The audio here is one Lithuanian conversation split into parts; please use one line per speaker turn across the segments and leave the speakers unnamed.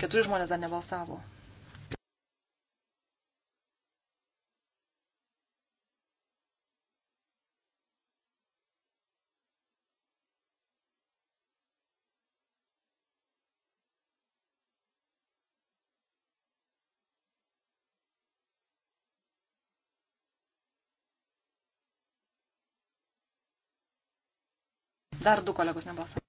Keturi žmonės dar nebalsavo. Dar du kolegos nebalsavo.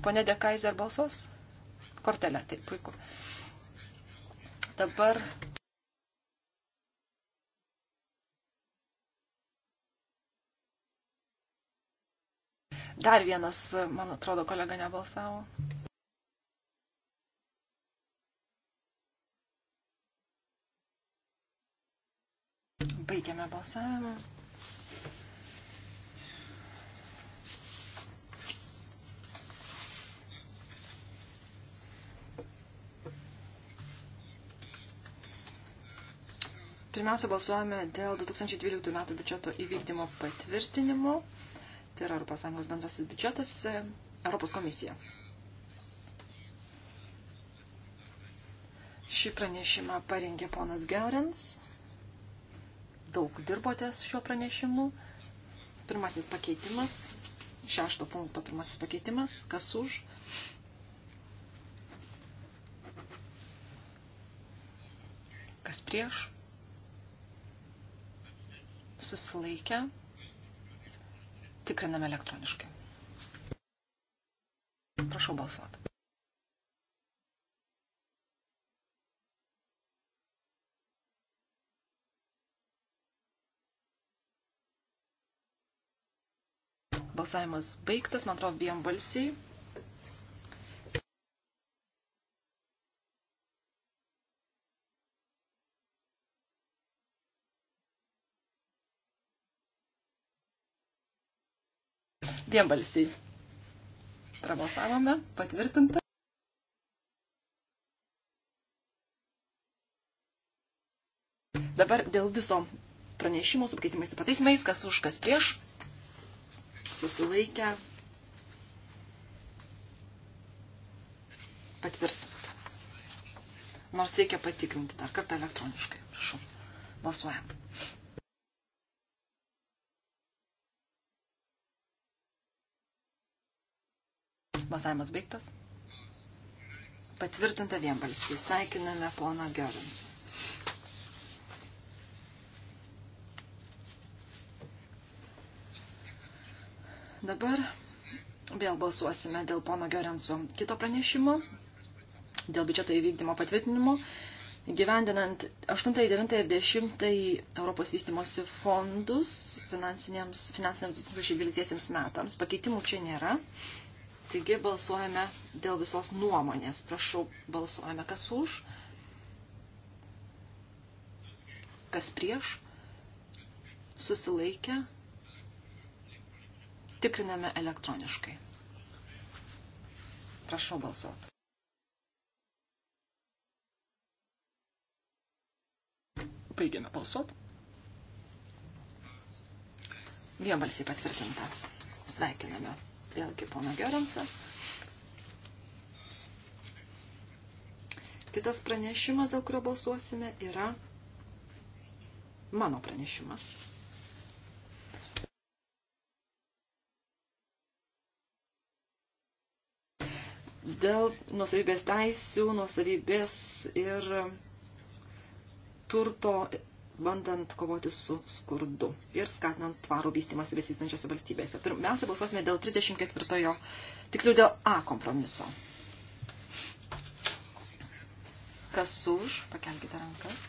Pone Dekaiser balsos? Kortelė, taip, puiku. Dabar Dar vienas, man atrodo, kolega nebalsavo. Baigiame balsavimą. Pirmiausia, balsuojame dėl 2012 metų biudžeto įvykdymo patvirtinimo. Tai yra Europos Sąjungos bendrasis biudžetas, e, Europos komisija. Šį pranešimą parengė ponas Gerens. Daug dirbote su šiuo pranešimu. Pirmasis pakeitimas, šešto punkto pirmasis pakeitimas, kas už, kas prieš susilaikę, tikriname elektroniškai. Prašau balsuoti. Balsavimas baigtas, man atrodo, vien balsiai. vienbalsiai. Prabalsavome, patvirtinta. Dabar dėl viso pranešimo su pakeitimais ir pataisimais, kas už, kas prieš, susilaikę, patvirtinta. Nors reikia patikrinti dar kartą elektroniškai, prašau. Balsuojam. Balsavimas baigtas. Patvirtinta vienbalsiai. Sveikiname pono Gerins. Dabar vėl balsuosime dėl pono Gerenso kito pranešimo, dėl biudžeto įvykdymo patvirtinimo, gyvendinant 8, 9 ir 10 Europos vystimosi fondus finansiniams, finansiniams 2012 metams. Pakeitimų čia nėra. Taigi balsuojame dėl visos nuomonės. Prašau, balsuojame kas už, kas prieš, susilaikę, tikriname elektroniškai. Prašau balsuoti. Baigiame balsuoti. Vienbalsiai patvirtinta. Sveikiname vėlgi pono Gerensą. Kitas pranešimas, dėl kurio balsuosime, yra mano pranešimas. Dėl nusavybės teisių, nusavybės ir turto bandant kovoti su skurdu ir skatinant tvarų vystimas besistančiose valstybėse. Pirmiausia, balsuosime dėl 34-ojo, tiksliau dėl A kompromiso. Kas už, pakelkite rankas.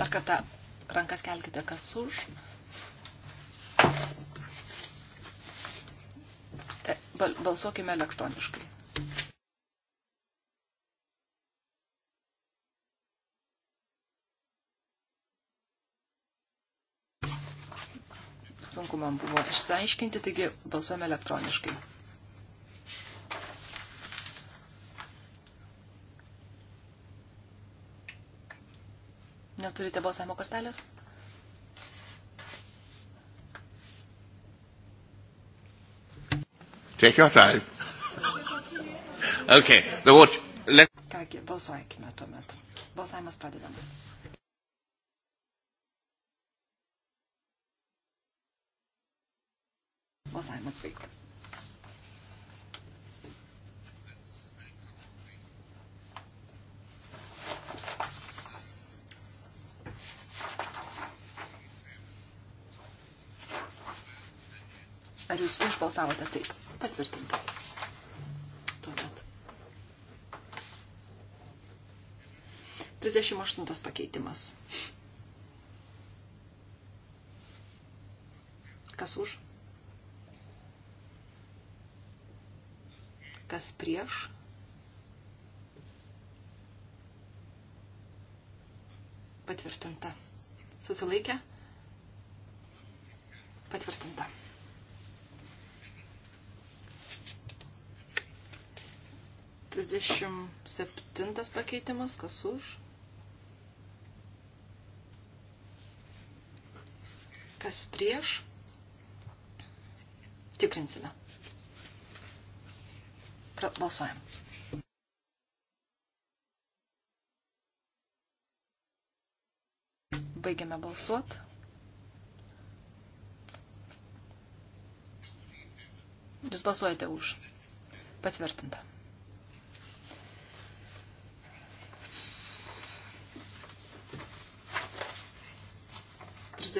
Dar kartą rankas kelkite, kas už. balsuokime elektroniškai. Sunku man buvo išsiaiškinti, taigi balsuojame elektroniškai. Neturite balsavimo kortelės?
Take your time. okay, the watch. Let...
Kągi, balsuokime tuomet. Balsavimas pradedamas.
Balsavimas baigtas.
Ar jūs užbalsavote taip? Patvirtinta. Tuomet. 38 pakeitimas. Kas už? Kas prieš? Patvirtinta. Susilaikę? Patvirtinta. 37 pakeitimas, kas už? Kas prieš? Tikrinsime. Balsuojam. Baigiame balsuoti. Jūs balsuojate už. Patvirtinta.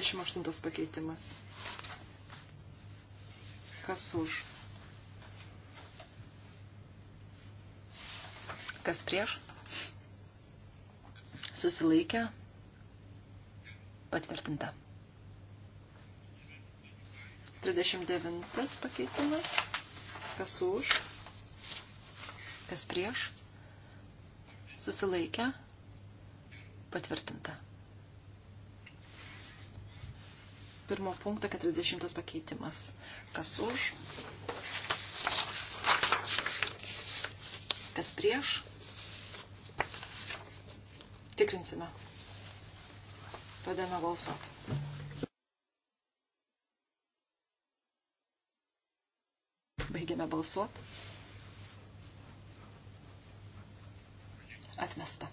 28 pakeitimas. Kas už? Kas prieš? Susilaikę. Patvirtinta. 39 pakeitimas. Kas už? Kas prieš? Susilaikę. Patvirtinta. pirmo punkto 40 pakeitimas. Kas už? Kas prieš? Tikrinsime. Pradėjome balsuoti. Baigėme balsuoti. Atmesta.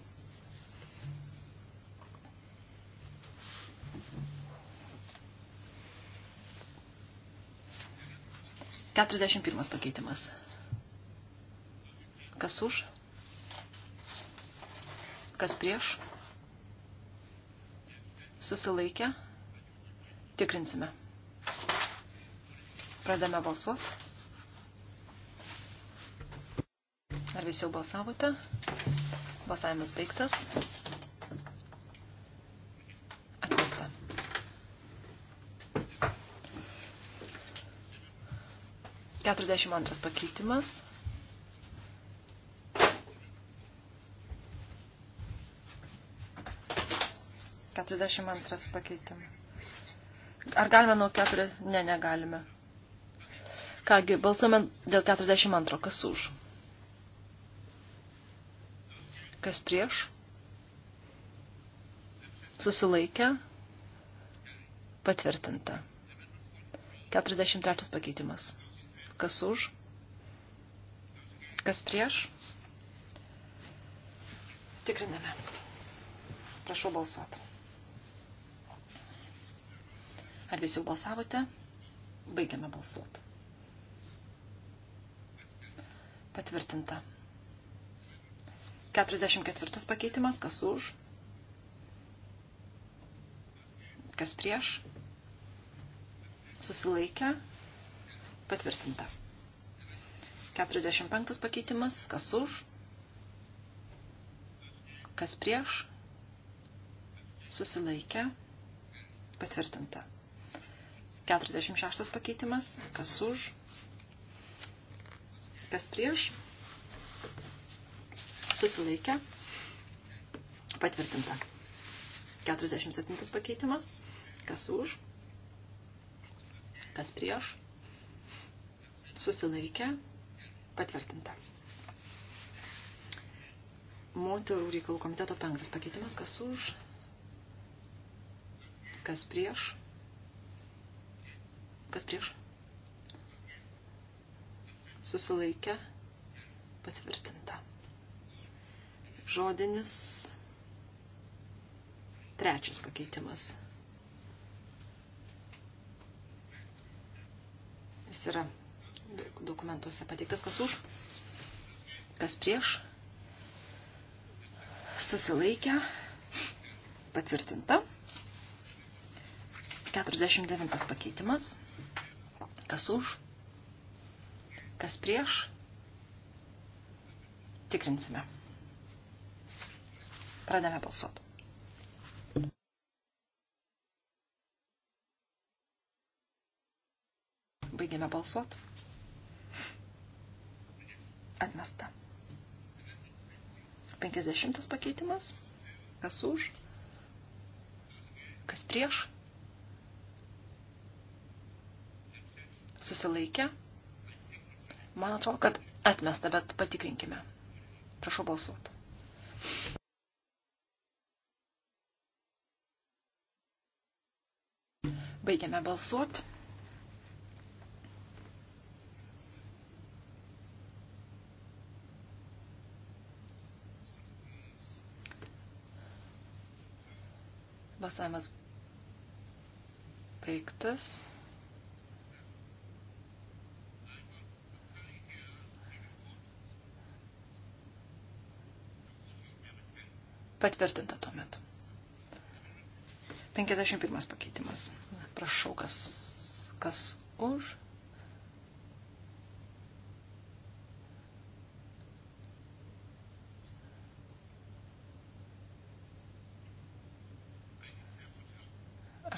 41 pakeitimas. Kas už? Kas prieš? Susilaikę? Tikrinsime. Pradame balsuoti. Ar visi jau balsavote? Balsavimas baigtas. 42 pakeitimas. Keturiasdešimt antras pakeitimas. Ar galime nuo keturias? Ne, negalime. Kągi, balsuojame dėl 42. Kas už? Kas prieš? Susilaikę? Patvirtinta. 43 pakeitimas. Kas už? Kas prieš? Tikriname. Prašau balsuoti. Ar visi jau balsavote? Baigiame balsuoti. Patvirtinta. 44 pakeitimas. Kas už? Kas prieš? Susilaikę? Patvirtinta. 45 pakeitimas. Kas už? Kas prieš? Susilaikę. Patvirtinta. 46 pakeitimas. Kas už? Kas prieš? Susilaikę. Patvirtinta. 47 pakeitimas. Kas už? Kas prieš? susilaikė, patvirtinta. Moterų reikalų komiteto penktas pakeitimas, kas už, kas prieš, kas prieš, susilaikė, patvirtinta. Žodinis trečias pakeitimas. Jis yra dokumentuose pateiktas, kas už, kas prieš, susilaikę, patvirtinta. 49 pakeitimas, kas už, kas prieš, tikrinsime. Pradame balsuoti. Baigėme balsuoti. Atmesta. 50 pakeitimas. Kas už? Kas prieš? Susilaikę. Man atrodo, kad atmesta, bet patikrinkime. Prašau balsuoti. Baigiame balsuoti. Balsavimas baigtas. Patvirtinta tuo metu. 51 pakeitimas. Prašau, kas, kas už.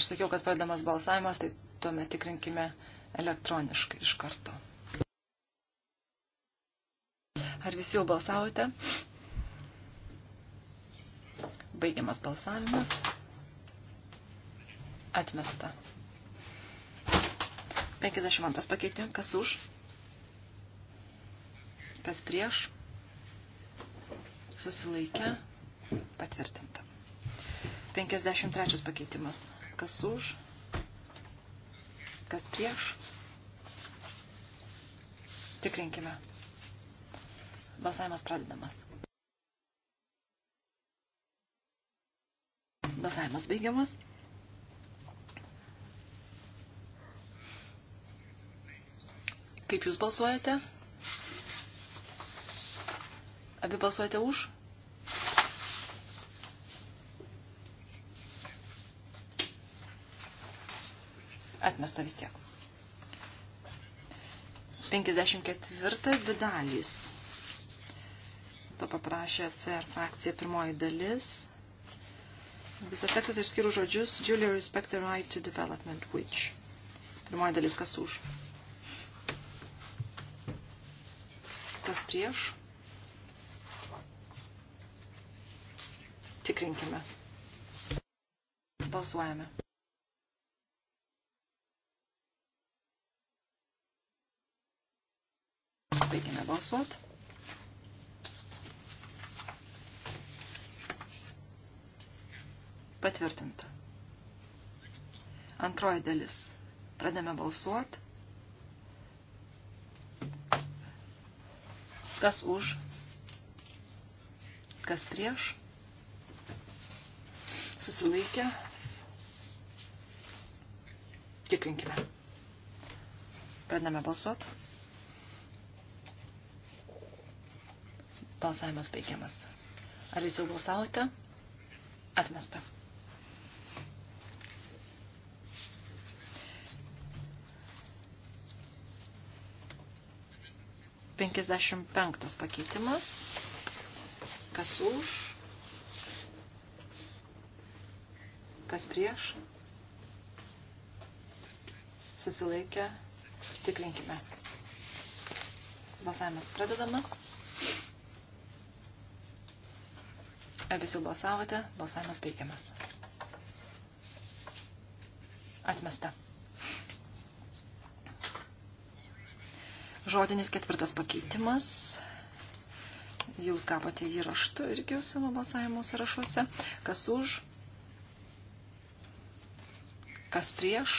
Aš sakiau, kad pradedamas balsavimas, tai tuomet tikrinkime elektroniškai iš karto. Ar visi jau balsavote? Baigiamas balsavimas. Atmesta. 52 pakeitė. Kas už? Kas prieš? Susilaikė. Patvirtinta. 53 pakeitimas kas už, kas prieš. Tikrinkime. Balsavimas pradedamas. Balsavimas baigiamas. Kaip jūs balsuojate? Abi balsuojate už? atmesta vis tiek. 54 dvi dalys. To paprašė CR frakcija pirmoji dalis. Visas tekstas išskyrų žodžius Julia respect the right to development which. Pirmoji dalis kas už. Kas prieš. Tikrinkime. Balsuojame. balsuot. Patvirtinta. Antroji dalis. Pradame balsuot. Kas už? Kas prieš? Susilaikę. Tikrinkime. Pradame balsuot. Balsavimas baigiamas. Ar jūs jau balsavote? Atmesta. Penkisdešimt penktas pakeitimas. Kas už? Kas prieš? Susilaikę. Tikrinkime. Balsavimas pradedamas. Ar visi jau balsavote? Balsavimas baigiamas. Atmesta. Žodinis ketvirtas pakeitimas. Jūs gavote jį raštu irgi savo balsavimo sąrašuose. Kas už? Kas prieš?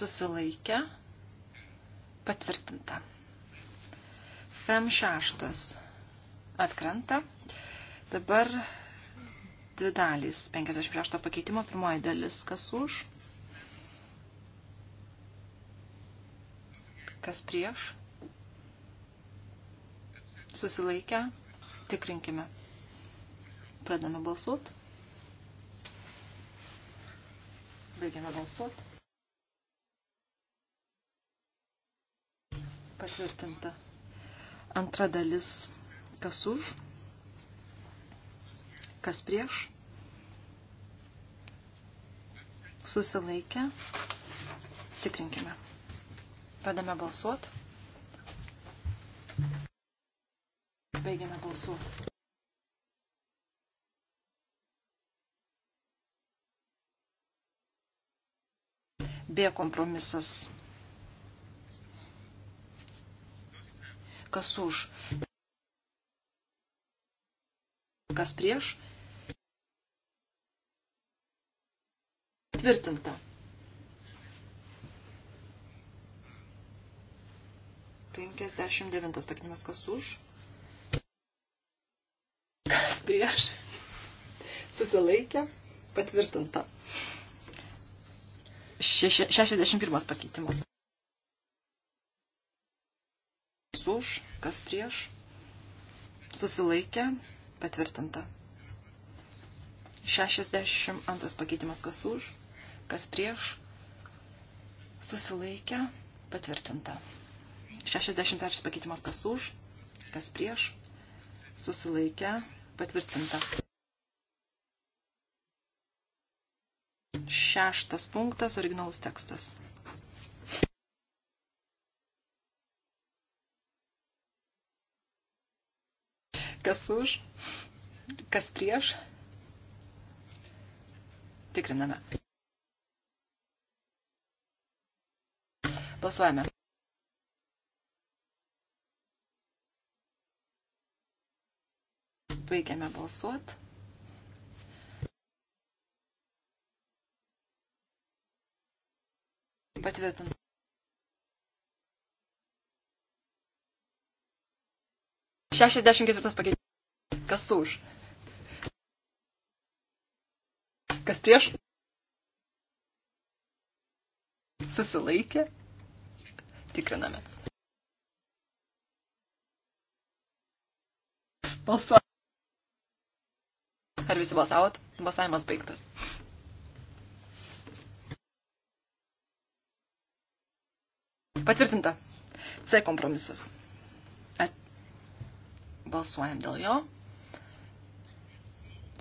Susilaikę. Patvirtinta. Fem šeštas atkrenta. Dabar dvi dalys 56 pakeitimo. Pirmoji dalis kas už, kas prieš. Susilaikę. Tikrinkime. Pradame balsuoti. Baigiame balsuoti. Patvirtinta. Antra dalis Kas už? Kas prieš? Susilaikę. Tikrinkime. Pradame balsuoti. Baigiame balsuoti. B kompromisas. Kas už? Kas prieš? Tvirtinta. Penkiasdešimt devintas pakinimas kas už. Kas prieš? Susilaikė. Patvirtinta. 61 pakeitimas. Už, kas prieš, susilaikė, Patvirtinta. 62 pakeitimas kas už, kas prieš, susilaikę, patvirtinta. 63 pakeitimas kas už, kas prieš, susilaikę, patvirtinta. Šeštas punktas, originalus tekstas. Kas už? Kas prieš? Tikriname. Balsuojame. Baigiame balsuoti. Patvirtinta. 64 pakeitimas. Kas už? Kas prieš? Susilaikė. Tikriname. Balsuo. Ar visi balsavot? Balsavimas baigtas. Patvirtinta. C kompromisas. Balsuojam dėl jo.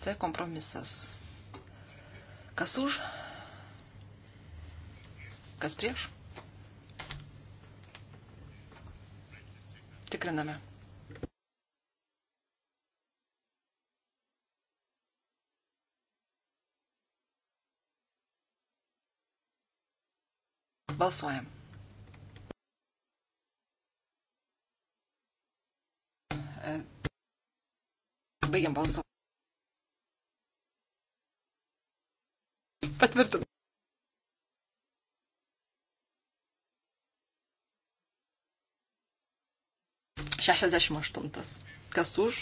C kompromisas. Kas už? Kas prieš? Tikriname. Balsuojam. E,
baigiam balsuoti.
Patvirtinta. Šešiasdešimt aštuntas. Kas už?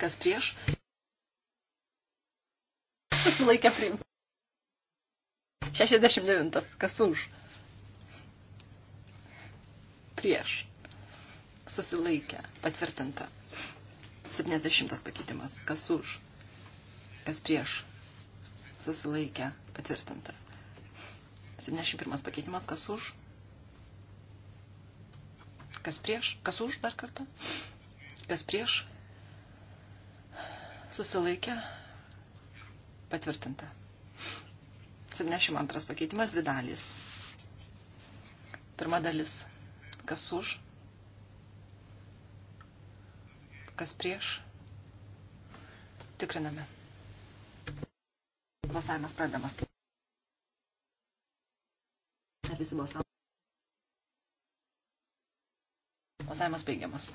Kas prieš? Susilaikė priimti. 69. Kas už? prieš, susilaikę, patvirtinta. 70 pakeitimas, kas už, kas prieš, susilaikę, patvirtinta. 71 pakeitimas, kas už, kas prieš, kas už dar kartą, kas prieš, susilaikę, patvirtinta. 72 pakeitimas, dvi dalys. Pirma dalis Kas už? Kas prieš? Tikriname. Balsavimas pradedamas. Visi balsavo. Balsavimas baigiamas.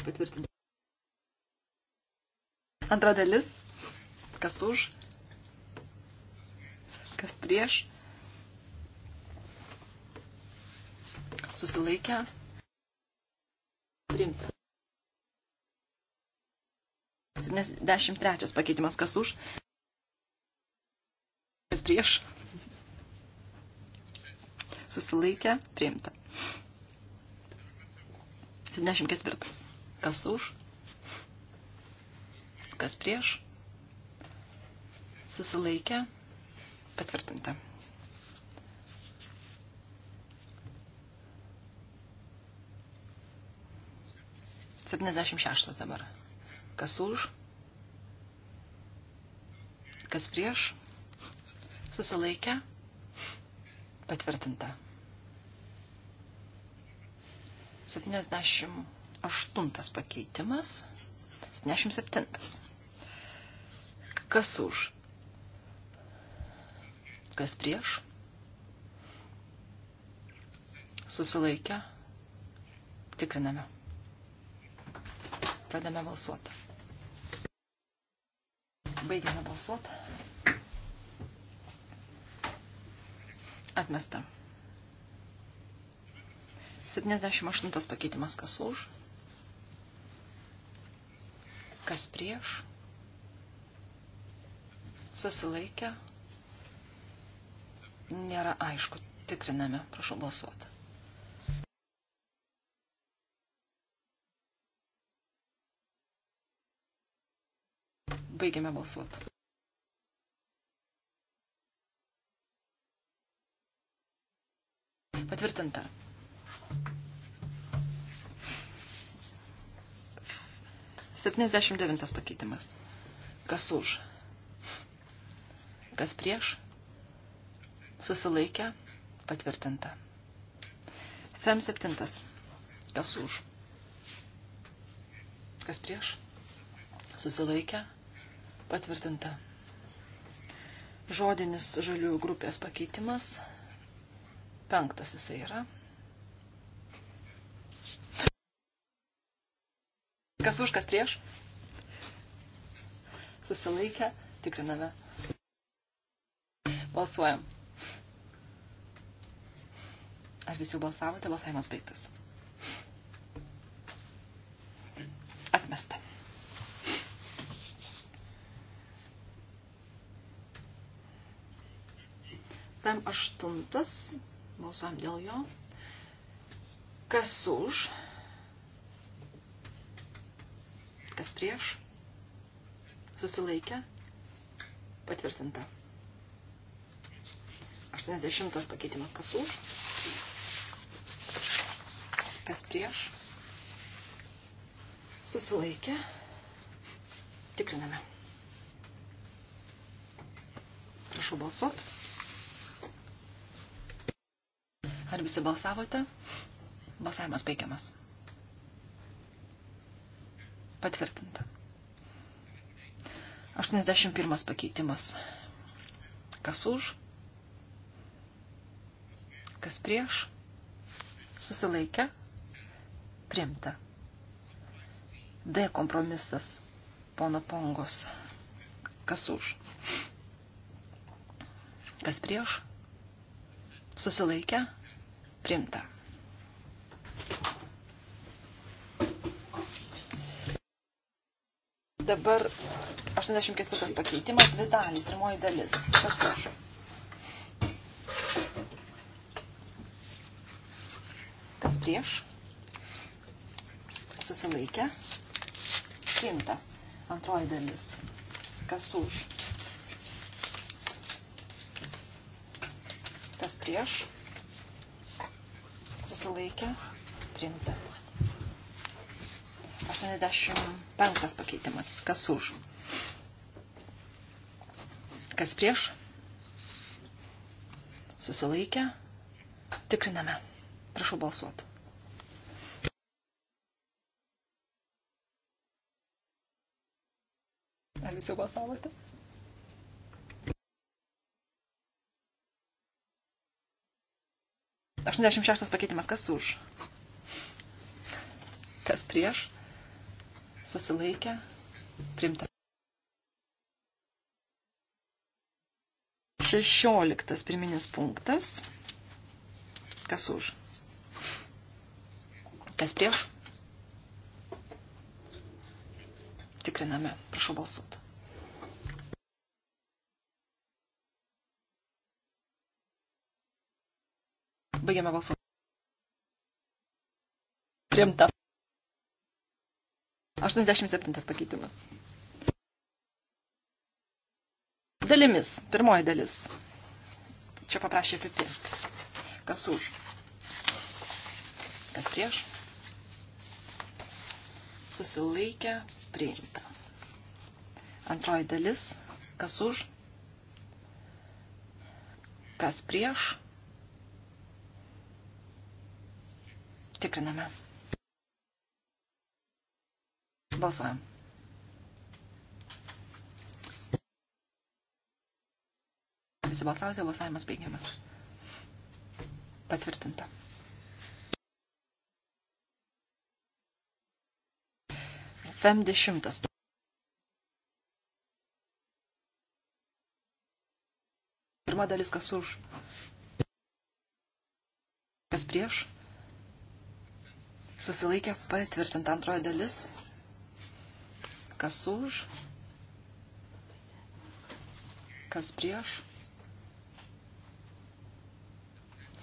Patvirtinti. Antra dalis. Kas už? Kas prieš? susilaikę, priimta. 73 pakeitimas kas už, kas prieš, susilaikę, priimta. 74 kas už, kas prieš, susilaikę, patvirtinta. 76 dabar. Kas už? Kas prieš? Susilaikę? Patvirtinta. 78 pakeitimas. 77. Kas už? Kas prieš? Susilaikę? Tikriname. Pradame balsuoti. Baigiame balsuoti. Atmesta. 78 pakeitimas kas už, kas prieš, susilaikę, nėra aišku, tikriname, prašau balsuoti. Baigiame balsuoti. Patvirtinta. Septyniasdešimt devintas pakeitimas. Kas už? Kas prieš? Susilaikę? Patvirtinta. Fem septintas. Kas už? Kas prieš? Susilaikę? Patvirtinta. Žodinis žaliųjų grupės pakeitimas. Penktas jisai yra. Kas už, kas prieš? Susilaikę, tikriname. Balsuojam. Ar visi jau balsavote? Balsavimas baigtas. Atmesta. Fem aštuntas, balsuojam dėl jo. Kas už? Kas prieš? Susilaikę? Patvirtinta. 80 pakeitimas kas už? Kas prieš? Susilaikę? Tikriname. Прошу balsuoti. Ar visi balsavote? Balsavimas baigiamas. Patvirtinta. 81 pakeitimas. Kas už? Kas prieš? Susilaikę? Primta. D kompromisas pono Pongos. Kas už? Kas prieš? Susilaikę? Primta. Dabar 84 pakeitimas, dvi dalys, pirmoji dalis. Kas už? Kas prieš? Susilaikę. Priimta. Antroji dalis. Kas už? Kas prieš? susilaikė, priimta. 85 pakeitimas, kas už, kas prieš, susilaikė, tikriname, prašau balsuoti. Ar visi balsavote? 86 pakeitimas, kas už? Kas prieš? Susilaikė, primta. 16 pirminis punktas. Kas už? Kas prieš? Tikriname. Prašau balsuoti. Baigiame balsuoti. Primta. 87 pakeitimas. Dalimis. Pirmoji dalis. Čia paprašė pipi. Kas už? Kas prieš? Susilaikę priimta. Antroji dalis. Kas už? Kas prieš? Tikriname. Balsuojam. Visi balsavote, balsavimas baigiamas. Patvirtinta. FM 10. Pirma dalis, kas už, kas prieš, susilaikė patvirtinta antroji dalis, kas už, kas prieš,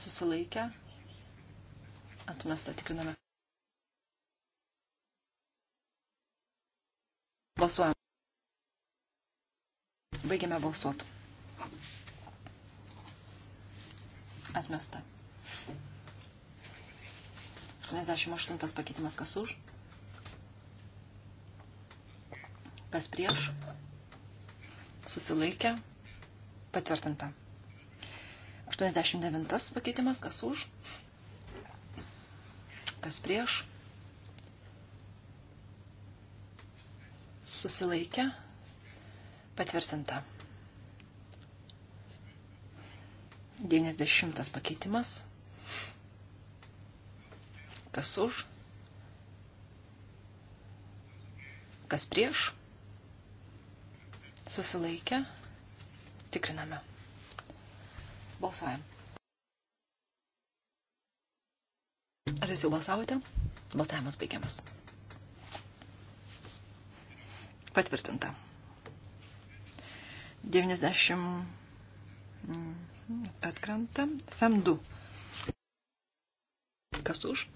susilaikė, atmesta tikriname. Balsuojam. Baigiame balsuoti. Atmesta. 88 pakeitimas kas už. Kas prieš. Susilaikė. Patvirtinta. 89 pakeitimas kas už. Kas prieš. Susilaikė. Patvirtinta. 90 pakeitimas Kas už? Kas prieš? Susilaikę. Tikriname. Balsuojam. Ar jūs jau balsavote? Balsavimas baigiamas. Patvirtinta. 90 mm, atkrenta. FEM 2. Kas už?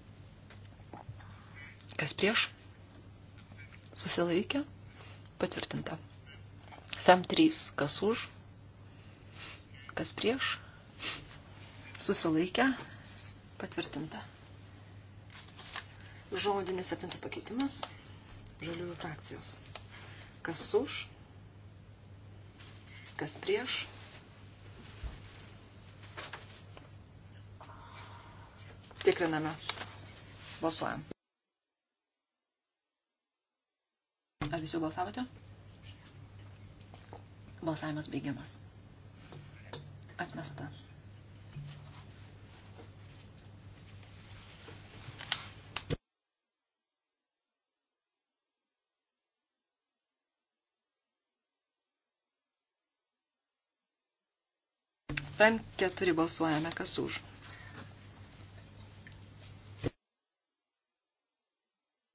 Kas prieš? Susilaikė. Patvirtinta. FEM 3. Kas už? Kas prieš? Susilaikė. Patvirtinta. Žodinis septintas pakeitimas. Žaliųjų frakcijos. Kas už? Kas prieš? Tikriname. Balsuojam. Ar visi jau balsavote? Balsavimas baigiamas. Atmesta. Pem 4 balsuojame, kas už.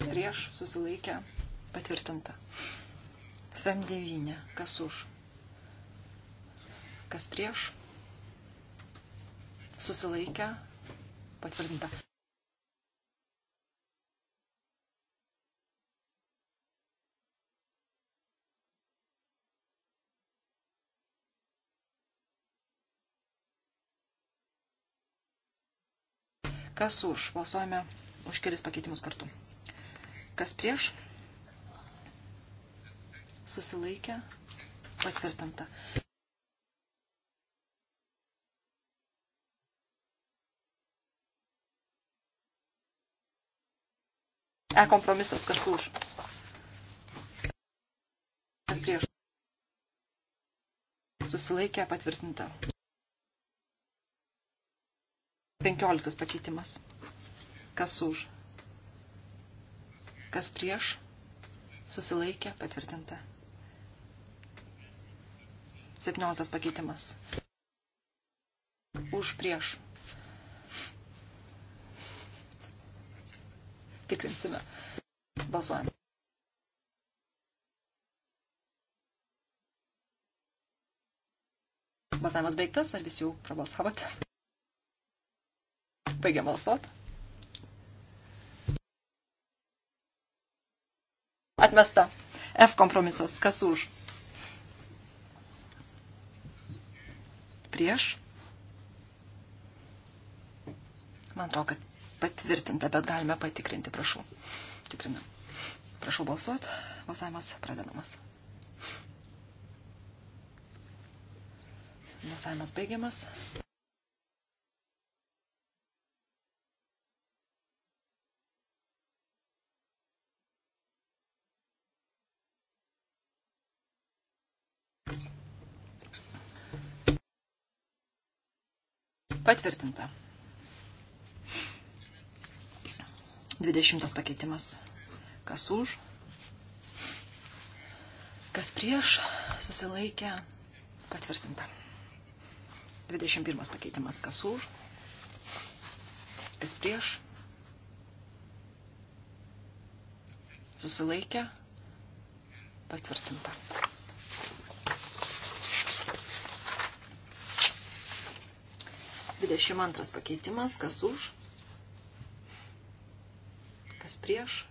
Prieš susilaikę Patvirtinta. FEM 9. Kas už? Kas prieš? Susilaikę. Patvirtinta. Kas už? Balsuojame už kelis pakeitimus kartu. Kas prieš? susilaikė, patvirtinta. E kompromisas, kas už. Kas prieš. Susilaikė patvirtinta. 15 pakeitimas. Kas už. Kas prieš. Susilaikė patvirtinta. 17 pakeitimas. Už prieš. Tikrinsime. Balsuojame. Balsavimas baigtas, ar visi jau prabalsavote? Baigia balsuot. Atmesta. F kompromisas. Kas už? prieš. Man atrodo, kad patvirtinta, bet galime patikrinti, prašau. Tikrinam. Prašau balsuoti. Balsavimas pradedamas. Balsavimas baigiamas. Patvirtinta. 20 pakeitimas. Kas už? Kas prieš? Susilaikė. Patvirtinta. 21 pakeitimas. Kas už? Kas prieš? Susilaikė. Patvirtinta. 22 pakeitimas, kas už, kas prieš.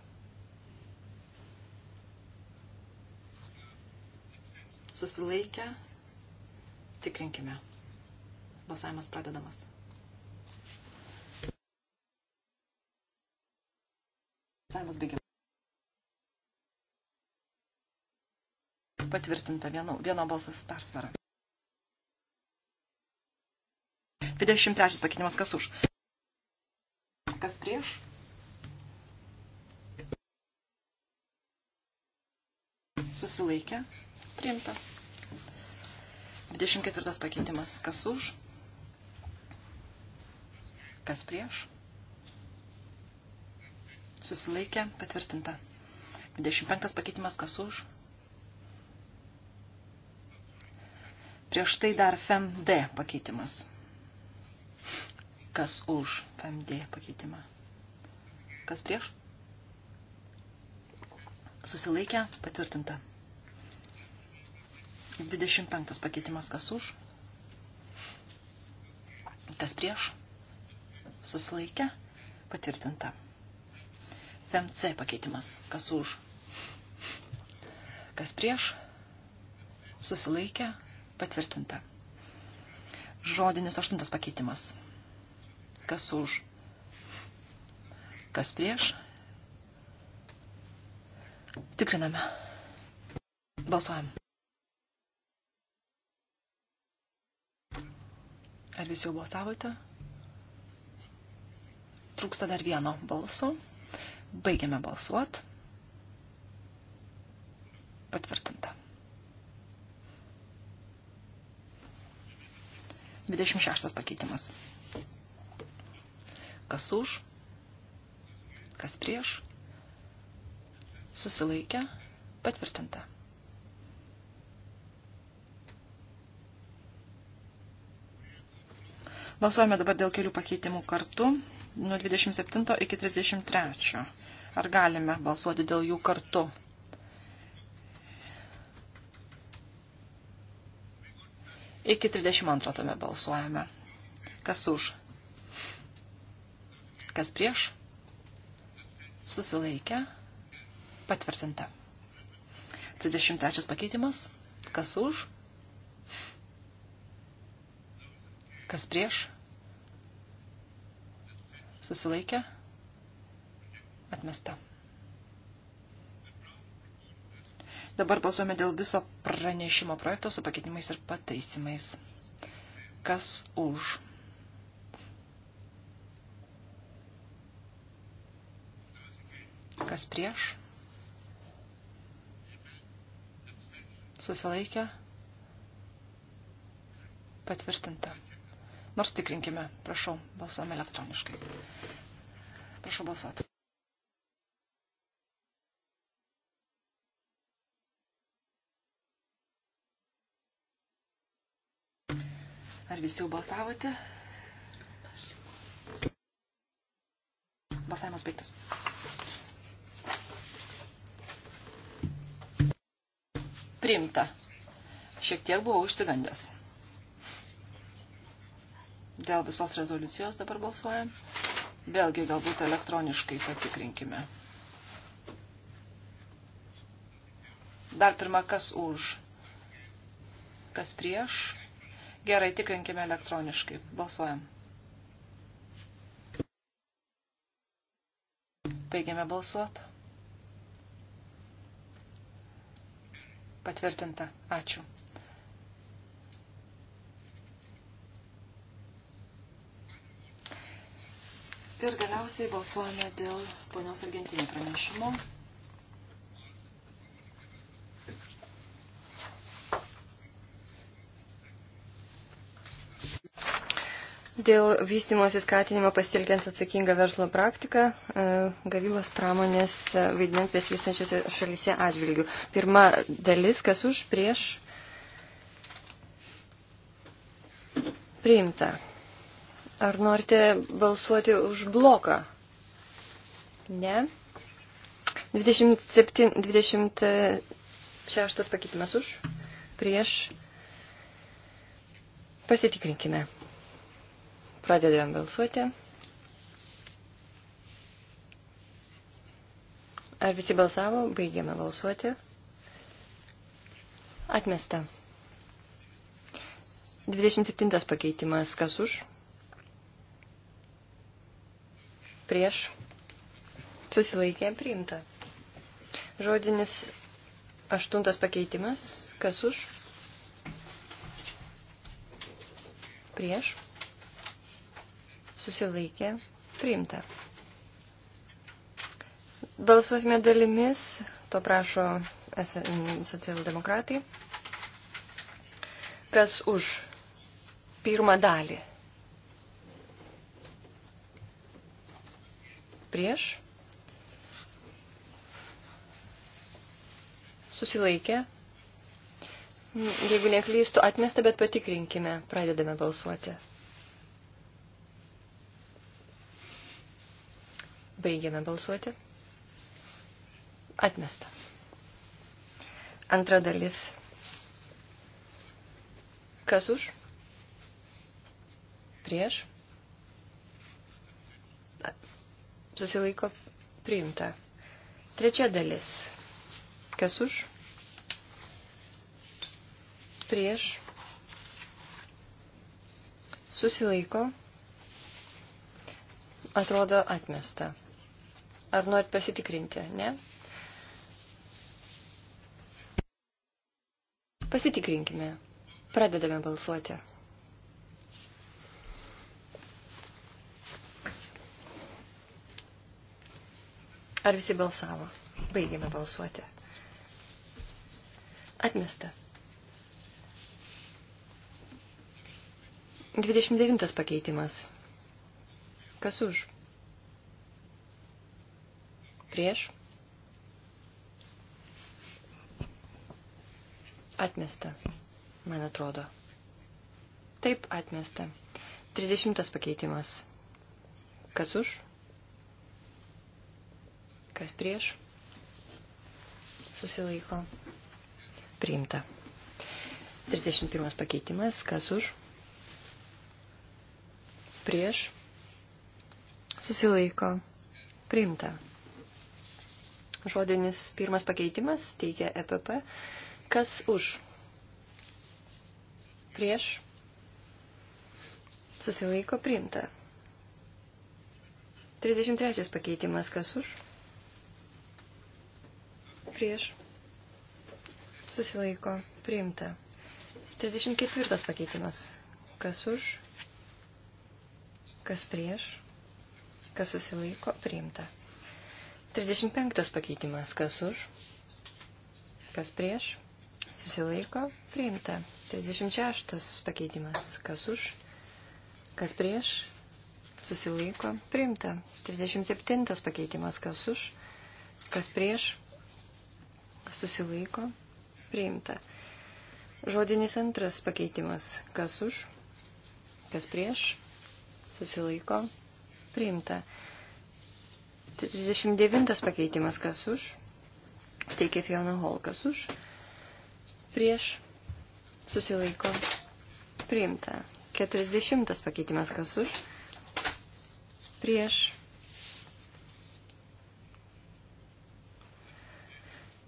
Susilaikę, tikrinkime. Balsavimas pradedamas. Balsavimas baigiamas. Patvirtinta vieno, vieno balsas persvara. 23 pakeitimas kas už. Kas prieš? Susilaikė. Priimta. 24 pakeitimas kas už. Kas prieš? Susilaikė. Patvirtinta. 25 pakeitimas kas už. Prieš tai dar FEMD pakeitimas. Kas už FMD pakeitimą? Kas prieš? Susilaikę, patvirtinta. 25 pakeitimas kas už? Kas prieš? Susilaikę, patvirtinta. FMC pakeitimas kas už? Kas prieš? Susilaikę, patvirtinta. Žodinis aštuntas pakeitimas kas už, kas prieš. Tikriname. Balsuojam. Ar visi jau balsavote? Trūksta dar vieno balso. Baigiame balsuot. Patvirtinta. 26 pakeitimas. Kas už? Kas prieš? Susilaikę? Patvirtinta. Balsuojame dabar dėl kelių pakeitimų kartu nuo 27 iki 33. Ar galime balsuoti dėl jų kartu? Iki 32 tame balsuojame. Kas už? Kas prieš? Susilaikę. Patvirtinta. 33 pakeitimas. Kas už? Kas prieš? Susilaikę. Atmesta. Dabar balsuojame dėl viso pranešimo projekto su pakeitimais ir pataisimais. Kas už? kas prieš, susilaikė, patvirtinta. Nors tikrinkime, prašau, balsuojame elektroniškai. Prašau balsuoti. Ar visi jau balsavote? Balsavimas baigtas. priimta. Šiek tiek buvau užsigandęs. Dėl visos rezoliucijos dabar balsuojam. Vėlgi galbūt elektroniškai patikrinkime. Dar pirma, kas už, kas prieš. Gerai, tikrinkime elektroniškai. Balsuojam. Baigiame balsuoti. Patvirtinta. Ačiū. Ir galiausiai balsuojame dėl ponios Argentinė pranešimo.
dėl vystimosi skatinimo pasitelkiant atsakingą verslo praktiką e, gavybos pramonės vaidmens besivystančiose šalyse atžvilgių. Pirma dalis, kas už, prieš, priimta. Ar norite balsuoti už bloką? Ne. 27, 26 pakeitimas už, prieš. Pasitikrinkime. Pradedam balsuoti. Ar visi balsavo? Baigiame balsuoti. Atmesta. 27 pakeitimas. Kas už? Prieš. Susilaikė priimta. Žodinis aštuntas pakeitimas. Kas už? Prieš susilaikė, priimta. Balsuosime dalimis, to prašo socialdemokratai. Kas už pirmą dalį? Prieš? Susilaikė? Jeigu neklystu, atmesta, bet patikrinkime. Pradedame balsuoti. Baigiame balsuoti. Atmesta. Antra dalis. Kas už? Prieš? Susilaiko priimta. Trečia dalis. Kas už? Prieš? Susilaiko. Atrodo atmesta. Ar norit pasitikrinti? Ne? Pasitikrinkime. Pradedame balsuoti. Ar visi balsavo? Baigėme balsuoti. Atmesta. 29 pakeitimas. Kas už? prieš, atmesta, man atrodo. Taip, atmesta. 30 pakeitimas. Kas už? Kas prieš? Susilaiko. Priimta. 31 pakeitimas. Kas už? Prieš? Susilaiko. Priimta. Žodinis pirmas pakeitimas teikia EPP. Kas už? Prieš? Susilaiko priimta. 33 pakeitimas. Kas už? Prieš? Susilaiko priimta. 34 pakeitimas. Kas už? Kas prieš? Kas susilaiko priimta. 35 pakeitimas. Kas už? Kas prieš? Susilaiko. Priimta. 36 pakeitimas. Kas už? Kas prieš? Susilaiko. Priimta. 37 pakeitimas. Kas už? Kas prieš? Susilaiko. Priimta. Žodinis antras pakeitimas. Kas už? Kas prieš? Susilaiko. Priimta. 39 pakeitimas kas už. Teikia Fiona Hall kas už. Prieš. Susilaiko. Priimta. 40 pakeitimas kas už. Prieš.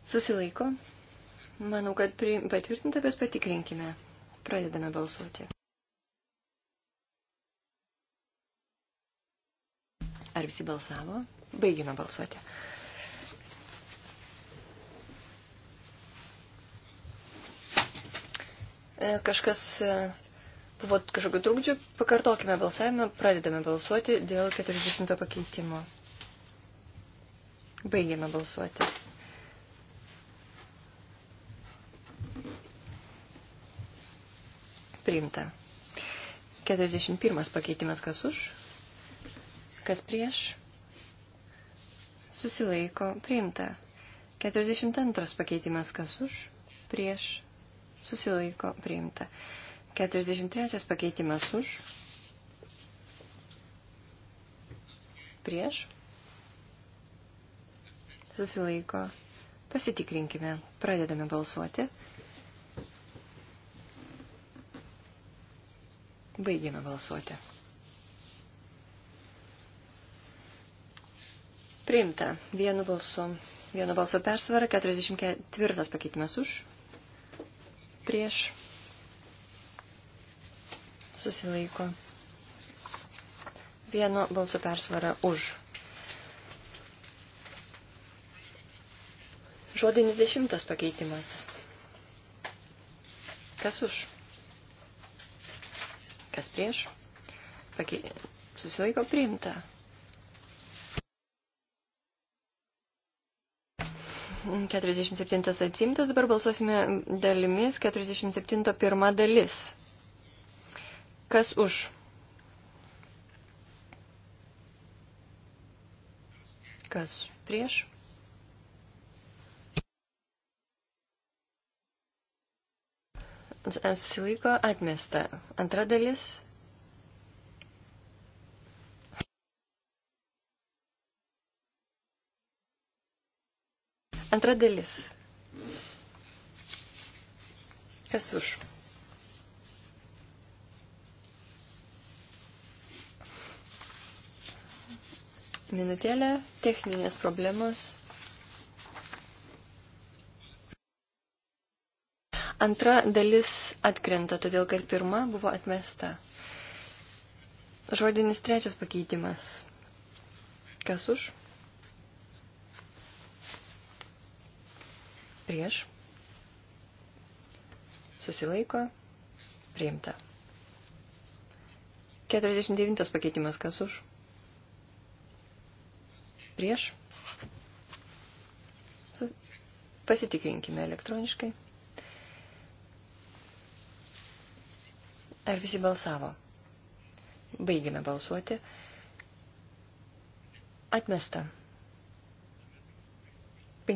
Susilaiko. Manau, kad patvirtinta, bet patikrinkime. Pradedame balsuoti. Ar visi balsavo? Baigime balsuoti. E, kažkas e, buvo kažkokiu trukdžiu. Pakartokime balsavimą, pradedame balsuoti dėl 40 pakeitimo. Baigėme balsuoti. Priimta. 41 pakeitimas kas už? Kas prieš? Susilaiko priimta. 42 pakeitimas kas už? Prieš. Susilaiko priimta. 43 pakeitimas už? Prieš. Susilaiko. Pasitikrinkime. Pradedame balsuoti. Baigėme balsuoti. Priimta vienu balsu. Vieno balso persvara 44 pakeitimas už. Prieš. Susilaiko. Vieno balso persvara už. Žodinis dešimtas pakeitimas. Kas už? Kas prieš? Pakei... Susilaiko priimta. 47 atsimtas, dabar balsuosime dalimis 47 pirma dalis. Kas už? Kas prieš? Susilaiko atmesta. Antra
dalis Antra dalis.
Kas už? Minutėlė techninės problemos. Antra dalis atkrenta, todėl kad pirma buvo atmesta. Žodinis trečias pakeitimas. Kas už? prieš, susilaiko, priimta. 49 pakeitimas kas už, prieš, pasitikrinkime elektroniškai. Ar visi balsavo? Baigime balsuoti. Atmesta.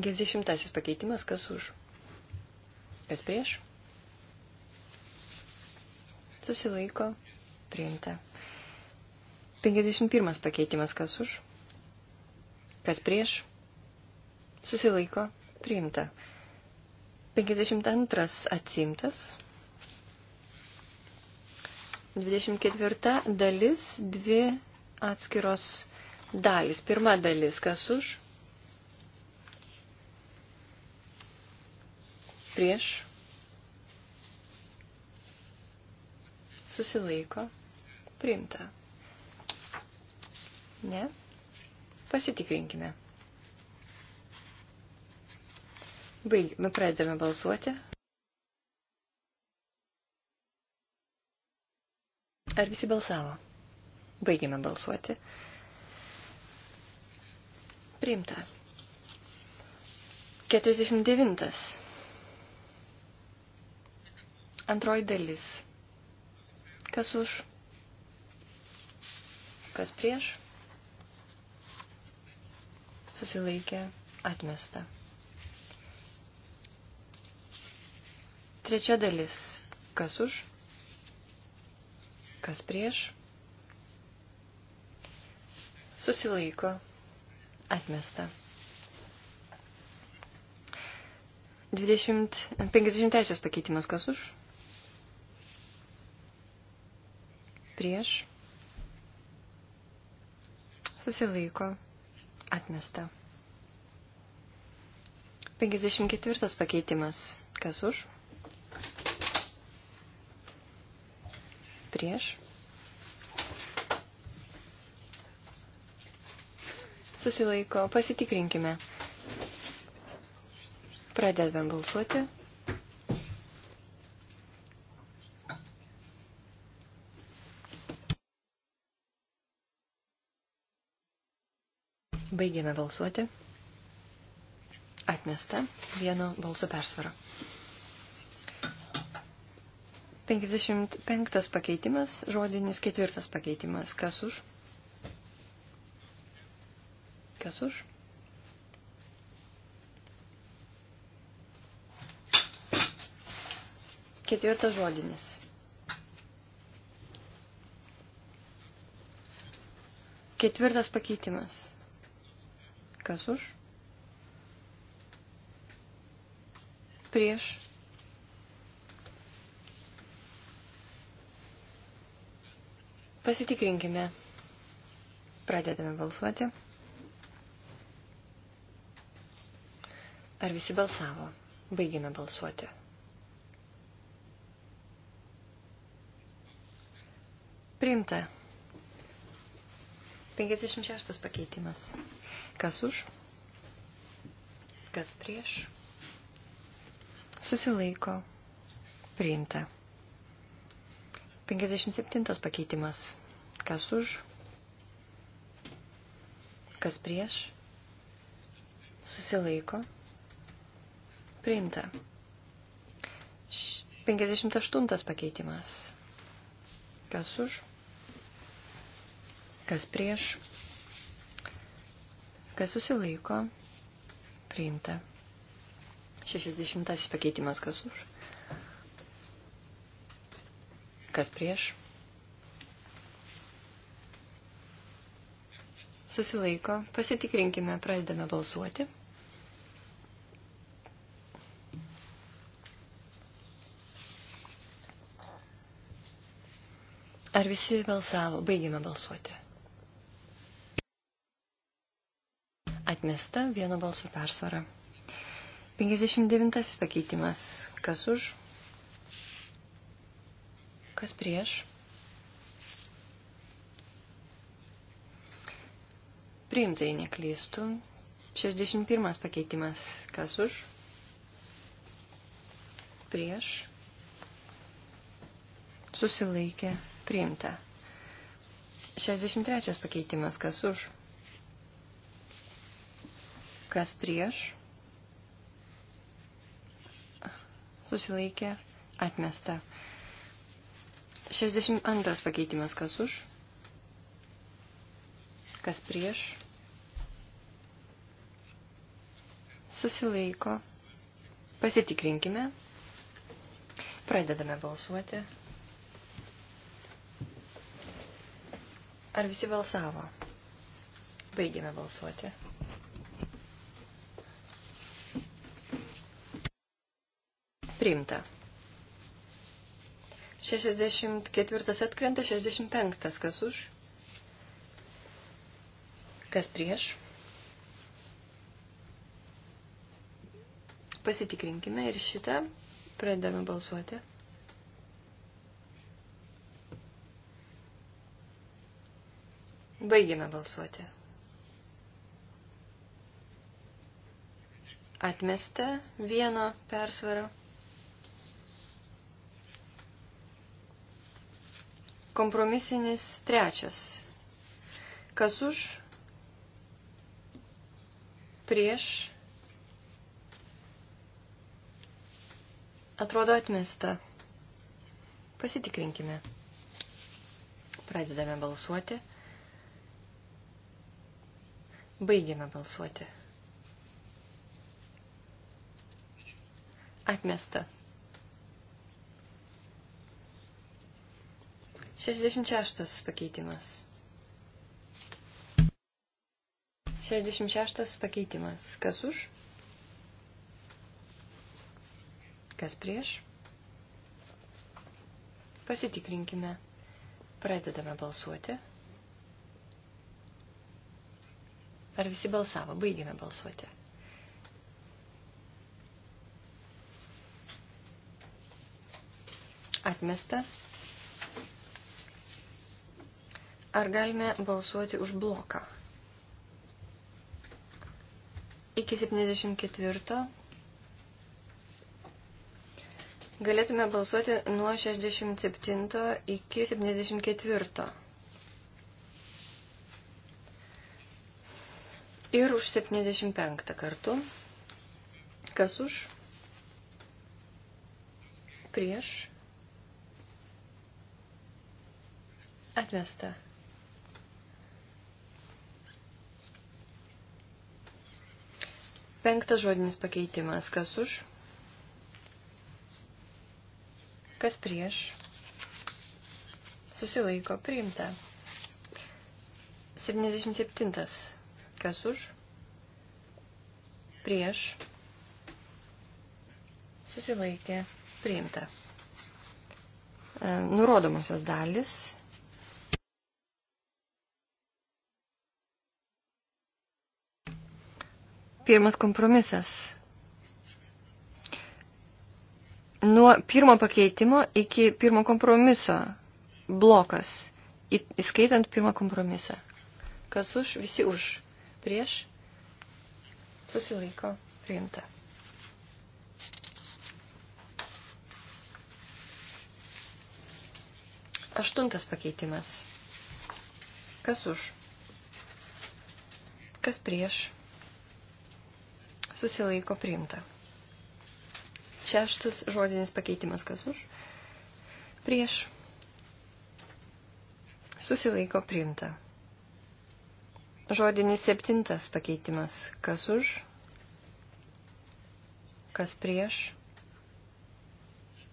50 pakeitimas, kas už? Kas prieš? Susilaiko, priimta. 51 pakeitimas, kas už? Kas prieš? Susilaiko, priimta. 52 atsimtas. 24 dalis, dvi atskiros dalis. Pirma dalis, kas už? prieš, susilaiko, priimta. Ne? Pasitikrinkime. Baigime, pradedame balsuoti. Ar visi balsavo? Baigėme balsuoti. Priimta. 49. Antroji dalis. Kas už? Kas prieš? Susilaikė atmesta. Trečia dalis. Kas už? Kas prieš? Susilaiko. Atmesta. 20, 53 pakeitimas. Kas už? prieš, susilaiko, atmesta. 54 pakeitimas. Kas už? Prieš. Susilaiko, pasitikrinkime. Pradedam balsuoti. Baigėme balsuoti. Atmesta vieno balso persvara. 55 pakeitimas, žodinis ketvirtas pakeitimas. Kas už? Kas už? Ketvirtas žodinis. Ketvirtas pakeitimas. Kas už? Prieš. Pasitikrinkime. Pradedame balsuoti. Ar visi balsavo? Baigėme balsuoti. Priimta. 56 pakeitimas. Kas už? Kas prieš? Susilaiko. Priimta. 57 pakeitimas. Kas už? Kas prieš? Susilaiko. Priimta. 58 pakeitimas. Kas už? kas prieš, kas susilaiko, priimta. 60 pakeitimas, kas už, kas prieš, susilaiko, pasitikrinkime, pradedame balsuoti. Ar visi balsavo? Baigėme balsuoti. atmesta vieno balso persvara. 59 pakeitimas. Kas už? Kas prieš? Priimtai neklystų. 61 pakeitimas. Kas už? Prieš? Susilaikė. Priimta. 63 pakeitimas. Kas už? kas prieš, susilaikė, atmesta. 62 pakeitimas, kas už, kas prieš, susilaiko, pasitikrinkime, pradedame balsuoti. Ar visi balsavo? Baigėme balsuoti. Priimta. 64 atkrenta, 65 kas už, kas prieš. Pasitikrinkime ir šitą pradedame balsuoti. Baigime balsuoti. Atmesta vieno persvaro. Kompromisinis trečias. Kas už? Prieš. Atrodo atmesta. Pasitikrinkime. Pradedame balsuoti. Baigiame balsuoti. Atmesta. 66 pakeitimas. 66 pakeitimas. Kas už? Kas prieš? Pasitikrinkime. Pradedame balsuoti. Ar visi balsavo? Baigėme balsuoti. Atmesta. Ar galime balsuoti už bloką? Iki 74. Galėtume balsuoti nuo 67 iki 74. Ir už 75 kartų. Kas už? Prieš. Atmesta. Penktas žodinis pakeitimas. Kas už? Kas prieš? Susilaiko priimta. 77. Kas už? Prieš? Susilaikė priimta. E, nurodomosios dalis Pirmas kompromisas. Nuo pirmo pakeitimo iki pirmo kompromiso blokas, įskaitant pirmą kompromisą. Kas už, visi už. Prieš susilaiko priimta. Aštuntas pakeitimas. Kas už? Kas prieš? susilaiko priimta. Šeštas žodinis pakeitimas kas už, prieš, susilaiko priimta. Žodinis septintas pakeitimas kas už, kas prieš,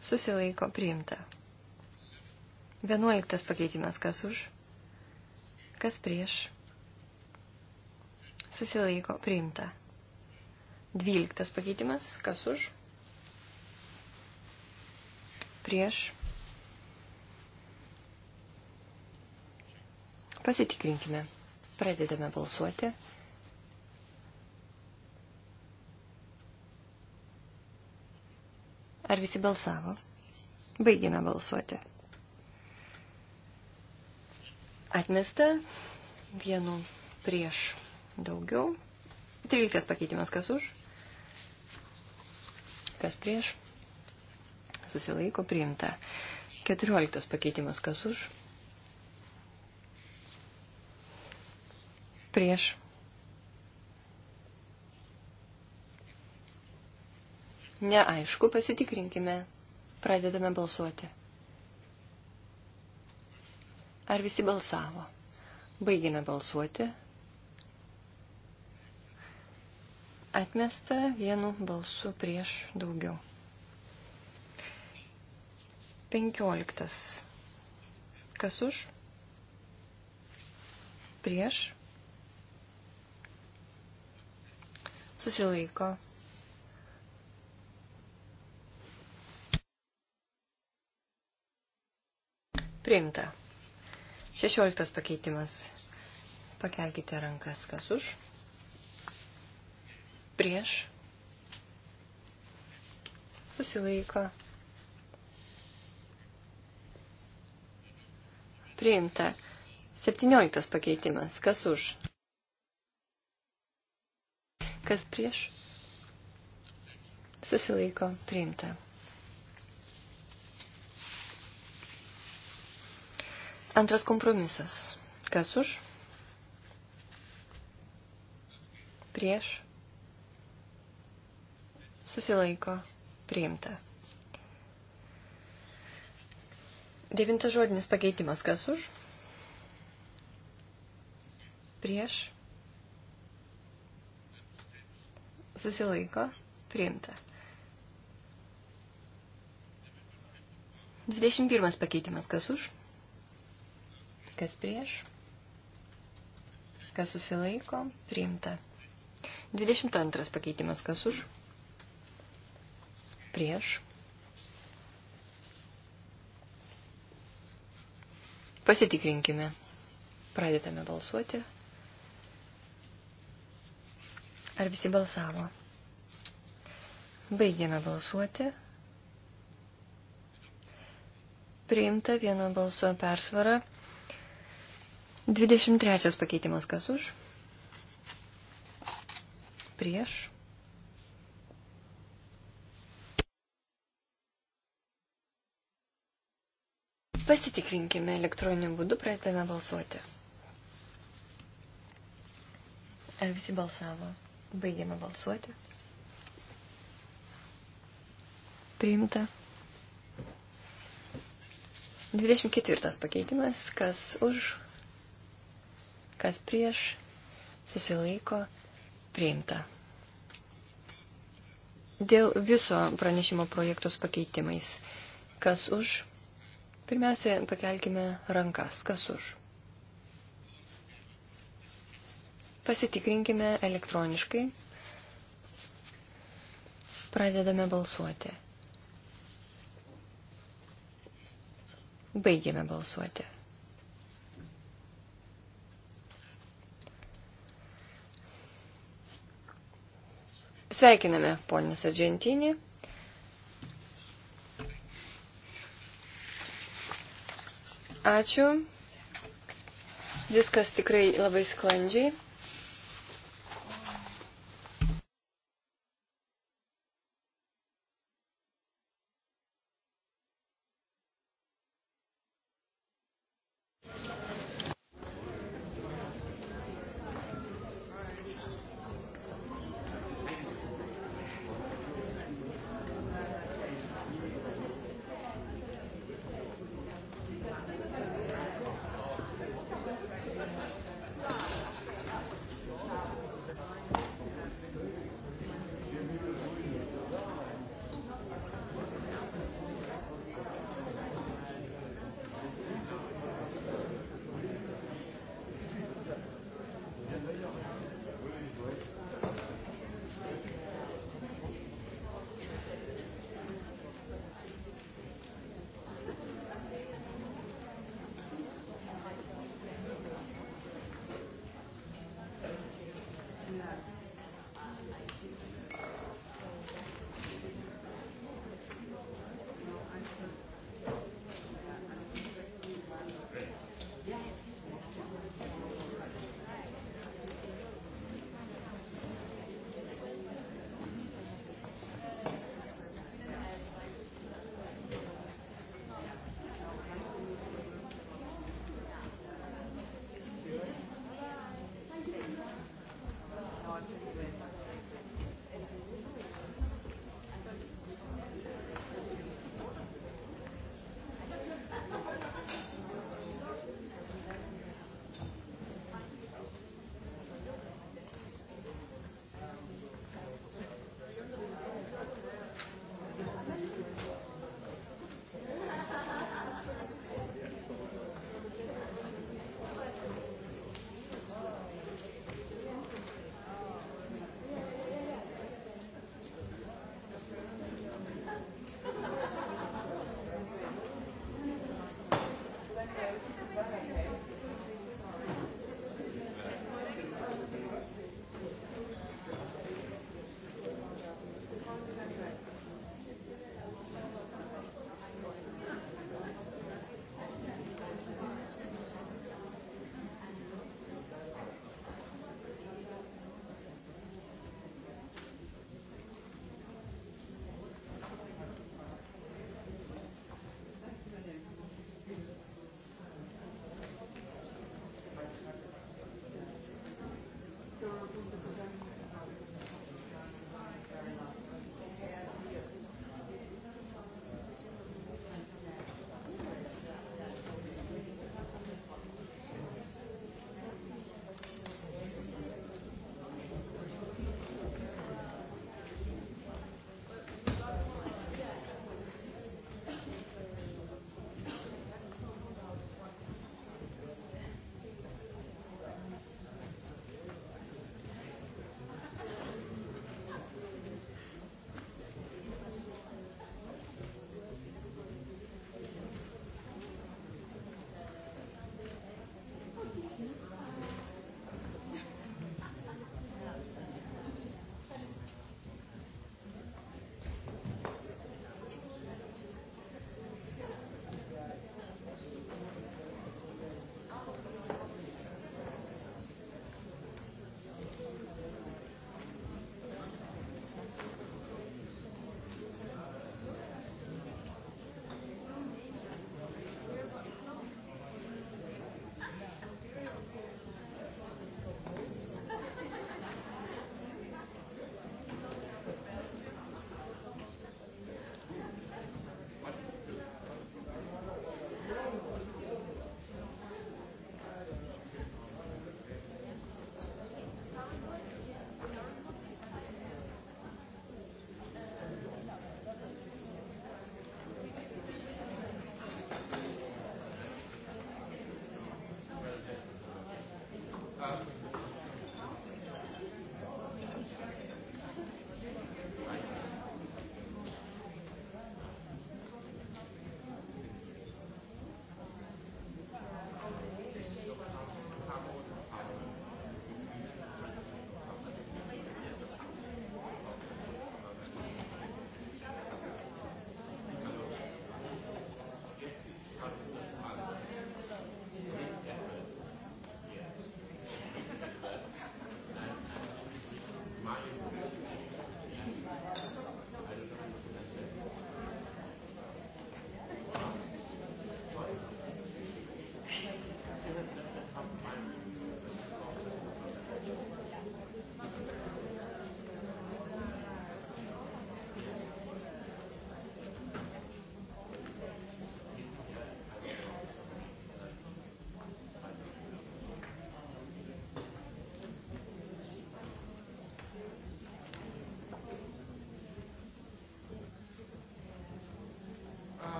susilaiko priimta. Vienuoliktas pakeitimas kas už, kas prieš, susilaiko priimta. Dvyliktas pakeitimas. Kas už? Prieš. Pasitikrinkime. Pradedame balsuoti. Ar visi balsavo? Baigėme balsuoti. Atmesta vienu prieš daugiau. Tryliktas pakeitimas kas už? kas prieš, susilaiko priimta. 14 pakeitimas, kas už, prieš. Neaišku, pasitikrinkime. Pradedame balsuoti. Ar visi balsavo? Baigime balsuoti. Atmesta vienu balsu prieš daugiau. 15. Kas už? Prieš. Susilaiko. Priimta. 16 pakeitimas. Pakelkite rankas, kas už prieš, susilaiko, priimta. 17 pakeitimas, kas už, kas prieš, susilaiko, priimta. Antras kompromisas. Kas už? Prieš susilaiko, priimta. Devintas žodinis pakeitimas, kas už, prieš, susilaiko, priimta. 21 pakeitimas, kas už, kas prieš, kas susilaiko, priimta. 22 pakeitimas, kas už, prieš. Pasitikrinkime. Pradedame balsuoti. Ar visi balsavo? Baigėme balsuoti. Priimta vieno balso persvara. 23 pakeitimas kas už? Prieš. Pasitikrinkime elektroniniu būdu, pradedame balsuoti. Ar visi balsavo? Baigiame balsuoti. Priimta. 24 pakeitimas, kas už, kas prieš, susilaiko, priimta. Dėl viso pranešimo projektos pakeitimais, kas už, Pirmiausia, pakelkime rankas, kas už. Pasitikrinkime elektroniškai. Pradedame balsuoti. Baigėme balsuoti. Sveikiname ponės Argentinį. Ačiū. Viskas tikrai labai sklandžiai.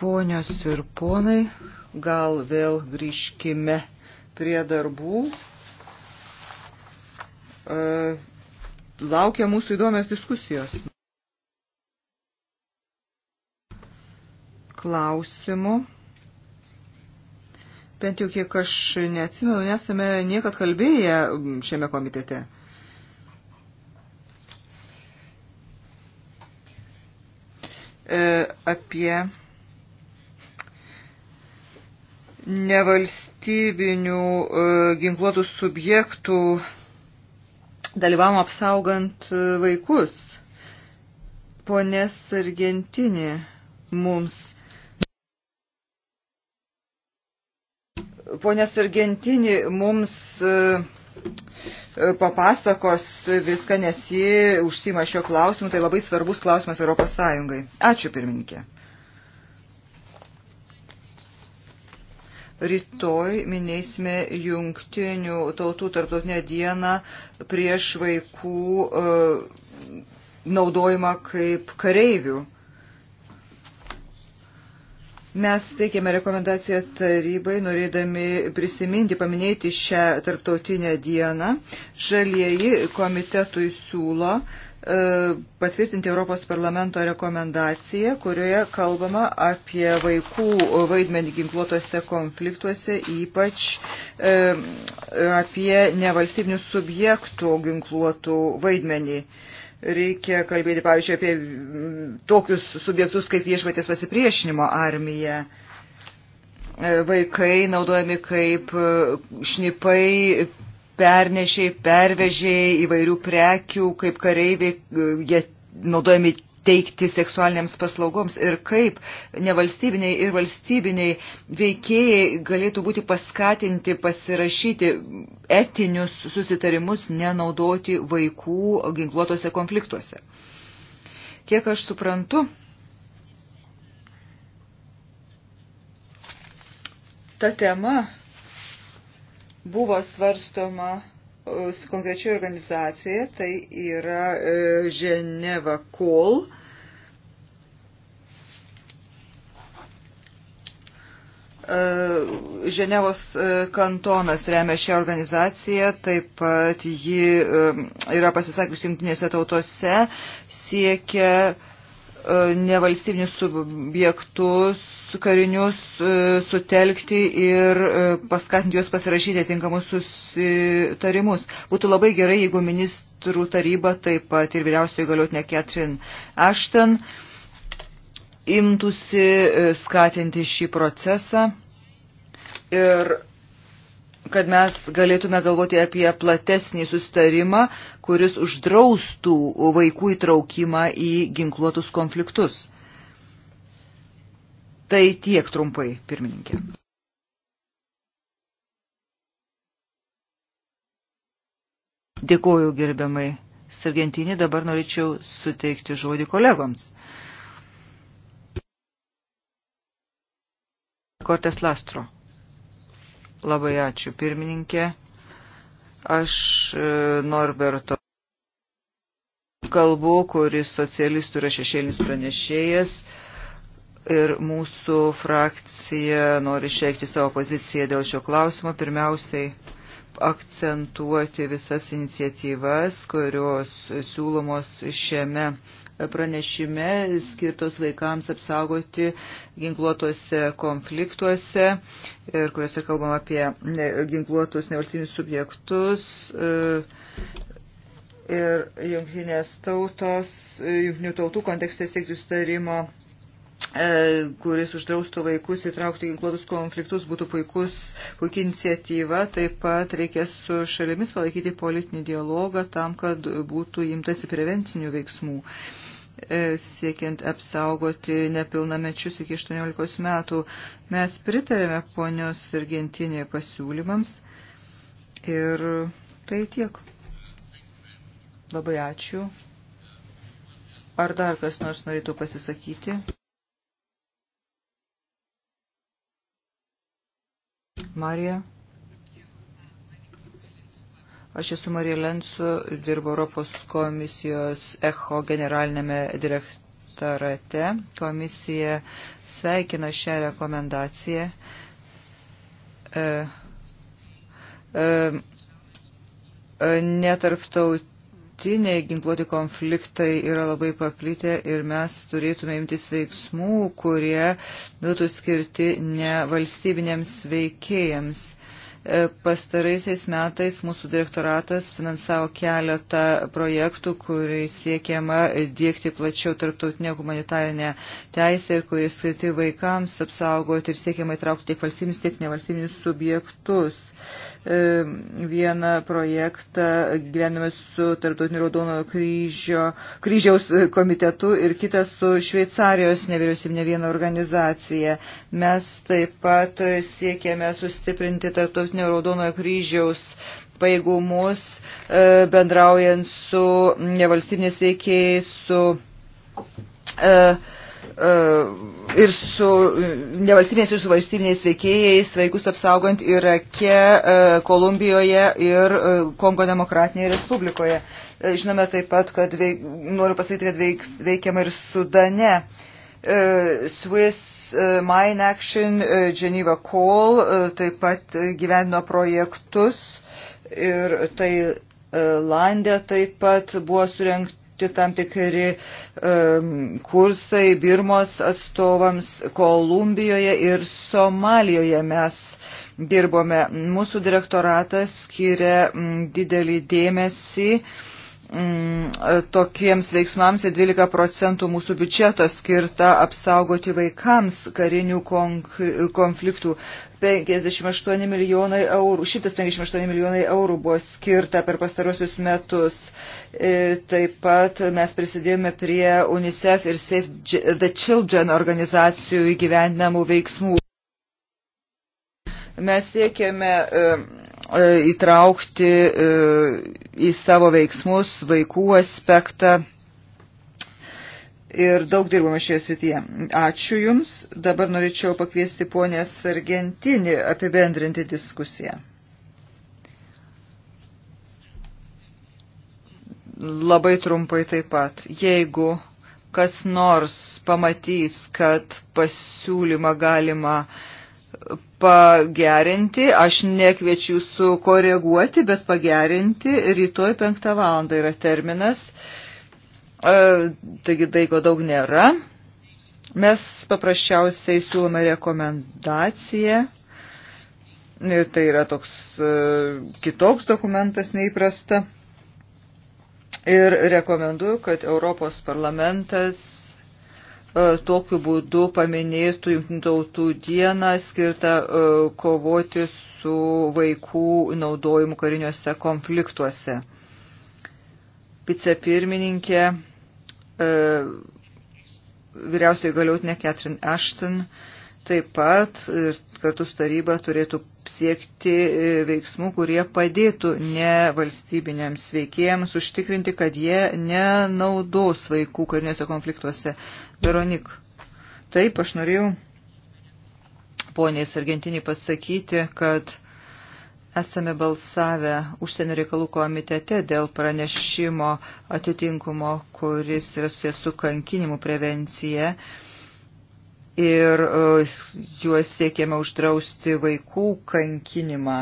Ponios ir ponai, gal vėl grįžkime prie darbų. E, laukia mūsų įdomias diskusijos. Klausimų bent jau kiek aš neatsimenu, nesame niekad kalbėję šiame komitete. apie nevalstybinių e, ginkluotų subjektų dalyvavimą apsaugant e, vaikus. Ponės Argentinė mums. Ponės Argentinė mums e, papasakos viską, nes ji užsima šio klausimu, tai labai svarbus klausimas Europos Sąjungai. Ačiū pirmininkė. Rytoj minėsime jungtinių tautų tarptautinę dieną prieš vaikų e, naudojimą kaip kareivių. Mes teikėme rekomendaciją tarybai, norėdami prisiminti, paminėti šią tarptautinę dieną. Žalieji komitetui siūlo uh, E, patvirtinti Europos parlamento rekomendaciją, kurioje kalbama apie vaikų vaidmenį ginkluotose konfliktuose, ypač e, apie nevalstybinių subjektų ginkluotų vaidmenį. Reikia kalbėti, pavyzdžiui, apie tokius subjektus kaip viešvatės pasipriešinimo armija e, vaikai naudojami kaip šnipai, pernešiai, pervežiai įvairių prekių, kaip kareiviai, e, jie naudojami teikti seksualiniams paslaugoms ir kaip nevalstybiniai ir valstybiniai veikėjai galėtų būti paskatinti pasirašyti etinius susitarimus nenaudoti vaikų ginkluotose konfliktuose. Kiek aš suprantu, ta tema buvo svarstoma e, konkrečioje organizacijoje, tai yra e, Ženeva Kol. E, Ženevos kantonas remia šią organizaciją, taip pat ji yra pasisakiusi jungtinėse tautose, siekia nevalstybinius subjektus karinius e, sutelkti ir e, paskatinti juos pasirašyti atinkamus susitarimus. Būtų labai gerai, jeigu ministrų taryba, taip pat ir vyriausioji galiotinė Ketrin Ashton, imtųsi e, skatinti šį procesą ir kad mes galėtume galvoti apie platesnį sustarimą, kuris uždraustų vaikų įtraukimą į ginkluotus konfliktus. Tai tiek trumpai, pirmininkė. Dėkuoju gerbiamai Sargentinį, dabar norėčiau suteikti žodį kolegoms. Kortes Lastro. Labai ačiū, pirmininkė. Aš e, Norberto kalbu, kuris socialistų yra šešėlinis pranešėjas ir mūsų frakcija nori išreikšti savo poziciją dėl šio klausimo. Pirmiausiai akcentuoti visas iniciatyvas, kurios siūlomos šiame pranešime skirtos vaikams apsaugoti ginkluotuose konfliktuose ir kuriuose kalbam apie ginkluotus nevalstybinius subjektus. E, ir jungtinės tautos, jungtinių tautų kontekste siekti sustarimo E, kuris uždraustų vaikus įtraukti ginkluotus konfliktus, būtų puikus, puikia iniciatyva. Taip pat reikės su šalimis palaikyti politinį dialogą tam, kad būtų imtasi prevencinių veiksmų e, siekiant apsaugoti nepilnamečius iki 18 metų. Mes pritarėme ponios Argentinėje pasiūlymams ir tai tiek. Labai ačiū. Ar dar kas nors norėtų pasisakyti? Marija. Aš esu Marija Lensu, dirbu Europos komisijos ECHO generalinėme direktorate. Komisija sveikina šią rekomendaciją. E, e, e netarptaut Dabartiniai ginkluoti konfliktai yra labai paplitę ir mes turėtume imtis veiksmų, kurie būtų skirti ne valstybinėms veikėjams. E, pastaraisiais metais mūsų direktoratas finansavo keletą projektų, kuriais siekiama dėkti plačiau tarptautinę humanitarinę teisę ir kurie skirti vaikams apsaugoti ir siekiama įtraukti tiek valstybinius, tiek nevalstybinius subjektus. E, vieną projektą gyvename su tarptautiniu raudonojo kryžio, kryžiaus komitetu ir kitą su Šveicarijos nevyriausybinė viena organizacija. Mes taip pat siekiame sustiprinti tarptautinį tarptautinio raudonojo kryžiaus paėgumus, e, bendraujant su nevalstybinės veikėjais, su e, e, ir su nevalstybiniais ir su valstybiniais veikėjais, vaikus apsaugant Irake, Kolumbijoje ir Kongo demokratinėje respublikoje. Žinome taip pat, kad veik, noriu pasakyti, kad veiks, veikiama ir Sudane. Uh, Uh, Swiss uh, Mine Action, uh, Geneva Call taip pat gyvenino projektus ir tai Landė taip pat buvo surenkti tam tikri um, kursai Birmos atstovams Kolumbijoje ir Somalijoje mes dirbome. Mūsų direktoratas skiria mm, didelį dėmesį uh, mm, tokiems veiksmams 12 procentų mūsų biudžeto skirta apsaugoti vaikams karinių konfliktų. 58 milijonai eurų, 158 milijonai eurų buvo skirta per pastarosius metus. Ir taip pat mes prisidėjome prie UNICEF ir Save the Children organizacijų įgyvendinamų veiksmų. Mes siekėme uh, e, E, įtraukti e, į savo veiksmus vaikų aspektą. Ir daug dirbame šioje srityje. Ačiū Jums. Dabar norėčiau pakviesti ponę Sargentinį apibendrinti diskusiją. Labai trumpai taip pat. Jeigu kas nors pamatys, kad pasiūlymą galima uh, pagerinti, aš nekviečiu jūsų koreguoti, bet pagerinti, rytoj 5 val. yra terminas, e, taigi daiko daug nėra. Mes paprasčiausiai siūlome rekomendaciją ir tai yra toks e, kitoks dokumentas neįprasta. Ir rekomenduoju, kad Europos parlamentas E, tokiu būdu paminėtų jungtinių tautų dieną skirtą e, kovoti su vaikų naudojimu kariniuose konfliktuose. Vicepirmininkė, e, vyriausioji galiotinė Catherine Ashton taip pat ir kartu su taryba turėtų siekti e, veiksmų, kurie padėtų nevalstybiniams veikėjams užtikrinti, kad jie nenaudos vaikų karinėse konfliktuose. Veronik, taip aš norėjau poniais Argentiniai pasakyti, kad esame balsavę užsienio reikalų komitete dėl pranešimo atitinkumo, kuris yra susijęs su kankinimu prevencija. E, ir e, juos siekiama uždrausti vaikų kankinimą.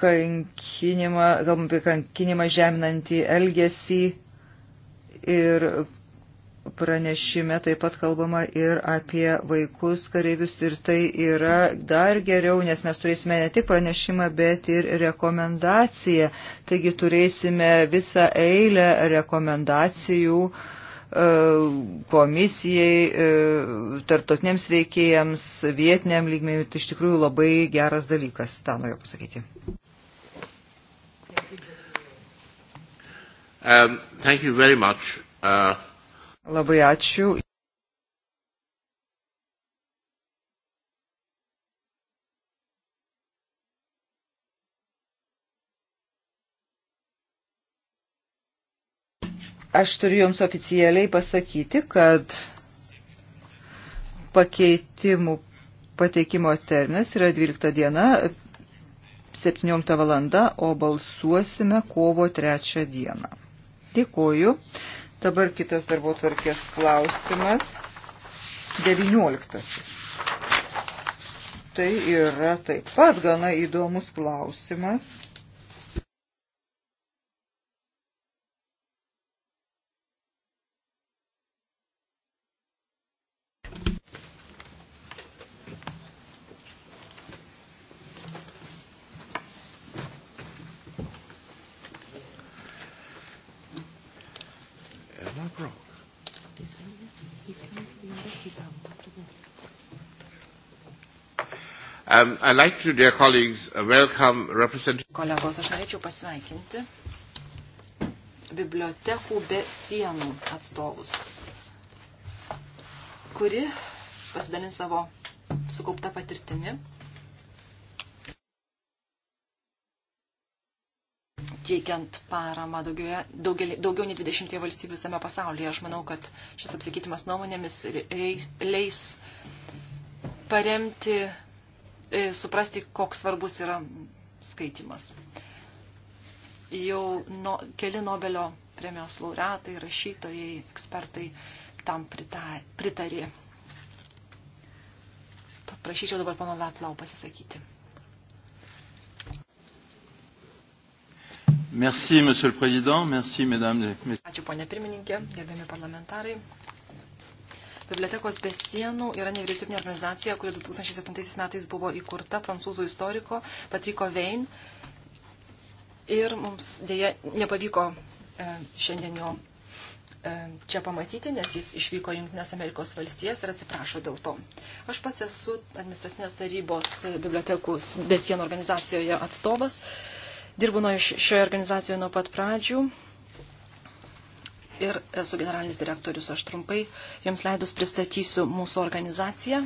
Kankinimą, galbūt apie kankinimą žeminantį elgesį ir pranešime taip pat kalbama ir apie vaikus kareivius ir tai yra dar geriau, nes mes turėsime ne tik pranešimą, bet ir rekomendaciją. Taigi turėsime visą eilę rekomendacijų uh, E, komisijai, e, tartotiniams veikėjams, vietiniam lygmeniu, tai iš tikrųjų labai geras dalykas, tą noriu pasakyti.
Um, thank you very much. Uh...
Labai ačiū. Aš turiu Jums oficialiai pasakyti, kad pakeitimų pateikimo terminas yra 12 diena, 17 valanda, o balsuosime kovo 3 dieną. Dėkuoju. Dabar kitas darbo tvarkės klausimas. 19. Tai yra taip pat gana įdomus klausimas.
Um, I'd like to, dear colleagues, uh, welcome representatives. Kolegos, aš
norėčiau pasveikinti bibliotekų be sienų atstovus, kuri pasidalins savo sukauptą patirtimi. teikiant paramą daugiau, daugiau, daugiau nei 20 valstybių visame pasaulyje. Aš manau, kad šis apsikeitimas nuomonėmis leis paremti E, suprasti, koks svarbus yra skaitimas. Jau no, keli Nobelio premijos laureatai, rašytojai, ekspertai tam pritarė. Paprašyčiau dabar pano Latlau pasisakyti.
Merci, monsieur le président. Merci, mesdames.
Ačiū, ponė pirmininkė, gerbiami parlamentarai. Bibliotekos be sienų yra nevyriausybinė organizacija, kuri 2007 metais buvo įkurta prancūzų istoriko Patriko Vein. Ir mums dėja nepavyko e, šiandien jo e, čia pamatyti, nes jis išvyko Junktinės Amerikos valstijas ir atsiprašo dėl to. Aš pats esu administracinės tarybos bibliotekų besienų organizacijoje atstovas. Dirbu nuo šioje organizacijoje nuo pat pradžių ir esu generalinis direktorius. Aš trumpai jums leidus pristatysiu mūsų organizaciją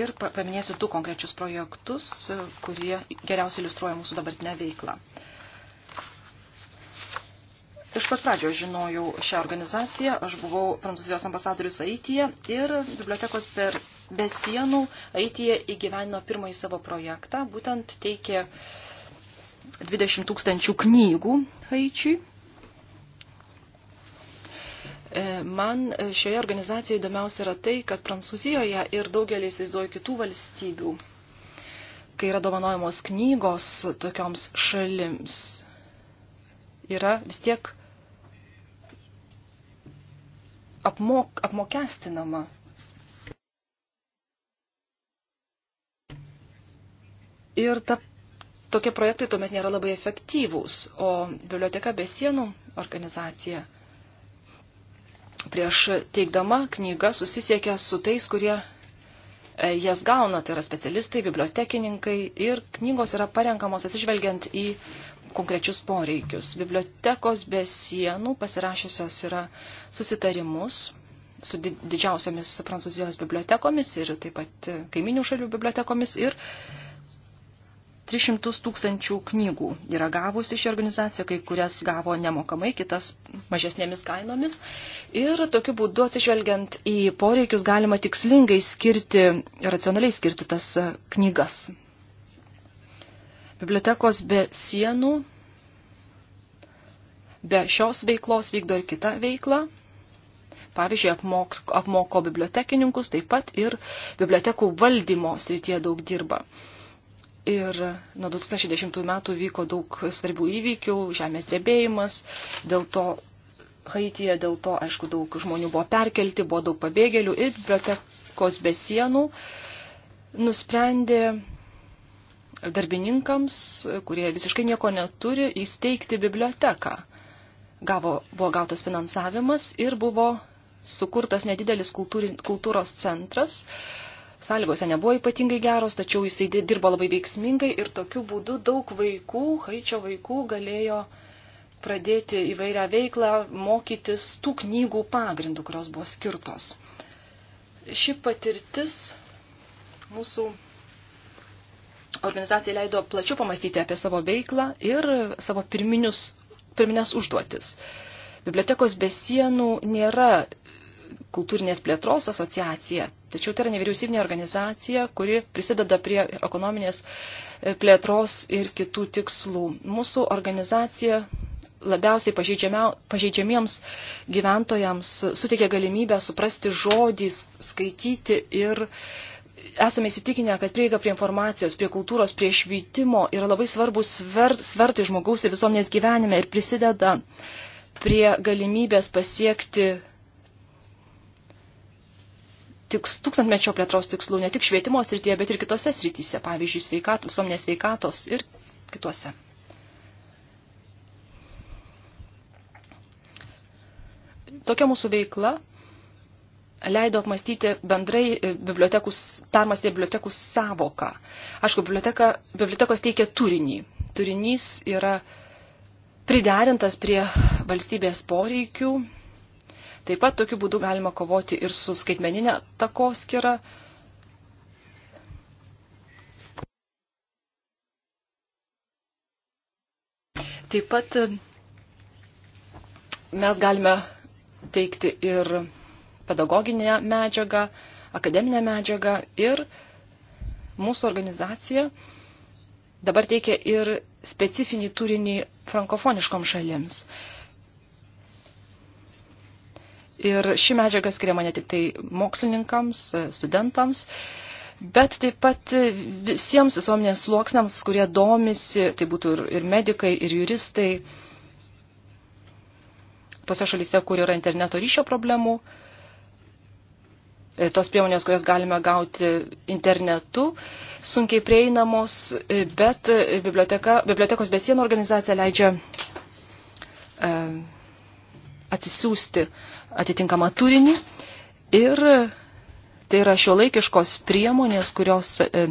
ir paminėsiu tų konkrečius projektus, kurie geriausiai iliustruoja mūsų dabartinę veiklą. Iš pat pradžio žinojau šią organizaciją, aš buvau Prancūzijos ambasadorius Aityje ir bibliotekos per be sienų Aityje įgyvenino pirmąjį savo projektą, būtent teikė 20 tūkstančių knygų Haičiui E, man e, šioje organizacijoje įdomiausia yra tai, kad Prancūzijoje ir daugelį įsivaizduoju kitų valstybių, kai yra dovanojamos knygos tokioms šalims, yra vis tiek apmok, apmokestinama. Ir ta, tokie projektai tuomet nėra labai efektyvūs, o biblioteka be sienų organizacija – prieš teikdama knygą susisiekė su tais, kurie e, jas gauna, tai yra specialistai, bibliotekininkai ir knygos yra parenkamos atsižvelgiant į konkrečius poreikius. Bibliotekos be sienų pasirašiusios yra susitarimus su didžiausiamis Prancūzijos bibliotekomis ir taip pat e, kaiminių šalių bibliotekomis ir 300 tūkstančių knygų yra gavusi ši organizacija, kai kurias gavo nemokamai, kitas mažesnėmis kainomis. Ir tokiu būdu atsižvelgiant į poreikius galima tikslingai skirti, racionaliai skirti tas e, knygas. Bibliotekos be sienų, be šios veiklos vykdo ir kita veikla. Pavyzdžiui, apmoks, apmoko bibliotekininkus, taip pat ir bibliotekų valdymo srityje daug dirba. Ir nuo 2010 metų vyko daug svarbių įvykių, žemės drebėjimas, dėl to Haityje, dėl to, aišku, daug žmonių buvo perkelti, buvo daug pabėgėlių ir bibliotekos be sienų nusprendė darbininkams, kurie visiškai nieko neturi, įsteigti biblioteką. Gavo, buvo gautas finansavimas ir buvo sukurtas nedidelis kultūri, kultūros centras, uh, sąlygose nebuvo ypatingai geros, tačiau jisai dirbo labai veiksmingai ir tokiu būdu daug vaikų, haičio vaikų galėjo pradėti įvairią veiklą, mokytis tų knygų pagrindų, kurios buvo skirtos. Ši patirtis mūsų organizacijai leido plačiau pamastyti apie savo veiklą ir savo pirminius, pirminės užduotis. Bibliotekos be sienų nėra kultūrinės plėtros asociacija, tačiau tai yra nevyriausybinė organizacija, kuri prisideda prie ekonominės e, plėtros ir kitų tikslų. Mūsų organizacija labiausiai pažeidžiamiems gyventojams suteikia galimybę suprasti žodį, skaityti ir esame įsitikinę, kad prieiga prie informacijos, prie kultūros, prie švietimo yra labai svarbus svert, svertai žmogaus ir visuomenės gyvenime ir prisideda prie galimybės pasiekti tiks, tūkstantmečio plėtros tikslų ne tik švietimo srityje, bet ir kitose srityse, pavyzdžiui, sveikatos, visuomenės sveikatos ir kitose. Tokia mūsų veikla leido apmastyti bendrai e, bibliotekų, permastyti bibliotekų savoką. Aišku, biblioteka, bibliotekos teikia turinį. Turinys yra priderintas prie valstybės poreikių Taip pat tokiu būdu galima kovoti ir su skaitmeninė takoskira. Taip pat e, mes galime teikti ir pedagoginę medžiagą, akademinę medžiagą ir mūsų organizacija dabar teikia ir specifinį turinį frankofoniškom šalims. Ir ši medžiaga skiriama ne tik tai mokslininkams, studentams, bet taip pat visiems visuomenės sluoksnams, kurie domisi, tai būtų ir, ir medikai, ir juristai, tose šalyse, kur yra interneto ryšio problemų, e, tos priemonės, kurias galime gauti internetu, sunkiai prieinamos, e, bet e, biblioteka, bibliotekos besienų organizacija leidžia e, atsisiųsti uh, atitinkamą turinį ir tai yra šiuolaikiškos priemonės, kurios e,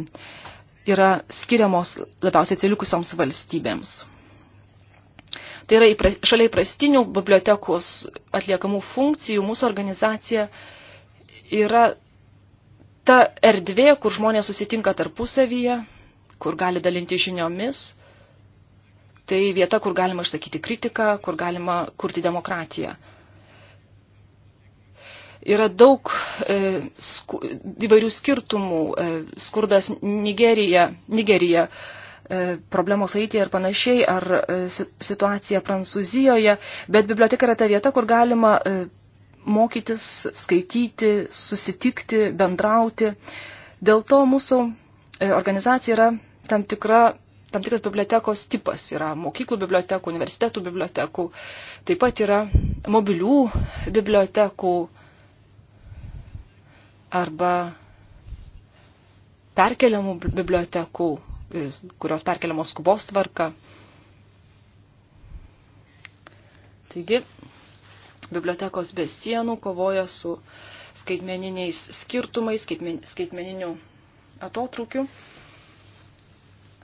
yra skiriamos labiausiai atsilikusioms valstybėms. Tai yra įpras, šalia įprastinių bibliotekos atliekamų funkcijų mūsų organizacija yra ta erdvė, kur žmonės susitinka tarpusavyje, kur gali dalinti žiniomis. Tai vieta, kur galima išsakyti kritiką, kur galima kurti demokratiją yra daug e, sku, įvairių skirtumų. E, skurdas Nigerija, Nigerija e, problemos Haitėje ir panašiai, ar e, situacija Prancūzijoje, bet biblioteka yra ta vieta, kur galima e, mokytis, skaityti, susitikti, bendrauti. Dėl to mūsų e, organizacija yra tam tikra tam tikras bibliotekos tipas yra mokyklų bibliotekų, universitetų bibliotekų, taip pat yra mobilių bibliotekų, arba perkeliamų bibliotekų, kurios perkeliamos skubos tvarka. Taigi, bibliotekos be sienų kovoja su skaitmeniniais skirtumais, skaitmeniniu atotrukiu.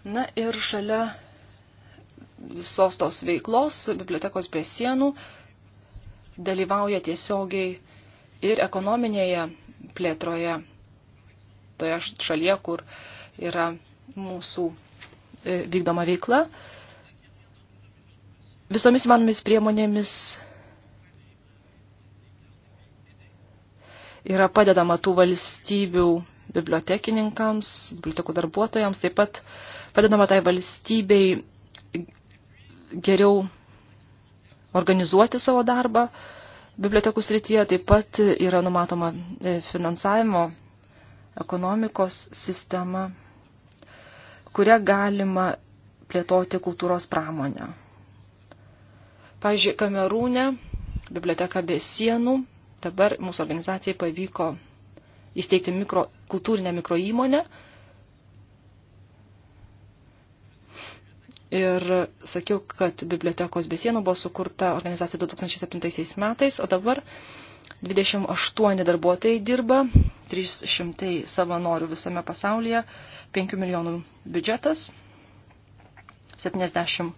Na ir šalia visos tos veiklos bibliotekos be sienų dalyvauja tiesiogiai ir ekonominėje plėtroje toje šalyje, kur yra mūsų e, vykdoma veikla. Visomis manomis priemonėmis yra padedama tų valstybių bibliotekininkams, bibliotekų darbuotojams, taip pat padedama tai valstybei geriau organizuoti savo darbą, Bibliotekų srityje taip pat yra numatoma e, finansavimo ekonomikos sistema, kurią galima plėtoti kultūros pramonę. Pavyzdžiui, Kamerūne, biblioteka be sienų, dabar mūsų organizacijai pavyko įsteigti mikro, kultūrinę mikroįmonę, įmonę Ir sakiau, kad bibliotekos be sienų buvo sukurta organizacija 2007 metais, o dabar 28 darbuotojai dirba, 300 savanorių visame pasaulyje, 5 milijonų biudžetas, 70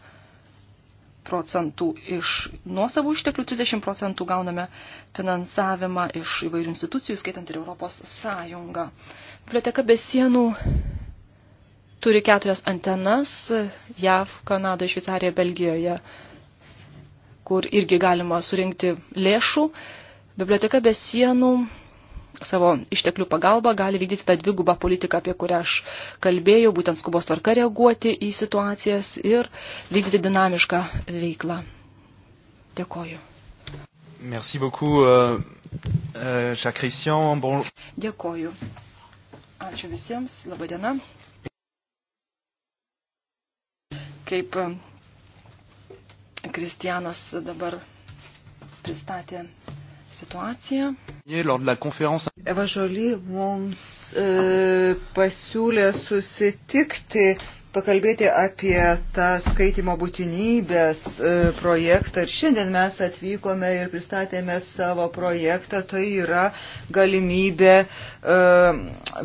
procentų iš nuosavų išteklių, 30 procentų gauname finansavimą iš įvairių institucijų, skaitant ir Europos Sąjungą. Biblioteka be sienų turi keturias antenas JAV, Kanadoje, Šveicarijoje, Belgijoje, kur irgi galima surinkti lėšų. Biblioteka be sienų savo išteklių pagalba gali vykdyti tą dvigubą politiką, apie kurią aš kalbėjau, būtent skubos tvarka reaguoti į situacijas ir vykdyti dinamišką veiklą. Dėkoju.
Merci beaucoup, uh, uh, Jacques Christian. Bon...
Dėkoju. Ačiū visiems. Labadiena kaip e, Kristianas dabar pristatė situaciją.
Eva Žoly mums e, pasiūlė susitikti pakalbėti apie tą skaitimo būtinybės e, projektą. Ir šiandien mes atvykome ir pristatėme savo projektą. Tai yra galimybė e,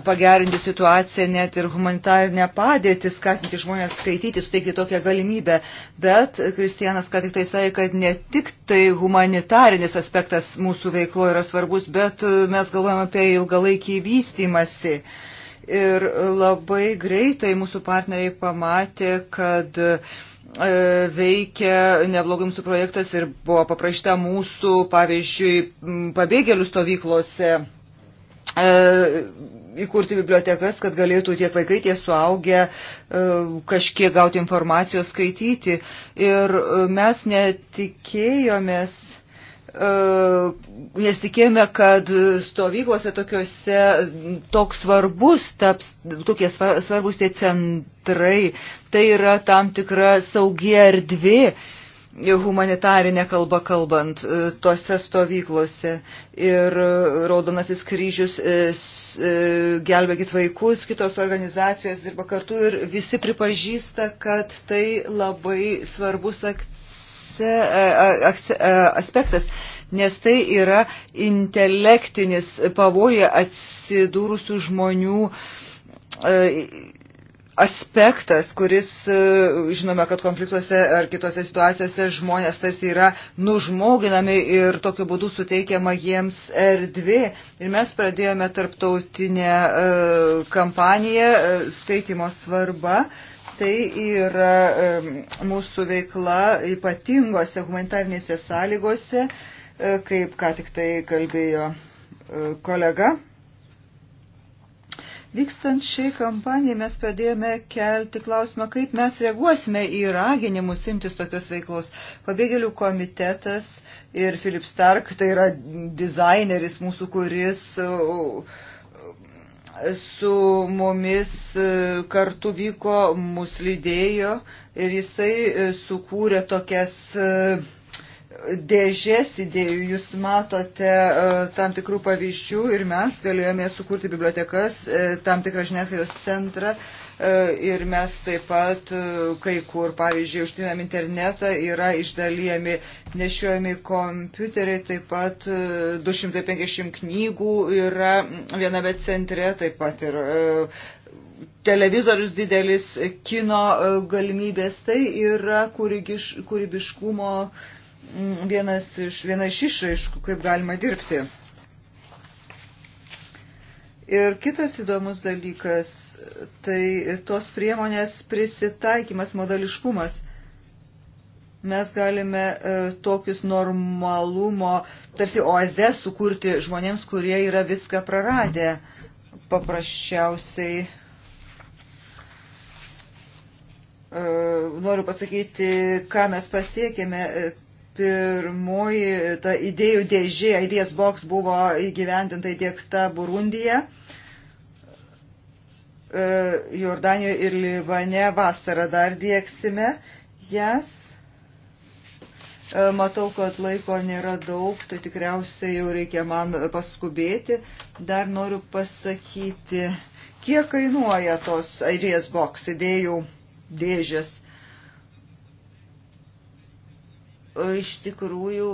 pagerinti situaciją net ir humanitarinę padėtį, skatinti žmonės skaityti, suteikti tokią galimybę. Bet Kristianas ką tik tai sakė, kad ne tik tai humanitarinis aspektas mūsų veiklo yra svarbus, bet e, mes galvojame apie ilgalaikį vystimąsi. Uh, ir labai greitai mūsų partneriai pamatė, kad e, veikia neblogai mūsų projektas ir buvo paprašta mūsų, pavyzdžiui, pabėgėlių stovyklose e, įkurti bibliotekas, kad galėtų tiek vaikai, tiek suaugę e, kažkiek gauti informacijos skaityti. Ir mes netikėjomės E, nes tikėjome, kad stovyklose tokiuose toks svarbus taps, tokie svarbus tie centrai, tai yra tam tikra saugi erdvė humanitarinė kalba kalbant e, tose stovyklose. Ir Raudonasis kryžius e, gelbėkit vaikus, kitos organizacijos dirba kartu ir visi pripažįsta, kad tai labai svarbus akcentas akse, akse, e, aspektas, nes tai yra intelektinis pavoja atsidūrusių žmonių e, aspektas, kuris, e, žinome, kad konfliktuose ar kitose situacijose žmonės tarsi yra nužmoginami ir tokiu būdu suteikiama jiems erdvė. Ir mes pradėjome tarptautinę kampaniją skaitymo svarba. Tai yra mūsų veikla ypatingose humanitarnėse sąlygose, e, kaip ką tik tai kalbėjo e, kolega. Vykstant šiai kampanijai mes pradėjome kelti klausimą, kaip mes reaguosime į raginimus imtis tokios veiklos. Pabėgėlių komitetas ir Filip Stark, tai yra dizaineris mūsų, kuris uh, su mumis e, kartu vyko, mus lydėjo ir jisai e, sukūrė tokias e, dėžės idėjų. Jūs matote tam tikrų pavyzdžių ir mes galėjome sukurti bibliotekas, tam tikrą žiniasklaidos centrą E, ir mes taip pat e, kai kur, pavyzdžiui, užtinam internetą, yra išdalyjami nešiojami kompiuteriai, taip pat 250 e, knygų yra viename centre, taip pat ir televizorius didelis, kino galimybės, tai yra kūrybiškumo vienas iš, viena iš išraiškų, kaip galima dirbti. Ir kitas įdomus dalykas, tai tos priemonės prisitaikymas, modališkumas. Mes galime e, tokius normalumo, tarsi oaze sukurti žmonėms, kurie yra viską praradę. Paprasčiausiai e, noriu pasakyti, ką mes pasiekėme. E, pirmoji ta idėjų dėžė, idėjas boks buvo įgyvendinta įdėkta Burundija E, Jordanijoje ir Libane vasarą dar dėksime jas. E, matau, kad laiko nėra daug, tai tikriausiai jau reikia man paskubėti. Dar noriu pasakyti, kiek kainuoja tos idėjas boks, idėjų dėžės. E, iš tikrųjų,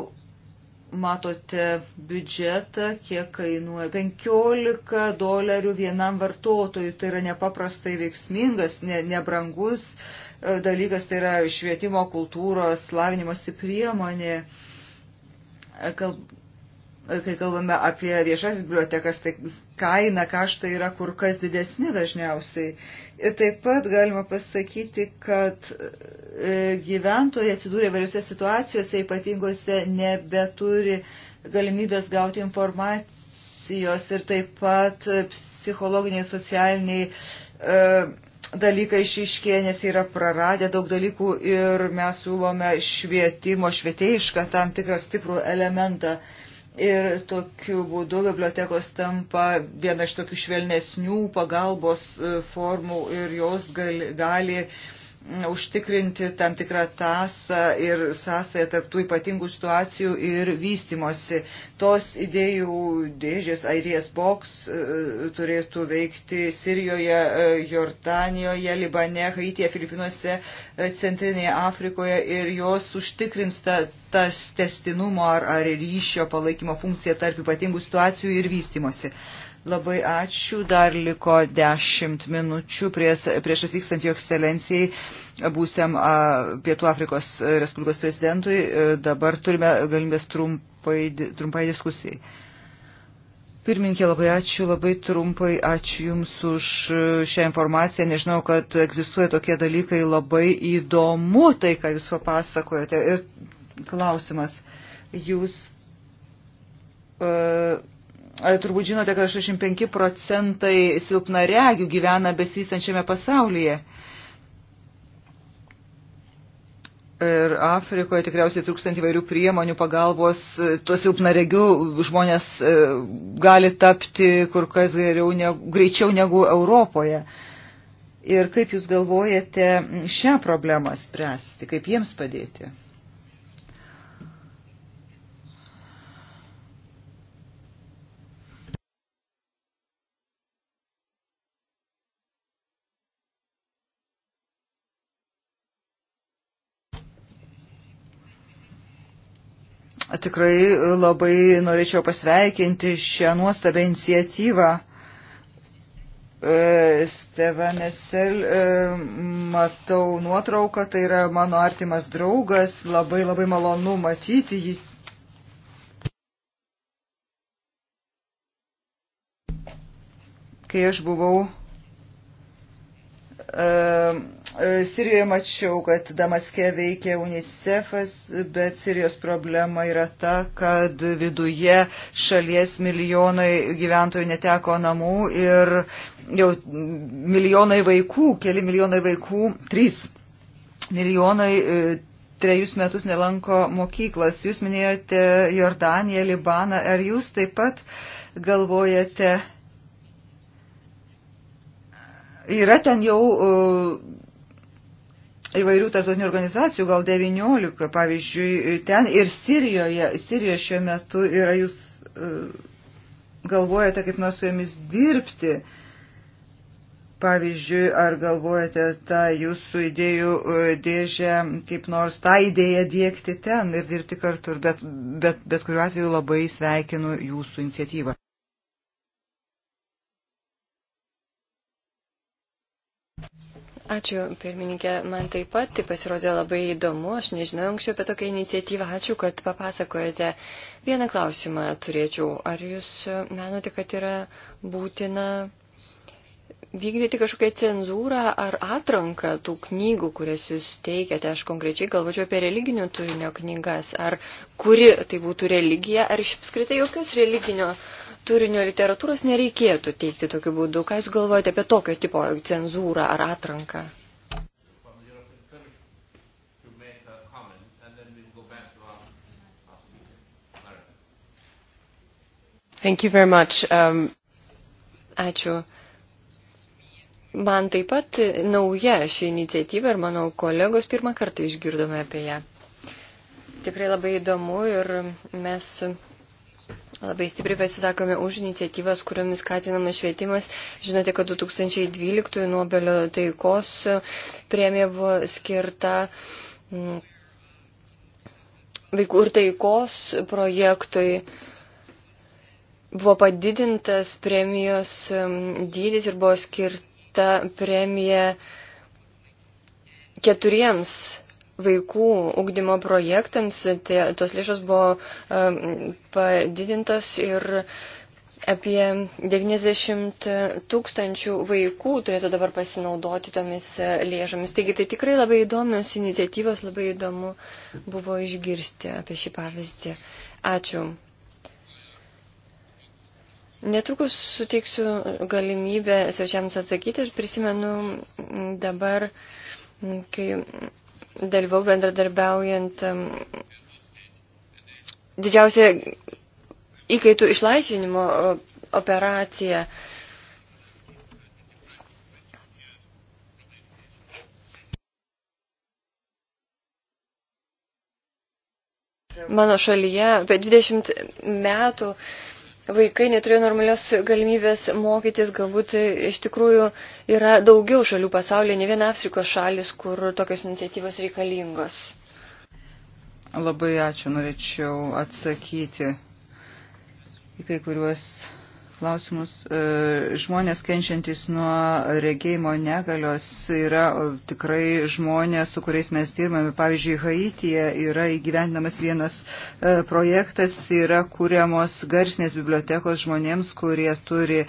matote biudžetą, kiek kainuoja 15 dolerių vienam vartotojui. Tai yra nepaprastai veiksmingas, ne, nebrangus e, dalykas, tai yra švietimo kultūros, lavinimosi priemonė. E, kalb kai kalbame apie viešas bibliotekas, tai kaina, kaštai yra kur kas didesni dažniausiai. Ir taip pat galima pasakyti, kad e, gyventojai atsidūrė variose situacijose, ypatingose nebeturi galimybės gauti informacijos ir taip pat psichologiniai, socialiniai e, dalykai išiškė, nes yra praradę daug dalykų ir mes siūlome švietimo, švietėjišką tam tikrą stiprų elementą. Uh, Ir tokiu būdu bibliotekos tampa viena iš tokių švelnesnių pagalbos e, formų ir jos gali, gali uh, užtikrinti tam tikrą tasą ir sąsąją tarptų ypatingų situacijų ir vystimosi. Tos idėjų dėžės Airies Box e, turėtų veikti Sirijoje, e, Jordanijoje, Libane, Haityje, Filipinuose, e, Centrinėje Afrikoje ir jos užtikrins ta, tas testinumo ar, ar ryšio palaikymo funkcija tarp ypatingų situacijų ir vystimosi. Labai ačiū, dar liko dešimt minučių prieš, prieš atvykstant jo ekscelencijai būsiam Pietų Afrikos Respublikos prezidentui. E, dabar turime galimybės trumpai, trumpai diskusijai. Pirminkė, labai ačiū, labai trumpai ačiū Jums už šią informaciją. Nežinau, kad egzistuoja tokie dalykai. Labai įdomu tai, ką Jūs papasakojate. Ir klausimas, Jūs. Uh, E, turbūt žinote, kad 65 procentai silpnaregių gyvena besivystančiame pasaulyje. Ir Afrikoje tikriausiai trūkstant įvairių priemonių pagalbos, e, tuos silpnaregių žmonės e, gali tapti kur kas geriau, negu, greičiau negu Europoje. Ir kaip jūs galvojate šią problemą spręsti, kaip jiems padėti? tikrai e, labai norėčiau pasveikinti šią nuostabę iniciatyvą. E, Steven Esel, e, matau nuotrauką, tai yra mano artimas draugas, labai labai malonu matyti jį. Kai aš buvau E, Sirijoje mačiau, kad Damaske veikia UNICEF'as, bet Sirijos problema yra ta, kad viduje šalies milijonai gyventojų neteko namų ir jau milijonai vaikų, keli milijonai vaikų, trys milijonai e, trejus metus nelanko mokyklas. Jūs minėjote Jordaniją, Libaną. Ar jūs taip pat galvojate, yra ten jau e, įvairių tarptautinių organizacijų, gal 19, pavyzdžiui, ten ir Sirijoje, Sirijoje šiuo metu yra jūs e, galvojate kaip nors su jomis dirbti. Pavyzdžiui, ar galvojate tą jūsų idėjų e, dėžę, kaip nors tą idėją dėkti ten ir dirbti kartu, bet, bet, bet kuriuo atveju labai sveikinu jūsų iniciatyvą.
Ačiū, pirmininkė. Man taip pat tai pasirodė labai įdomu. Aš nežinau anksčiau apie tokią iniciatyvą. Ačiū, kad papasakojate. Vieną klausimą turėčiau. Ar jūs menote, kad yra būtina vykdyti kažkokią cenzūrą ar atranką tų knygų, kurias jūs teikiate? Aš konkrečiai galvočiau apie religinio turinio knygas. Ar kuri tai būtų religija, ar iš apskritai jokios religinio turinio? turinio literatūros nereikėtų teikti tokiu būdu. Ką Jūs galvojate apie tokio tipo cenzūrą ar atranką? Thank you very much. Um... Ačiū. Man taip pat nauja ši iniciatyva ir mano kolegos pirmą kartą išgirdome apie ją. Tikrai labai įdomu ir mes Labai stipriai pasisakome už iniciatyvas, kuriomis skatinamas švietimas. Žinote, kad 2012 Nobelio taikos premija buvo skirta mm, vaikų ir taikos projektui. Buvo padidintas premijos mm, dydis ir buvo skirta premija keturiems vaikų ugdymo projektams, tai tos lėšos buvo padidintos ir apie 90 tūkstančių vaikų turėtų dabar pasinaudoti tomis e, lėšomis. Taigi tai tikrai labai įdomios iniciatyvos, labai įdomu buvo išgirsti apie šį pavyzdį. Ačiū. Netrukus suteiksiu galimybę svečiams atsakyti. Aš prisimenu dabar, kai dalyvau bendradarbiaujant didžiausia įkaitų išlaisvinimo operacija.
Mano šalyje
apie 20 metų vaikai neturėjo normalios galimybės mokytis, galbūt e, iš tikrųjų yra daugiau šalių pasaulyje, ne viena Afrikos šalis, kur tokios iniciatyvos reikalingos.
Labai ačiū, norėčiau atsakyti į kai kuriuos klausimus. E, žmonės kenčiantis nuo regėjimo negalios yra tikrai žmonės, su kuriais mes dirbame. Pavyzdžiui, Haityje yra įgyvendinamas vienas e, projektas, yra kūriamos garsinės bibliotekos žmonėms, kurie turi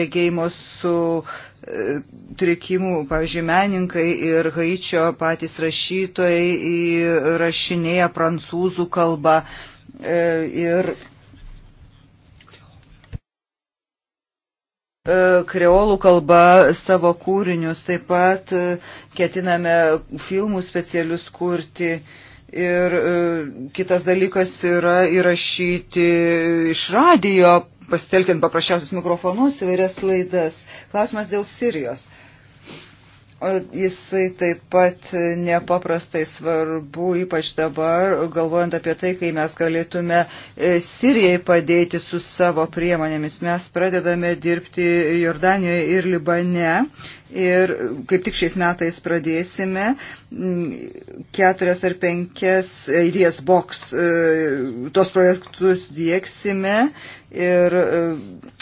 regėjimo su e, trikimų, pavyzdžiui, meninkai ir Haičio patys rašytojai įrašinėja prancūzų kalbą. Ir E, kreolų kalba savo kūrinius, taip pat e, ketiname filmų specialius kurti. Ir e, kitas dalykas yra įrašyti iš radijo, pasitelkiant paprasčiausius mikrofonus, įvairias laidas. Klausimas dėl Sirijos. Uh, Jisai taip pat nepaprastai svarbu, ypač dabar, galvojant apie tai, kai mes galėtume e, Sirijai padėti su savo priemonėmis. Mes pradedame dirbti Jordanijoje ir Libane ir kaip tik šiais metais pradėsime keturias ar penkias idėjas boks, e, tos projektus dieksime ir e,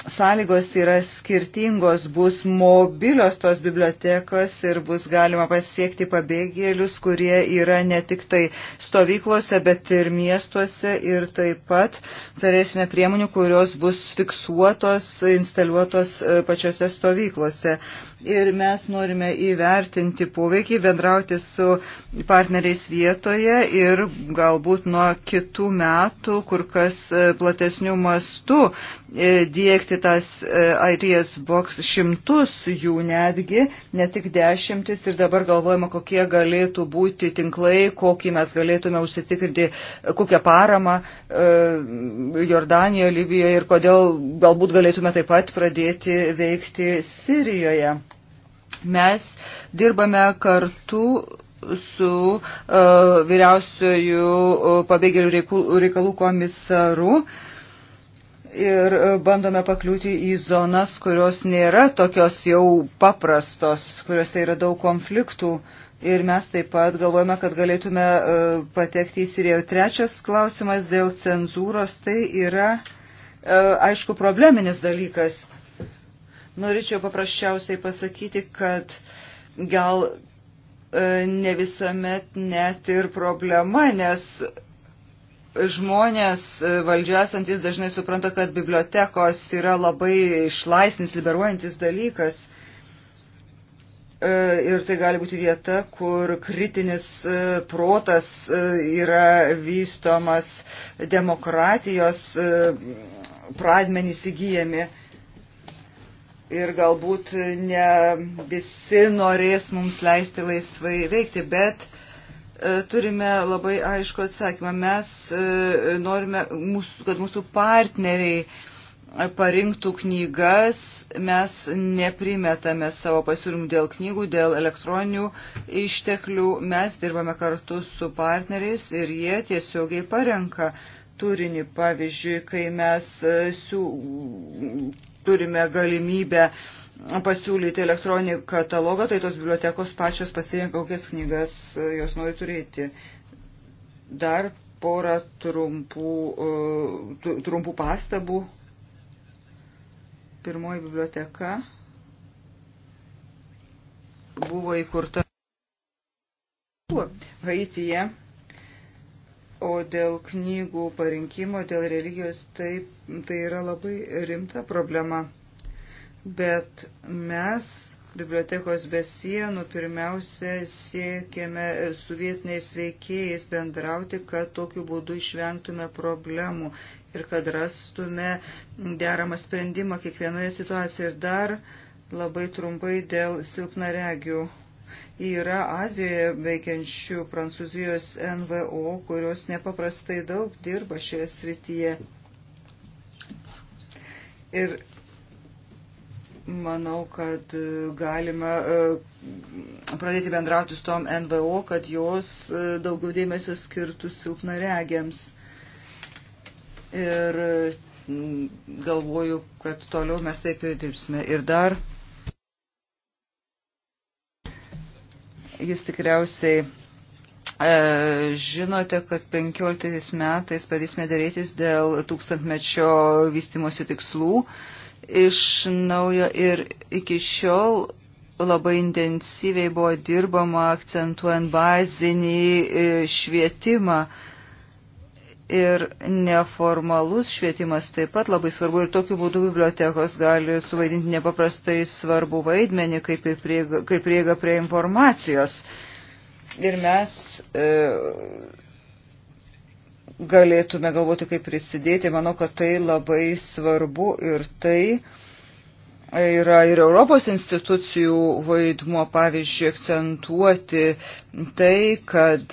sąlygos yra skirtingos, bus mobilios tos bibliotekos ir bus galima pasiekti pabėgėlius, kurie yra ne tik tai stovyklose, bet ir miestuose ir taip pat turėsime priemonių, kurios bus fiksuotos, instaliuotos e, pačiose stovyklose. Ir mes norime įvertinti poveikį, bendrauti su partneriais vietoje ir galbūt nuo kitų metų kur kas e, platesnių mastų e, dėkti tas IDS box šimtus jų netgi, ne tik dešimt dešimtis ir dabar galvojama, kokie galėtų būti tinklai, kokį mes galėtume užsitikrinti, kokią paramą e, Jordanijoje, Libijoje ir kodėl galbūt galėtume taip pat pradėti veikti Sirijoje. Mes dirbame kartu su uh, e, vyriausiojų pabėgėlių reikalų komisaru uh, ir e, bandome pakliūti į zonas, kurios nėra tokios jau paprastos, kuriuose yra daug konfliktų. Ir mes taip pat galvojame, kad galėtume e, patekti į Siriją. Trečias klausimas dėl cenzūros tai yra, e, aišku, probleminis dalykas. Norėčiau paprasčiausiai pasakyti, kad gal ne visuomet net ir problema, nes žmonės e, valdžioje esantis dažnai supranta, kad bibliotekos yra labai išlaisnis, liberuojantis dalykas. E, ir tai gali būti vieta, kur kritinis e, protas yra vystomas, demokratijos pradmenys įgyjami. Ir galbūt ne visi norės mums leisti laisvai veikti, bet uh, E, turime labai aišku atsakymą. Mes e, norime, kad mūsų partneriai parinktų knygas, mes neprimetame savo pasiūlymų dėl knygų, dėl elektroninių išteklių, mes dirbame kartu su partneriais ir jie tiesiogiai parenka turinį. Pavyzdžiui, kai mes e, siū, turime galimybę uh, pasiūlyti elektroninį katalogą, tai tos bibliotekos pačios pasirinka, kokias knygas e, jos nori turėti. Dar porą trumpų, e, trumpų pastabų. Pirmoji biblioteka buvo įkurta Haityje, o dėl knygų parinkimo, dėl religijos, tai, tai yra labai rimta problema bet mes bibliotekos be sienų pirmiausia siekėme su vietiniais veikėjais bendrauti, kad tokiu būdu išvengtume problemų ir kad rastume deramą sprendimą kiekvienoje situacijoje. Ir dar labai trumpai dėl silpnaregių yra Azijoje veikiančių Prancūzijos NVO, kurios nepaprastai daug dirba šioje srityje. Ir manau, kad e, galima e, pradėti bendrauti su tom NVO, kad jos e, daugiau dėmesio skirtų silpnaregiams. Ir galvoju, kad toliau mes taip ir dirbsime. Ir dar jūs tikriausiai Žinote, kad 15 metais padėsime darytis dėl tūkstantmečio vystimosi tikslų. E, iš naujo ir iki šiol labai intensyviai buvo dirbama akcentuojant bazinį e, švietimą. Ir neformalus švietimas taip pat labai svarbu ir tokiu būdu bibliotekos gali suvaidinti nepaprastai svarbu vaidmenį, kaip ir prieiga, kaip prieiga prie informacijos. Ir mes e, galėtume galvoti, kaip prisidėti. Manau, kad tai labai svarbu ir tai yra ir Europos institucijų vaidmuo, pavyzdžiui, akcentuoti tai, kad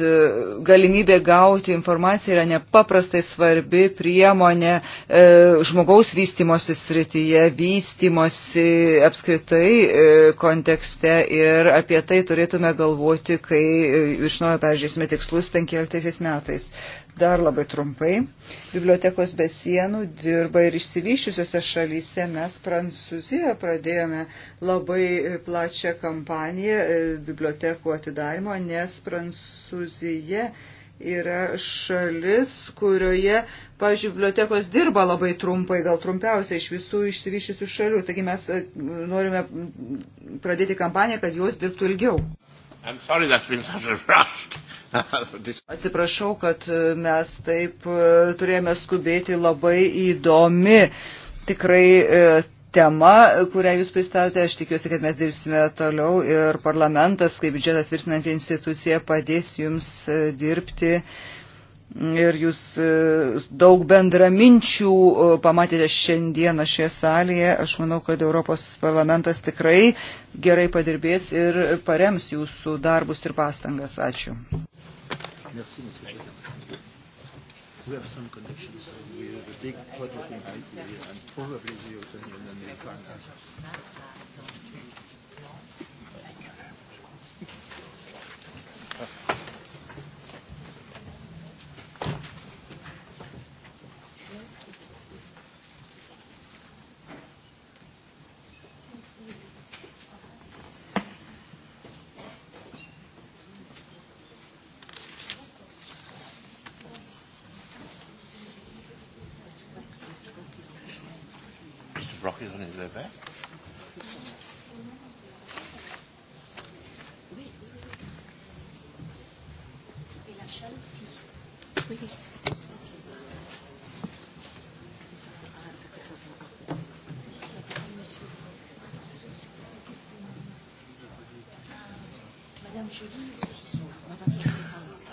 galimybė gauti informaciją yra nepaprastai svarbi priemonė e, žmogaus vystimosi srityje, vystimosi apskritai e, kontekste ir apie tai turėtume galvoti, kai e, iš naujo peržiūrėsime tikslus 15 metais. Dar labai trumpai. Bibliotekos be sienų dirba ir išsivyščiusiuose šalyse. Mes Prancūzijoje pradėjome labai plačią kampaniją e, bibliotekų atidarimo, nes Prancūzija yra šalis, kurioje, pažiūrėjau, bibliotekos dirba labai trumpai, gal trumpiausiai iš visų išsivyščiusių šalių. Taigi mes e, norime pradėti kampaniją, kad jos dirbtų ilgiau.
I'm sorry that's been such a rush.
Atsiprašau, kad e, mes taip e, turėjome skubėti labai įdomi tikrai e, tema, kurią jūs pristatėte. Aš tikiuosi, kad mes dirbsime toliau ir parlamentas, kaip biudžetą tvirtinanti institucija, padės jums dirbti. Ir jūs daug bendraminčių pamatėte šiandieną šioje salėje. Aš manau, kad Europos parlamentas tikrai gerai padirbės ir parems jūsų darbus ir pastangas. Ačiū.
Merci, Monsieur le Président. We have some connections. We have a big project in Haiti and probably the Ottoman and the Finance.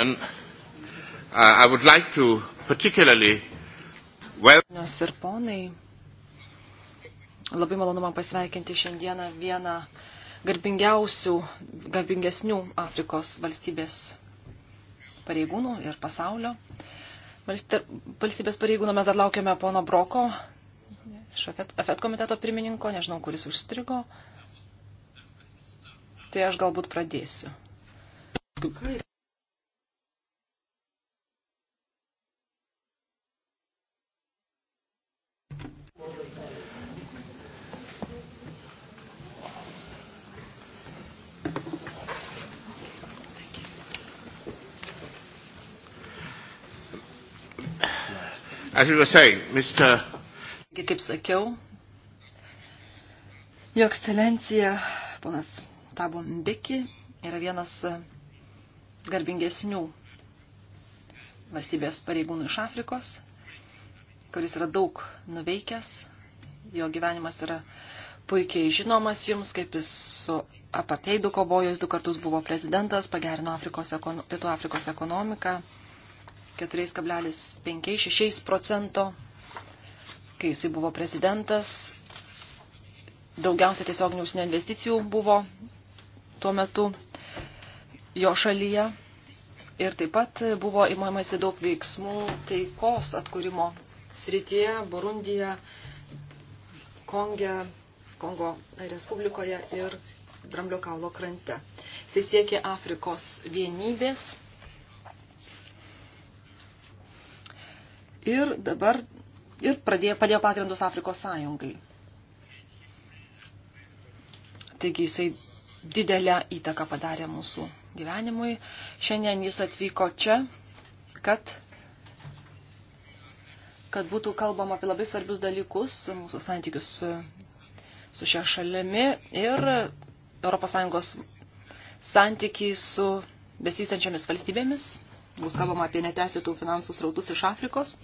And uh, I would like to particularly well...
Ir ponai, labai malonu man pasveikinti šiandieną vieną garbingiausių, garbingesnių Afrikos valstybės pareigūnų ir pasaulio. Valstybės pareigūno mes dar laukiame pono Broko, iš AFET komiteto pirmininko, nežinau, kuris užstrigo. Tai aš galbūt pradėsiu. Ką jis
as we were saying, Mr.
Kaip sakiau, jo ekscelencija, ponas Tabo Mbeki, yra vienas garbingesnių valstybės pareigūnų iš Afrikos, kuris yra daug nuveikęs, jo gyvenimas yra puikiai žinomas jums, kaip jis su aparteidu kovojo, jis du kartus buvo prezidentas, pagerino Afrikos, Pietų Afrikos ekonomiką, 4,5-6 procento, kai jisai buvo prezidentas. Daugiausia tiesioginių užsienio investicijų buvo tuo metu jo šalyje. Ir taip pat buvo įmamasi daug veiksmų taikos atkūrimo srityje, Burundija, Konge, Kongo Respublikoje ir Dramblio kaulo krante. Jis siekė Afrikos vienybės ir dabar ir pradėjo, padėjo pagrindus Afrikos sąjungai. Taigi jisai didelę įtaką padarė mūsų gyvenimui. Šiandien jis atvyko čia, kad, kad būtų kalbama apie labai svarbius dalykus, mūsų santykius su šia šalimi ir ES santykiai su besistančiamis valstybėmis bus kalbama apie neteisėtų finansų srautus iš Afrikos.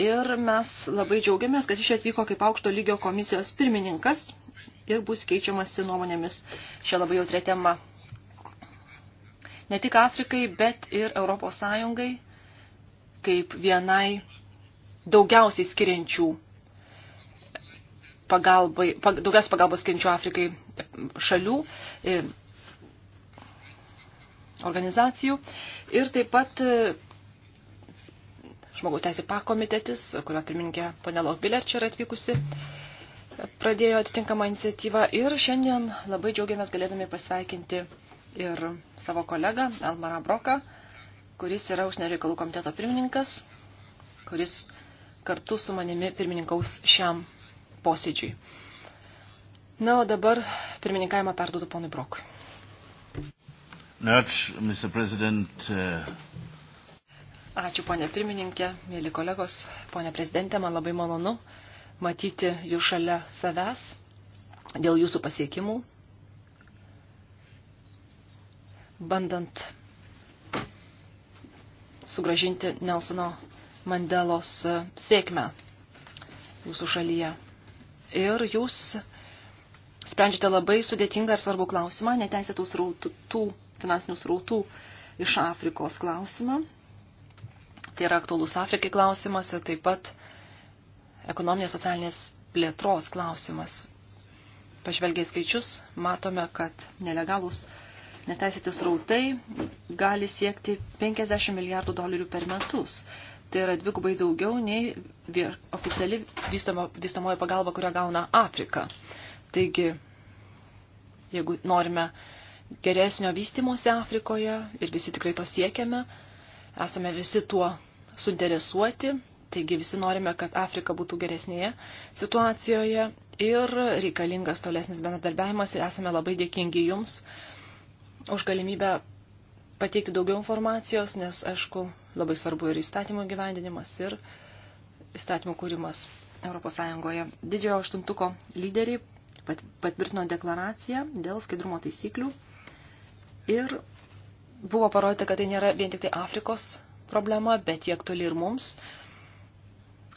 Ir mes labai džiaugiamės, kad iš atvyko kaip aukšto lygio komisijos pirmininkas ir bus keičiamasi nuomonėmis šią labai jautrę temą. Ne tik Afrikai, bet ir Europos Sąjungai kaip vienai daugiausiai skiriančių pagalbai, pag, daugiausiai pagalbos skiriančių Afrikai šalių. E, organizacijų. Ir taip pat e, žmogaus teisų pakomitetis, kurio pirmininkė Panelo Biler čia yra atvykusi, pradėjo atitinkamą iniciatyvą. Ir šiandien labai džiaugiamės galėdami pasveikinti ir savo kolegą Almarą Broką, kuris yra užsienio reikalų komiteto pirmininkas, kuris kartu su manimi pirmininkaus šiam posėdžiui. Na, o dabar pirmininkavimą perduodu ponui Brokui.
Ačiū, Mr. President. Uh,
Ačiū, ponė pirmininkė, mėly kolegos, ponė prezidentė, man labai malonu matyti jūs šalia savęs dėl jūsų pasiekimų, bandant sugražinti Nelsono Mandelos sėkmę jūsų šalyje. Ir jūs sprendžiate labai sudėtingą ir svarbų klausimą neteisėtų srautų finansinių srautų iš Afrikos klausimą. Tai yra aktualus Afrikai klausimas ir taip pat ekonominės socialinės plėtros klausimas. Pažvelgiai skaičius, matome, kad nelegalus neteisėti srautai gali siekti 50 milijardų dolerių per metus. Tai yra dvigubai daugiau nei oficiali vystamo, vystamoji pagalba, kurią gauna Afrika. Taigi, jeigu norime uh, geresnio vystimuose Afrikoje ir visi tikrai to siekiame. Esame visi tuo suinteresuoti, taigi visi norime, kad Afrika būtų geresnėje situacijoje ir reikalingas tolesnis bendradarbiavimas ir esame labai dėkingi Jums už galimybę pateikti daugiau informacijos, nes, aišku, labai svarbu ir įstatymų gyvendinimas ir įstatymų kūrimas ES. Didžiojo aštuntuko lyderiai patvirtino deklaraciją dėl skaidrumo taisyklių Ir buvo parodyta, kad tai nėra vien tik tai Afrikos problema, bet tiek toli ir mums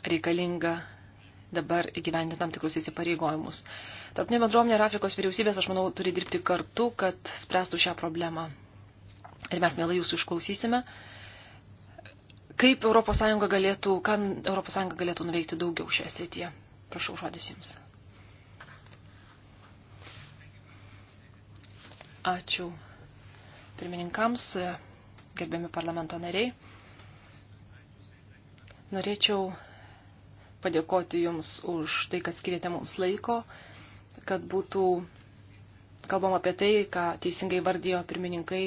reikalinga dabar įgyvendinti tam tikrus įsipareigojimus. Tarpinė bendruomenė ir Afrikos vyriausybės, aš manau, turi dirbti kartu, kad spręstų šią problemą. Ir mes mielai jūsų išklausysime. Kaip ES galėtų, ką ES galėtų nuveikti daugiau šioje srityje? Prašau, žodis jums. Ačiū, pirmininkams, gerbiami parlamento nariai. Norėčiau padėkoti Jums už tai, kad skirėte mums laiko, kad būtų kalbam apie tai, ką teisingai vardijo pirmininkai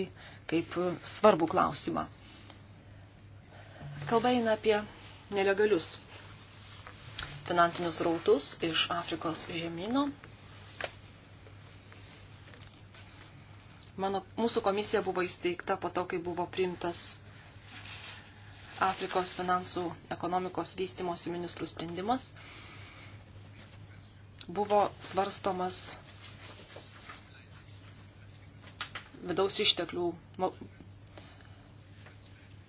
kaip svarbų klausimą. Kalba eina apie nelegalius finansinius rautus iš Afrikos žemynų Mano, mūsų komisija buvo įsteigta po to, kai buvo priimtas Afrikos finansų ekonomikos vystimosi ministrų sprendimas. Buvo svarstomas vidaus išteklių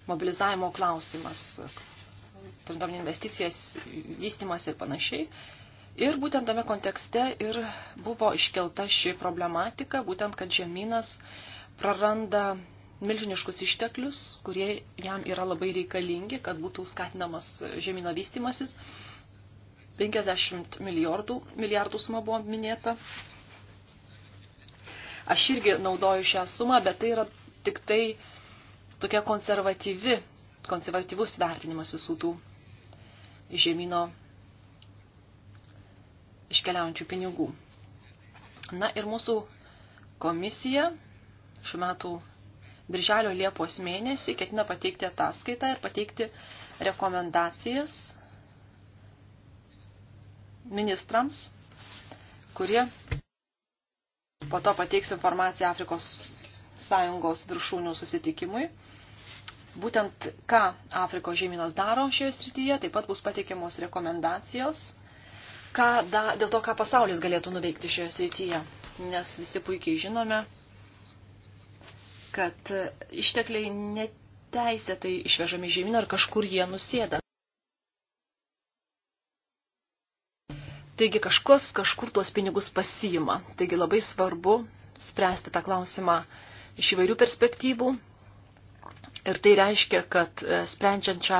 mobilizavimo klausimas, turint investicijas, vystimas ir panašiai. Ir būtent tame kontekste ir buvo iškelta ši problematika, būtent kad žemynas praranda milžiniškus išteklius, kurie jam yra labai reikalingi, kad būtų skatinamas žemyno vystimasis. 50 milijardų, milijardų suma buvo minėta. Aš irgi naudoju šią sumą, bet tai yra tik tai tokia konservatyvi, konservatyvus vertinimas visų tų žemino iškeliaujančių pinigų. Na ir mūsų komisija šiuo metu Birželio Liepos mėnesį ketina pateikti ataskaitą ir pateikti rekomendacijas ministrams, kurie po to pateiks informaciją Afrikos sąjungos viršūnių susitikimui. Būtent ką Afrikos žemynas daro šioje srityje, taip pat bus pateikiamos rekomendacijos ką, da, dėl to, ką pasaulis galėtų nuveikti šioje srityje. Nes visi puikiai žinome, kad ištekliai neteisėtai išvežami žemyn ar kažkur jie nusėda. Taigi kažkas kažkur tuos pinigus pasiima. Taigi labai svarbu spręsti tą klausimą iš įvairių perspektyvų. Ir tai reiškia, kad e, sprendžiant šią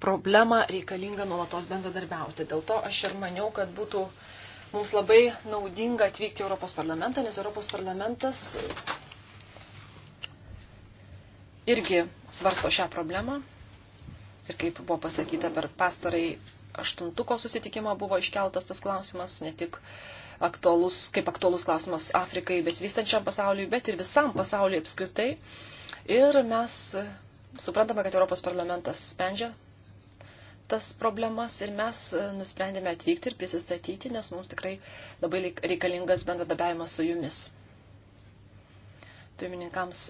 problemą reikalinga nuolatos bendradarbiauti. Dėl to aš ir maniau, kad būtų mums labai naudinga atvykti į Europos parlamentą, nes Europos parlamentas irgi svarsto šią problemą. Ir kaip buvo pasakyta per pastarai aštuntuko susitikimą buvo iškeltas tas klausimas, ne tik aktualus, kaip aktualus klausimas Afrikai besivystančiam pasauliui, bet ir visam pasauliui apskritai. Ir mes suprantame, kad Europos parlamentas sprendžia tas problemas ir mes e, nusprendėme atvykti ir prisistatyti, nes mums tikrai labai reikalingas bendradabiavimas su jumis. Pirmininkams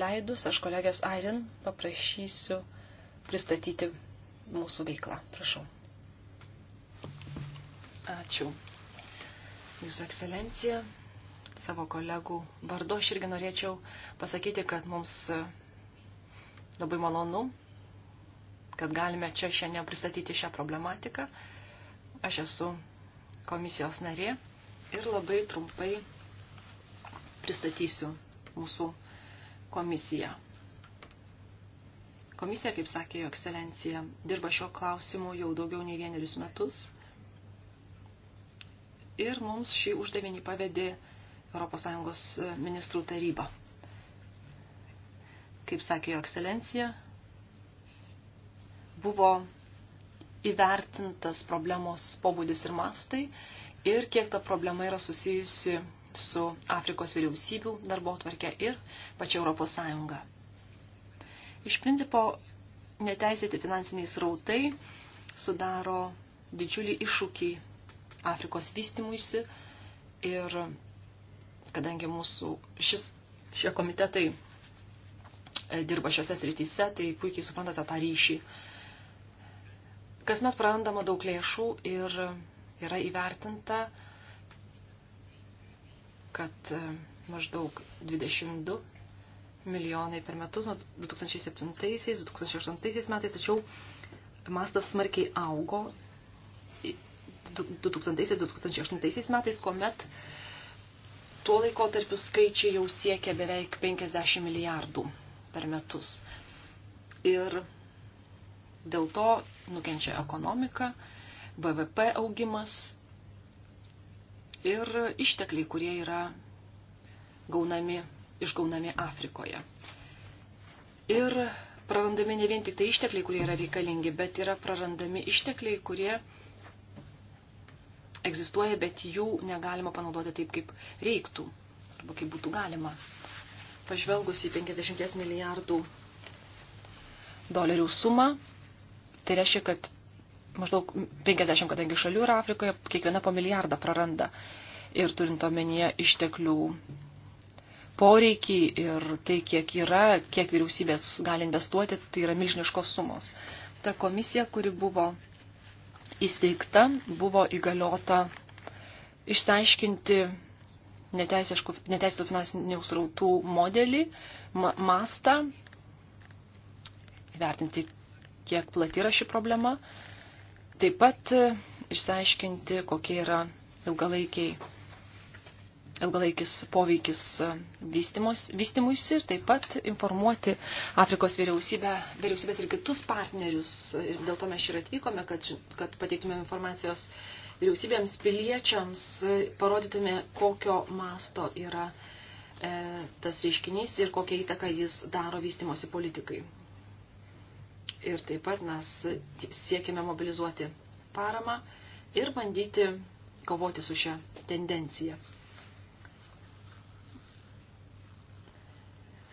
leidus, aš kolegės Airin paprašysiu pristatyti mūsų veiklą. Prašau. Ačiū. Jūsų ekscelencija, savo kolegų vardu aš irgi norėčiau pasakyti, kad mums e, labai malonu kad galime čia šiandien pristatyti šią problematiką. Aš esu komisijos narė ir labai trumpai pristatysiu mūsų komisiją. Komisija, kaip sakė jo ekscelencija, dirba šio klausimu jau daugiau nei vienerius metus. Ir mums šį uždavinį pavedė ES ministrų taryba. Kaip sakė jo ekscelencija, buvo įvertintas problemos pobūdis ir mastai ir kiek ta problema yra susijusi su Afrikos vyriausybių darbo tvarkė ir pačia Europos Sąjunga. Iš principo, neteisėti finansiniai srautai sudaro didžiulį iššūkį Afrikos vystimuisi ir kadangi mūsų šis, šie komitetai e, dirba šiose srityse, tai puikiai suprantate tą ryšį. Uh, Kasmet prarandama daug lėšų ir yra įvertinta, kad e, maždaug 22 milijonai per metus nuo 2007-2008 metais, tačiau mastas smarkiai augo 2000-2008 metais, kuomet tuo laikotarpiu skaičiai jau siekia beveik 50 milijardų per metus. Ir dėl to nukenčia ekonomika, BVP augimas ir ištekliai, kurie yra gaunami, išgaunami Afrikoje. Ir prarandami ne vien tik tai ištekliai, kurie yra reikalingi, bet yra prarandami ištekliai, kurie egzistuoja, bet jų negalima panaudoti taip, kaip reiktų arba kaip būtų galima. Pažvelgus į 50 milijardų dolerių sumą, Tai reiškia, kad maždaug 50 kadangi šalių yra Afrikoje, kiekviena po milijardą praranda. Ir turint omenyje išteklių poreikį ir tai, kiek yra, kiek vyriausybės gali investuoti, tai yra milžiniškos sumos. Ta komisija, kuri buvo įsteigta, buvo įgaliota išsiaiškinti neteisėtų finansinių srautų modelį, ma mastą, įvertinti, kiek plati yra ši problema. Taip pat e, išsiaiškinti, kokie yra ilgalaikiai, ilgalaikis poveikis e, vystimuisi ir taip pat informuoti Afrikos vyriausybę, vyriausybės ir kitus partnerius. Ir dėl to mes ir atvykome, kad, kad pateiktume informacijos vyriausybėms, piliečiams, e, parodytume, kokio masto yra e, tas reiškinys ir kokią įtaką jis daro vystimosi politikai ir taip pat mes siekime mobilizuoti paramą ir bandyti kovoti su šią tendenciją.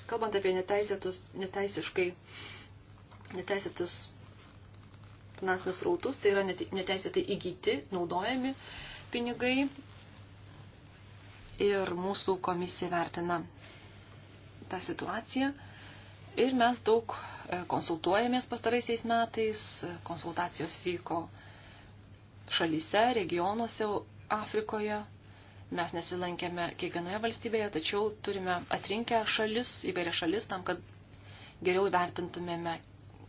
Kalbant apie neteisėtus, neteisiškai, neteisėtus finansinius rautus, tai yra neteisėtai įgyti, naudojami pinigai ir mūsų komisija vertina tą situaciją ir mes daug konsultuojamės pastaraisiais metais, konsultacijos vyko šalyse, regionuose, Afrikoje. Mes nesilankėme kiekvienoje valstybėje, tačiau turime atrinkę šalis, įvairias šalis, tam, kad geriau įvertintumėme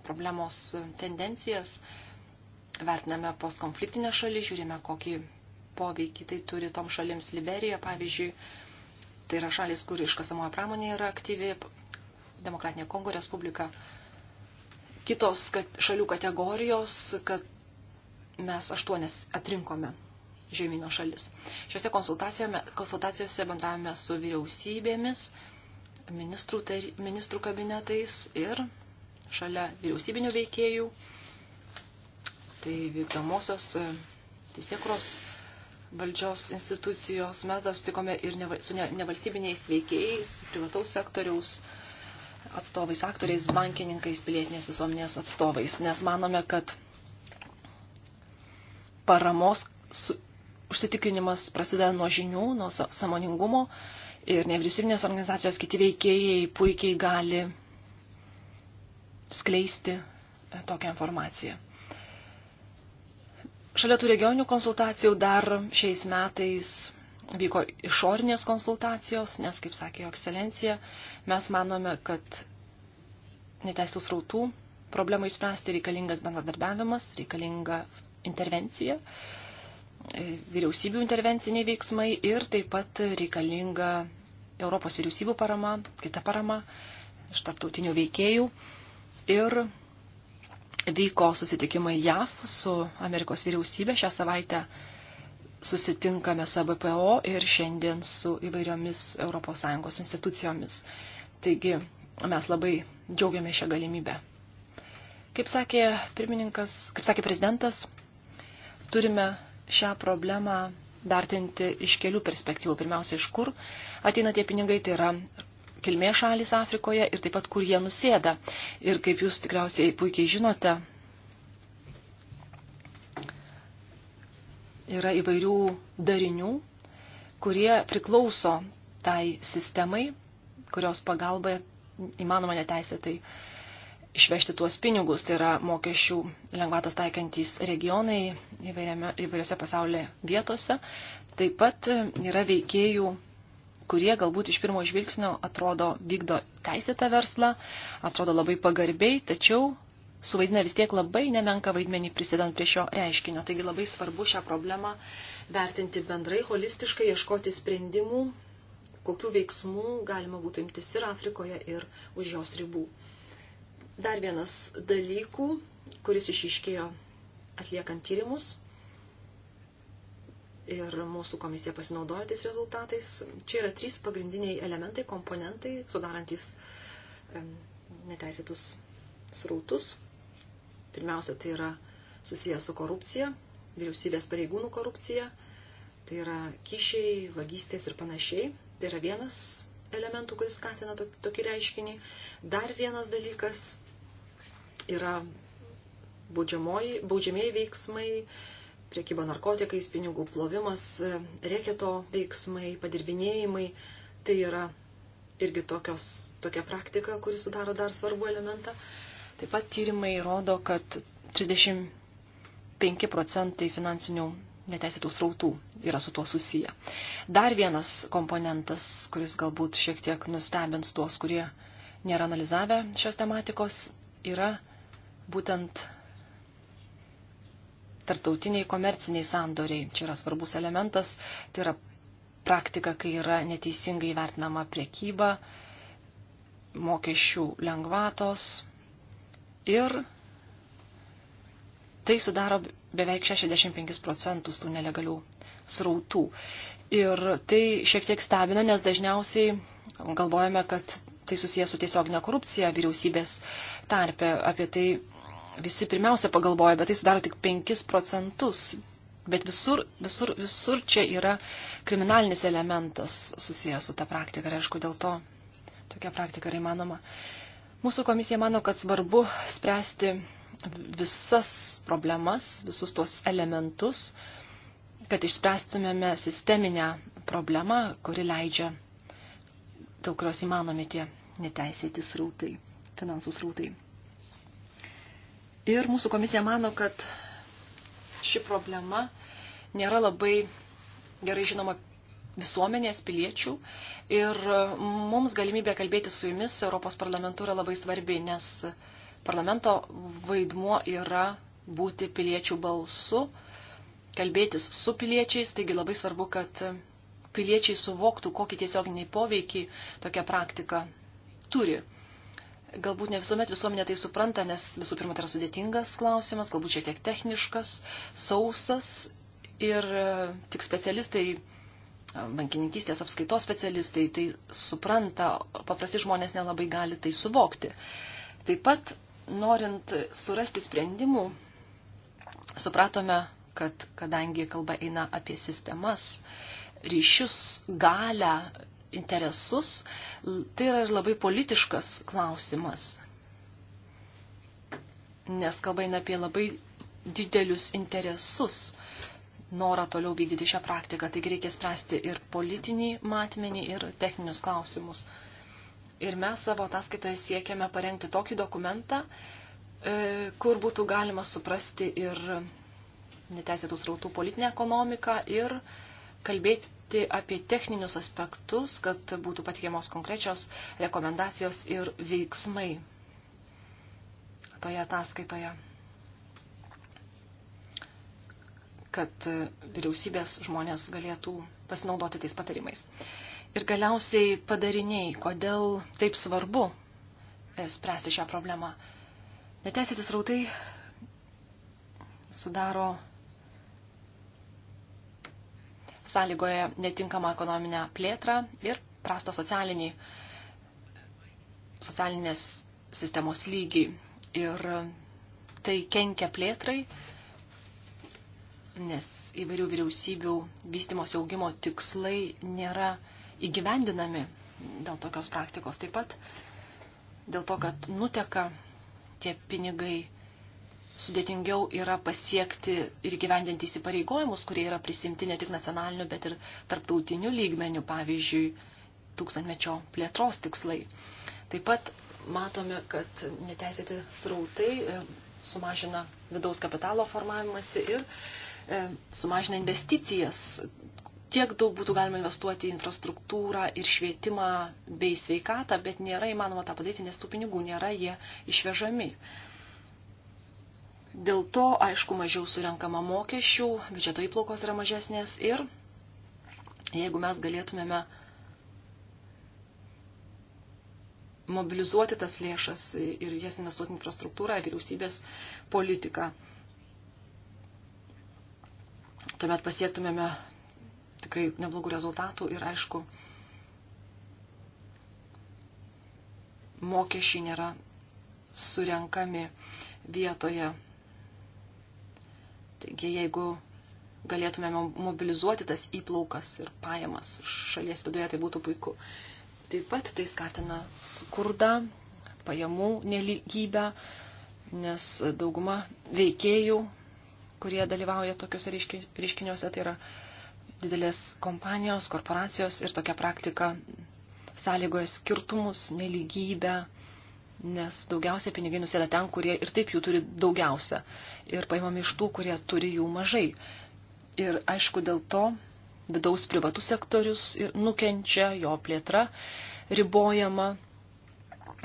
problemos tendencijas, vertiname postkonfliktinę šalį, žiūrime, kokį poveikį tai turi tom šalims Liberija, pavyzdžiui, tai yra šalis, kur iškasamoje pramonė yra aktyvi, Demokratinė Kongo Respublika, kitos šalių kategorijos, kad mes aštuonias atrinkome žemynų šalis. Šiuose konsultacijose bendravome su vyriausybėmis, ministrų, tar, ministrų kabinetais ir šalia vyriausybinių veikėjų, tai vykdomosios e, teisėkros valdžios institucijos, mes dar sutikome ir su nevalstybiniais veikėjais, privataus sektoriaus, uh, atstovais, aktoriais, bankininkais, pilietinės visuomenės atstovais, nes manome, kad paramos su, užsitikrinimas prasideda nuo žinių, nuo samoningumo ir nevyriausybinės organizacijos kiti veikėjai puikiai gali skleisti e, tokią informaciją. Šalia tų regioninių konsultacijų dar šiais metais vyko išorinės konsultacijos, nes, kaip sakė jo ekscelencija, mes manome, kad neteisų srautų problemai spręsti reikalingas bendradarbiavimas, reikalinga intervencija, e, vyriausybių intervenciniai veiksmai ir taip pat reikalinga Europos vyriausybių parama, kita parama iš tarptautinių veikėjų. Ir vyko susitikimai JAV su Amerikos vyriausybė šią savaitę susitinkame su ABPO ir šiandien su įvairiomis ES institucijomis. Taigi mes labai džiaugiamės šią galimybę. Kaip sakė pirmininkas, kaip sakė prezidentas, turime šią problemą vertinti iš kelių perspektyvų. Pirmiausia, iš kur ateina tie pinigai, tai yra kilmė šalis Afrikoje ir taip pat kur jie nusėda. Ir kaip jūs tikriausiai puikiai žinote, yra įvairių darinių, kurie priklauso tai sistemai, kurios pagalba įmanoma neteisėtai išvežti tuos pinigus. Tai yra mokesčių lengvatas taikiantys regionai įvairiose pasaulio vietose. Taip pat yra veikėjų kurie galbūt iš pirmo žvilgsnio atrodo vykdo teisėtą verslą, atrodo labai pagarbiai, tačiau suvaidina vis tiek labai nemenka vaidmenį prisidant prie šio reiškinio. Taigi labai svarbu šią problemą vertinti bendrai, holistiškai, ieškoti sprendimų, kokių veiksmų galima būtų imtis ir Afrikoje, ir už jos ribų. Dar vienas dalykų, kuris išiškėjo atliekant tyrimus. Ir mūsų komisija pasinaudojo tais rezultatais. Čia yra trys pagrindiniai elementai, komponentai, sudarantis neteisėtus srautus Pirmiausia, tai yra susijęs su korupcija, vyriausybės pareigūnų korupcija, tai yra kyšiai, vagystės ir panašiai. Tai yra vienas elementų, kuris skatina tokį reiškinį. Dar vienas dalykas yra baudžiamieji veiksmai, priekyba narkotikais, pinigų plovimas, reketo veiksmai, padirbinėjimai. Tai yra irgi tokios, tokia praktika, kuri sudaro dar svarbu elementą. Taip pat tyrimai rodo, kad 35 procentai finansinių neteisėtų srautų yra su tuo susiję. Dar vienas komponentas, kuris galbūt šiek tiek nustebins tuos, kurie nėra analizavę šios tematikos, yra būtent tarptautiniai komerciniai sandoriai. Čia yra svarbus elementas, tai yra praktika, kai yra neteisingai vertinama priekyba, mokesčių lengvatos, ir tai sudaro beveik 65 procentus tų nelegalių srautų. Ir tai šiek tiek stebina, nes dažniausiai galvojame, kad tai susijęs su tiesioginė korupcija vyriausybės tarpe. Apie tai visi pirmiausia pagalvoja, bet tai sudaro tik 5 procentus. Bet visur, visur, visur čia yra kriminalinis elementas susijęs su ta praktika. Ir aišku, dėl to tokia praktika yra įmanoma. Uh, Mūsų komisija mano, kad svarbu spręsti visas problemas, visus tuos elementus, kad išspręstumėme sisteminę problemą, kuri leidžia, dėl kurios įmanomi tie neteisėti srautai, finansų srautai. Ir mūsų komisija mano, kad ši problema nėra labai gerai žinoma visuomenės piliečių ir mums galimybė kalbėti su jumis Europos parlamentu yra labai svarbi, nes parlamento vaidmuo yra būti piliečių balsu, kalbėtis su piliečiais, taigi labai svarbu, kad piliečiai suvoktų, kokį tiesioginį poveikį tokia praktika turi galbūt ne visuomet visuomenė tai supranta, nes visų pirma tai yra sudėtingas klausimas, galbūt šiek tiek techniškas, sausas ir tik specialistai bankininkystės apskaitos specialistai tai supranta, paprasti žmonės nelabai gali tai suvokti. Taip pat, norint surasti sprendimų, supratome, kad kadangi kalba eina apie sistemas, ryšius, galę, interesus, tai yra ir labai politiškas klausimas. Nes kalba eina apie labai didelius interesus norą toliau vykdyti šią praktiką. Taigi reikia spręsti ir politinį matmenį, ir techninius klausimus. Ir mes savo ataskaitoje siekiame parengti tokį dokumentą, e, kur būtų galima suprasti ir neteisėtų srautų politinę ekonomiką ir kalbėti apie techninius aspektus, kad būtų patikimos konkrečios rekomendacijos ir veiksmai toje ataskaitoje. kad vyriausybės žmonės galėtų pasinaudoti tais patarimais. Ir galiausiai padariniai, kodėl taip svarbu e, spręsti šią problemą. Neteisėtis rautai sudaro sąlygoje netinkamą ekonominę plėtrą ir prastą socialinį, socialinės sistemos lygį. Ir tai kenkia plėtrai, nes įvairių vyriausybių vystimos augimo tikslai nėra įgyvendinami dėl tokios praktikos. Taip pat dėl to, kad nuteka tie pinigai, sudėtingiau yra pasiekti ir gyvendinti įsipareigojimus, kurie yra prisimti ne tik nacionaliniu, bet ir tarptautiniu lygmeniu, pavyzdžiui, tūkstantmečio plėtros tikslai. Taip pat matome, kad neteisėti srautai e, sumažina vidaus kapitalo formavimąsi ir E, sumažina investicijas. Tiek daug būtų galima investuoti į infrastruktūrą ir švietimą bei sveikatą, bet nėra įmanoma tą padaryti, nes tų pinigų nėra, jie išvežami. Dėl to, aišku, mažiau surenkama mokesčių, biudžeto įplaukos yra mažesnės ir jeigu mes galėtumėme mobilizuoti tas lėšas ir jas investuoti infrastruktūrą, vyriausybės politiką. Tuomet pasiektumėme tikrai neblogų rezultatų ir aišku, mokesčiai nėra surenkami vietoje. Taigi, jeigu galėtume mobilizuoti tas įplaukas ir pajamas šalies viduje, tai būtų puiku. Taip pat tai skatina skurdą, pajamų neligybę, nes dauguma veikėjų kurie dalyvauja tokiuose reiškiniuose, tai yra didelės kompanijos, korporacijos ir tokia praktika sąlygoja skirtumus, neligybę, nes daugiausia pinigai nusėda ten, kurie ir taip jų turi daugiausia ir paimami iš tų, kurie turi jų mažai. Ir aišku, dėl to vidaus privatus sektorius ir nukenčia, jo plėtra ribojama.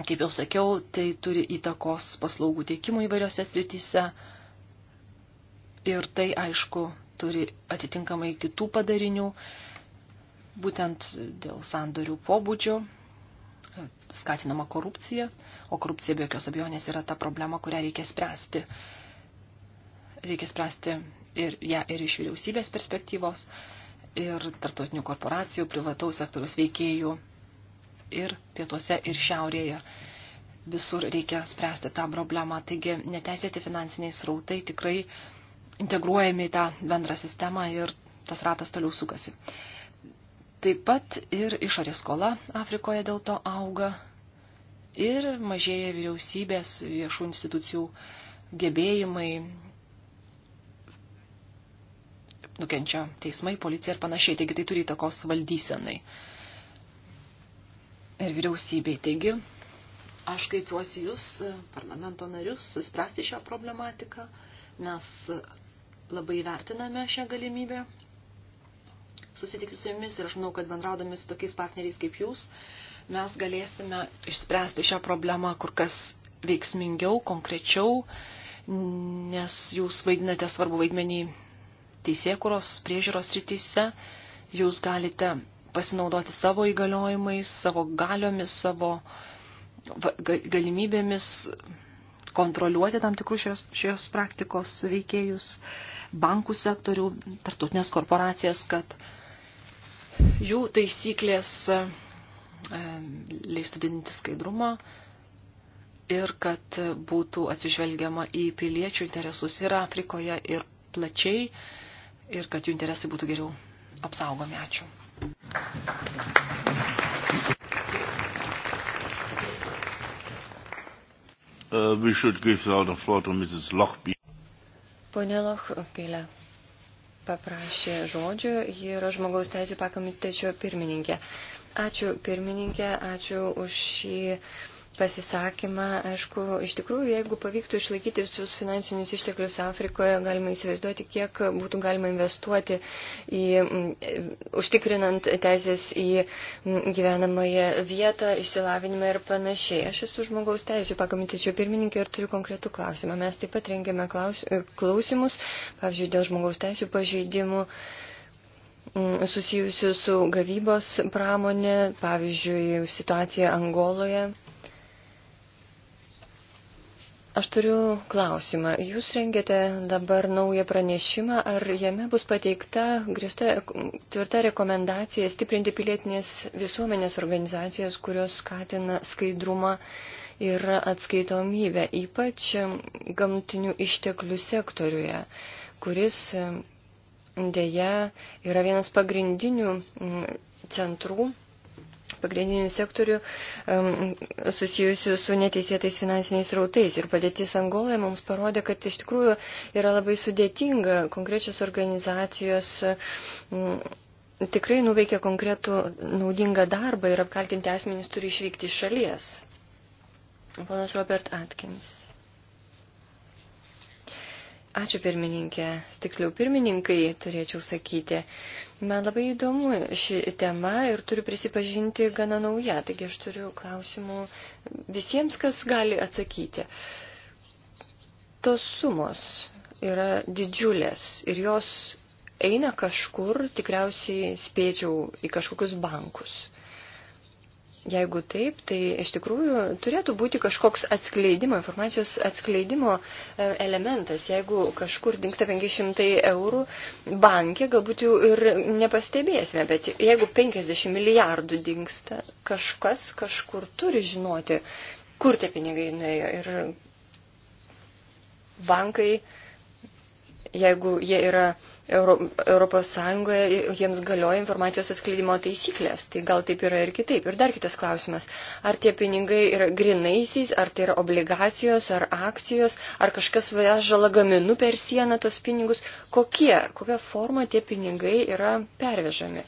Kaip jau sakiau, tai turi įtakos paslaugų teikimų įvairiose srityse Ir tai, aišku, turi atitinkamai kitų padarinių, būtent dėl sandorių pobūdžio, skatinama korupcija, o korupcija be jokios abejonės yra ta problema, kurią reikia spręsti. Reikia spręsti ir ją ja, ir iš vyriausybės perspektyvos, ir tarptautinių korporacijų, privataus sektoriaus veikėjų, ir pietuose, ir šiaurėje. Visur reikia spręsti tą problemą. Taigi neteisėti finansiniai srautai tikrai uh, integruojami į tą bendrą sistemą ir tas ratas toliau sukasi. Taip pat ir išorės skola Afrikoje dėl to auga ir mažėja vyriausybės viešų institucijų gebėjimai, nukenčia teismai, policija ir panašiai, taigi tai turi įtakos valdysenai ir vyriausybei. Taigi, aš kreipiuosi jūs, parlamento narius, spręsti šią problematiką. Mes labai vertiname šią galimybę susitikti su jumis ir aš manau, kad bendraudami su tokiais partneriais kaip jūs, mes galėsime išspręsti šią problemą kur kas veiksmingiau, konkrečiau, nes jūs vaidinate svarbu vaidmenį teisėkuros priežiūros rytise, jūs galite pasinaudoti savo įgaliojimais, savo galiomis, savo galimybėmis kontroliuoti tam tikrus šios, šios praktikos veikėjus. Uh, bankų sektorių, tartutinės korporacijas, kad jų taisyklės e, leistų didinti skaidrumą ir kad būtų atsižvelgiama į piliečių interesus ir Afrikoje ir plačiai ir kad jų interesai būtų geriau apsaugomi. Ačiū.
Uh, we should give now the floor to Mrs. Lochby.
Pone Lochpilė paprašė žodžio, ji yra žmogaus teisų pakomitečio pirmininkė. Ačiū pirmininkė, ačiū už šį pasisakymą. Aišku, iš tikrųjų, jeigu pavyktų išlaikyti visus finansinius išteklius Afrikoje, galima įsivaizduoti, kiek būtų galima investuoti į, užtikrinant teisės į gyvenamąją vietą, išsilavinimą ir panašiai. Aš esu žmogaus teisų pakomitečio pirmininkė ir turiu konkretų klausimą. Mes taip pat rengiame klausimus, pavyzdžiui, dėl žmogaus teisų pažeidimų susijusių su gavybos pramonė, pavyzdžiui, situacija Angoloje. Aš turiu klausimą. Jūs rengiate dabar naują pranešimą, ar jame bus pateikta grįžta tvirta rekomendacija stiprinti pilietinės visuomenės organizacijas, kurios skatina skaidrumą ir atskaitomybę, ypač gamtinių išteklių sektoriuje, kuris dėja yra vienas pagrindinių centrų pagrindinių sektorių susijusių su neteisėtais finansiniais rautais. Ir padėtis Angolai mums parodė, kad iš tikrųjų yra labai sudėtinga konkrečios organizacijos mm, tikrai nuveikia konkretų naudingą darbą ir apkaltinti asmenys turi išvykti iš šalies. Ponas Robert Atkins. Ačiū pirmininkė, tiksliau pirmininkai turėčiau sakyti. Man labai įdomu ši tema ir turiu prisipažinti gana nauja, taigi aš turiu klausimų visiems, kas gali atsakyti. Tos sumos yra didžiulės ir jos eina kažkur, tikriausiai spėčiau į kažkokius bankus. Jeigu taip, tai iš tikrųjų turėtų būti kažkoks atskleidimo, informacijos atskleidimo e, elementas. Jeigu kažkur dinksta 500 eurų bankė, galbūt jų ir nepastebėsime, bet jeigu 50 milijardų dinksta, kažkas kažkur turi žinoti, kur tie pinigai nuėjo. Ir bankai, jeigu jie yra Europos Sąjungoje jiems galioja informacijos atskleidimo taisyklės. Tai gal taip yra ir kitaip. Ir dar kitas klausimas. Ar tie pinigai yra grinaisiais, ar tai yra obligacijos, ar akcijos, ar kažkas veža lagaminu per sieną tos pinigus. Kokie, kokia forma tie pinigai yra pervežami?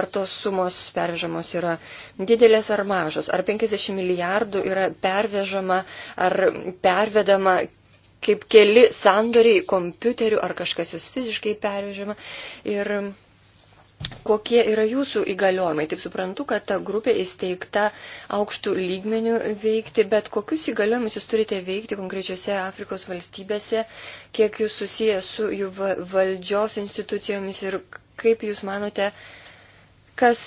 Ar tos sumos pervežamos yra didelės ar mažos? Ar 50 milijardų yra pervežama ar pervedama kaip keli sandoriai kompiuterių ar kažkas jūs fiziškai pervežima. Ir kokie yra jūsų įgaliojimai. Taip suprantu, kad ta grupė įsteigta aukštų lygmenių veikti, bet kokius įgaliojimus jūs turite veikti konkrečiose Afrikos valstybėse, kiek jūs susiję su jų valdžios institucijomis ir kaip jūs manote, kas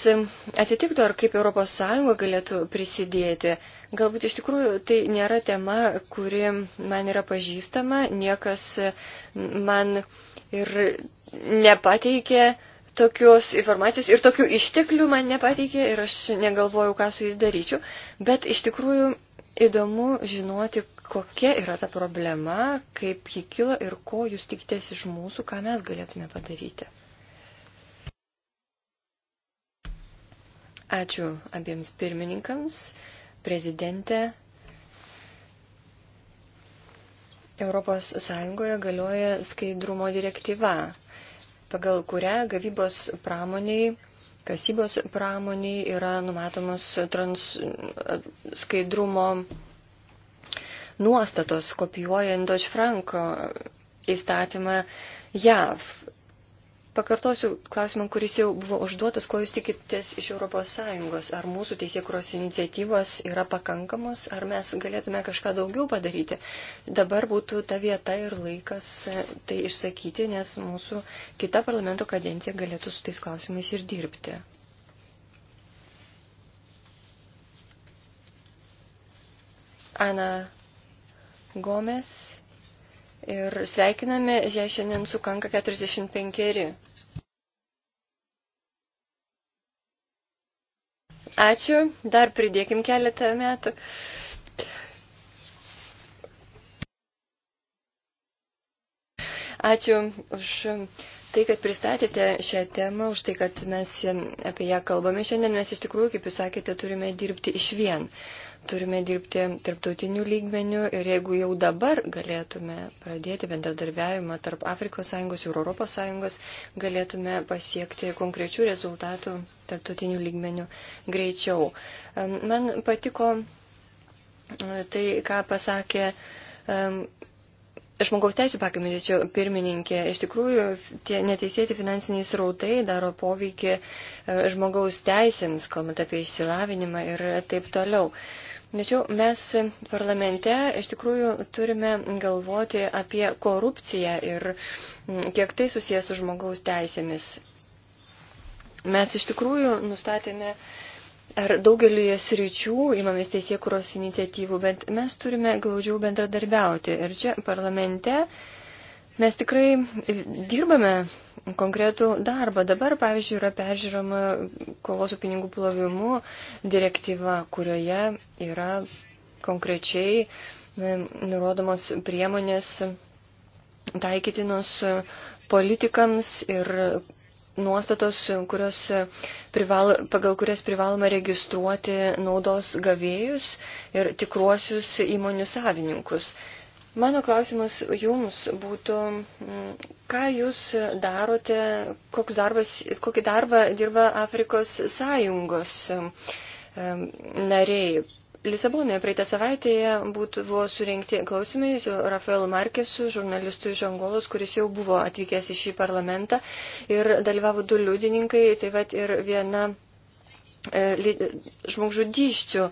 atsitiktų ar kaip ES galėtų prisidėti. Galbūt iš tikrųjų tai nėra tema, kuri man yra pažįstama, niekas man ir nepateikė tokios informacijos ir tokių išteklių man nepateikė ir aš negalvojau, ką su jais daryčiau, bet iš tikrųjų įdomu žinoti, kokia yra ta problema, kaip ji kilo ir ko jūs tikitės iš mūsų, ką mes galėtume padaryti. Ačiū abiems pirmininkams, prezidentė. Europos Sąjungoje galioja skaidrumo direktyva, pagal kurią gavybos pramoniai kasybos pramoniai yra numatomos trans, skaidrumo nuostatos kopijuojant Dodge Franko įstatymą JAV. Pakartosiu klausimą, kuris jau buvo užduotas, ko jūs tikitės iš ES. Ar mūsų teisėkuros iniciatyvos yra pakankamos, ar mes galėtume kažką daugiau padaryti. Dabar būtų ta vieta ir laikas e, tai išsakyti, nes mūsų kita parlamento kadencija galėtų su tais klausimais ir dirbti. Ana Gomes ir sveikiname, jei šiandien sukanka 45. Ačiū, dar pridėkim keletą metų. Ačiū už tai, kad pristatėte šią temą, už tai, kad mes apie ją kalbame. Šiandien mes iš tikrųjų, kaip jūs sakėte, turime dirbti iš vien. Turime dirbti tarptautinių lygmenių ir jeigu jau dabar galėtume pradėti bendradarbiavimą tarp Afrikos Sąjungos ir Europos Sąjungos, galėtume pasiekti konkrečių rezultatų tarptautinių lygmenių greičiau. Man patiko e, tai, ką pasakė Žmogaus teisų pakomitečio pirmininkė, iš tikrųjų tie neteisėti finansiniai srautai daro poveikį e, žmogaus teisėms, kalbant apie išsilavinimą ir taip toliau. Tačiau mes parlamente iš tikrųjų turime galvoti apie korupciją ir kiek tai susijęs su žmogaus teisėmis. Mes iš tikrųjų nustatėme uh, ar daugeliu sričių imamės teisėkuros iniciatyvų, bet mes turime glaudžiau bendradarbiauti. Ir čia parlamente mes tikrai dirbame konkretų darbą. Dabar, pavyzdžiui, yra peržiūrama kovos su pinigų plovimu direktyva, kurioje yra konkrečiai e, nurodomos priemonės taikytinos politikams ir nuostatos, kurios e, privalo, pagal kurias privaloma registruoti naudos gavėjus ir tikruosius įmonių savininkus. Mano klausimas jums būtų, ką jūs darote, darbas, kokį darbą dirba Afrikos sąjungos nariai Lisabonoje praeitą savaitėje buvo surinkti klausimai su Rafael Markesu, žurnalistu iš Angolos, kuris jau buvo atvykęs į šį parlamentą ir dalyvavo du liudininkai, taip pat ir viena e, žmogžudyščių e,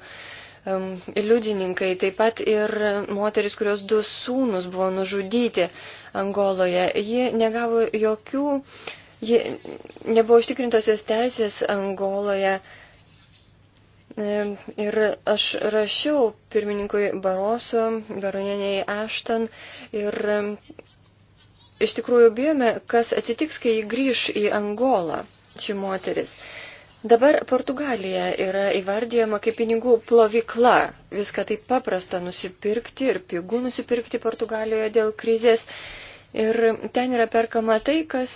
liudininkai, taip pat ir moteris, kurios du sūnus buvo nužudyti Angoloje. Ji negavo jokių, ji nebuvo užtikrintos jos teisės Angoloje. E, E, ir aš rašiau pirmininkui Baroso, Baronieniai Ašton ir e, iš tikrųjų bijome, kas atsitiks, kai grįž į Angolą ši moteris. Dabar Portugalija yra įvardyjama kaip pinigų plovykla. Viską taip paprasta nusipirkti ir pigų nusipirkti Portugalijoje dėl krizės. Ir ten yra perkama tai, kas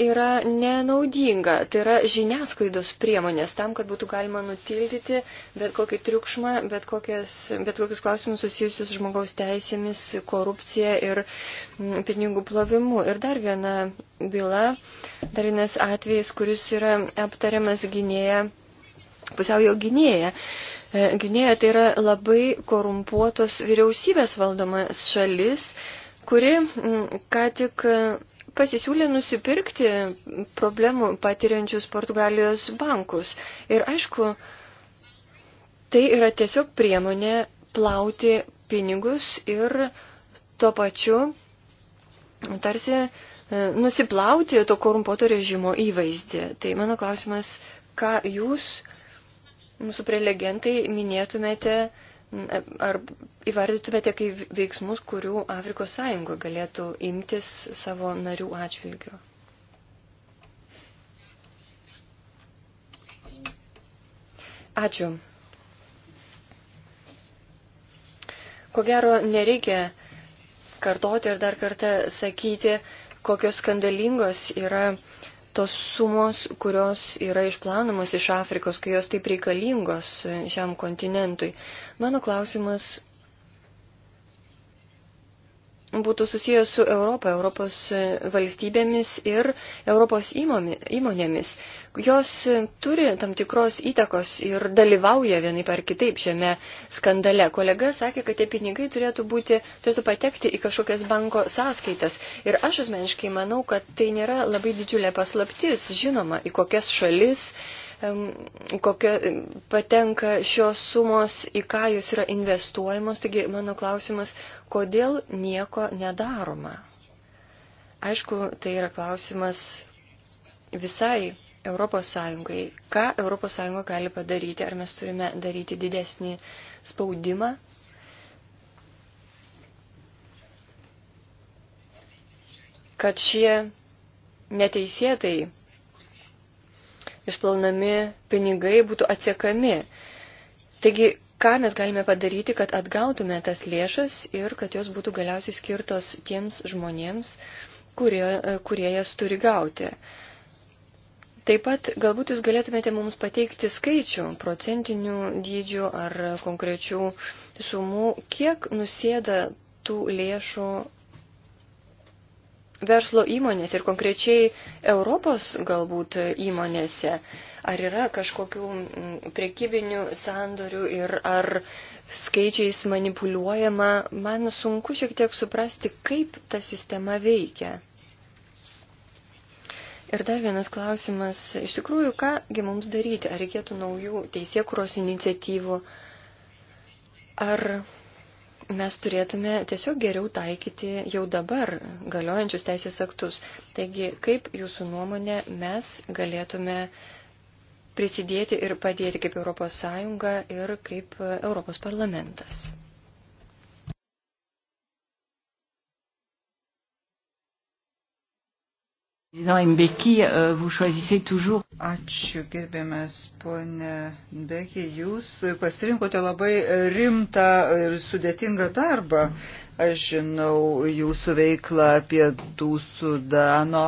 yra nenaudinga. Tai yra žiniasklaidos priemonės tam, kad būtų galima nutildyti bet kokį triukšmą, bet, kokias, bet kokius klausimus susijusius žmogaus teisėmis, korupcija ir mm, pinigų plovimu. Ir dar viena byla, dar vienas atvejis, kuris yra aptariamas gynėja, pusiaujo gynėja. E, gynėja tai yra labai korumpuotos vyriausybės valdomas šalis, kuri mm, ką tik pasisiūlė nusipirkti problemų patiriančius Portugalijos bankus. Ir aišku, tai yra tiesiog priemonė plauti pinigus ir tuo pačiu tarsi e, nusiplauti to korumpuoto režimo įvaizdį. Tai mano klausimas, ką jūs, mūsų prelegentai, minėtumėte ar įvardytumėte kaip veiksmus, kurių Afrikos Sąjunga galėtų imtis savo narių atžvilgiu? Ačiū. Ko gero, nereikia kartoti ir dar kartą sakyti, kokios skandalingos yra uh, tos sumos, kurios yra išplanomos iš Afrikos, kai jos taip reikalingos e, šiam kontinentui. Mano klausimas būtų susijęs su Europą, Europos valstybėmis ir Europos įmonėmis. Jos turi tam tikros įtakos ir dalyvauja vienai par kitaip šiame skandale. Kolega sakė, kad tie pinigai turėtų, būti, turėtų patekti į kažkokias banko sąskaitas. Ir aš asmeniškai manau, kad tai nėra labai didžiulė paslaptis, žinoma, į kokias šalis kokia patenka šios sumos, į ką jos yra investuojamos. Taigi mano klausimas, kodėl nieko nedaroma? Aišku, tai yra klausimas visai Europos Sąjungai. Ką Europos Sąjunga gali padaryti? Ar mes turime daryti didesnį spaudimą kad šie neteisėtai išplaunami pinigai būtų atsiekami. Taigi, ką mes galime padaryti, kad atgautume tas lėšas ir kad jos būtų galiausiai skirtos tiems žmonėms, kurie, kurie jas turi gauti. Taip pat galbūt jūs galėtumėte mums pateikti skaičių, procentinių dydžių ar konkrečių sumų, kiek nusėda tų lėšų verslo įmonės ir konkrečiai Europos galbūt įmonėse? Ar yra kažkokių mm, priekybinių sandorių ir ar skaičiais manipuliuojama? Man sunku šiek tiek suprasti, kaip ta sistema veikia. Ir dar vienas klausimas. Iš tikrųjų, kągi mums daryti? Ar reikėtų naujų teisėkuros iniciatyvų? Ar mes turėtume tiesiog geriau taikyti jau dabar galiojančius teisės aktus. Taigi, kaip jūsų nuomonė mes galėtume prisidėti ir padėti kaip ES ir kaip ES parlamentas?
Euh, Ačiū gerbiamas ponė Bekė, jūs pasirinkote labai rimtą ir sudėtingą darbą. Aš žinau jūsų veiklą apie tų sudano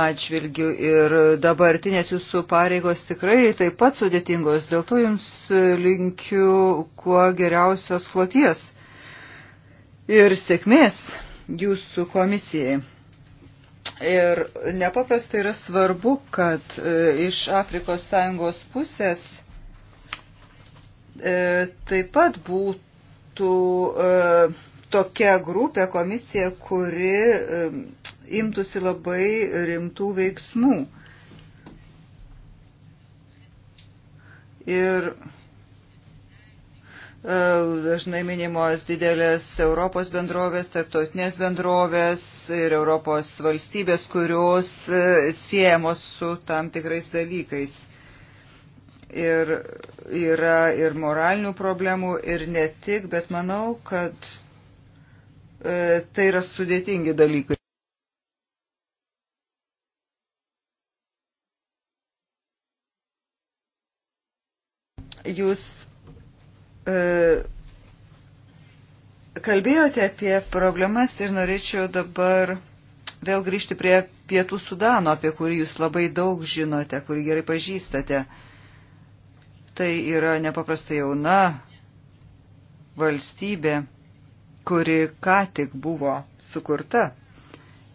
atžvilgių ir dabartinės jūsų pareigos tikrai taip pat sudėtingos, dėl to jums linkiu kuo geriausios kloties ir sėkmės jūsų komisijai. Ir nepaprastai yra svarbu, kad e, iš Afrikos Sąjungos pusės e, taip pat būtų e, tokia grupė, komisija, kuri imtųsi labai rimtų veiksmų. Ir E, dažnai minimos didelės Europos bendrovės, tarptautinės bendrovės ir Europos valstybės, kurios e, siejamos su tam tikrais dalykais. Ir yra ir moralinių problemų, ir ne tik, bet manau, kad e, tai yra sudėtingi dalykai. Jūs E, kalbėjote apie problemas ir norėčiau dabar vėl grįžti prie Pietų Sudano, apie kurį jūs labai daug žinote, kurį gerai pažįstate. Tai yra nepaprastai jauna valstybė, kuri ką tik buvo sukurta.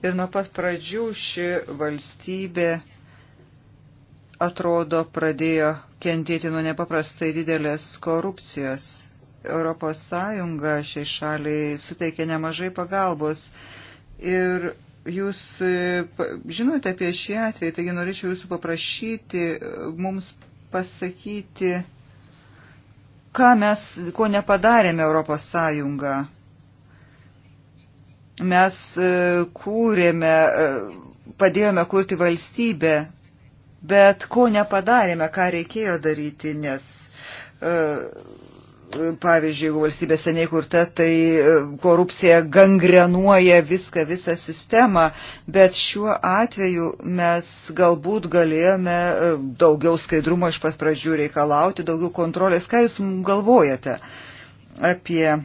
Ir nuo pat pradžių ši valstybė atrodo, pradėjo kentėti nuo nepaprastai didelės korupcijos. Europos Sąjunga šiai šaliai suteikė nemažai pagalbos. Ir jūs e, žinote apie šį atvejį, taigi norėčiau jūsų paprašyti e, mums pasakyti, ką mes, ko nepadarėme Europos Sąjunga. Mes e, kūrėme, padėjome kurti valstybę, Bet ko nepadarėme, ką reikėjo daryti, nes e, pavyzdžiui, jeigu valstybė seniai kurta, tai e, korupcija gangrenuoja viską, visą sistemą, bet šiuo atveju mes galbūt galėjome e, daugiau skaidrumo iš pas pradžių reikalauti, daugiau kontrolės. Ką Jūs galvojate apie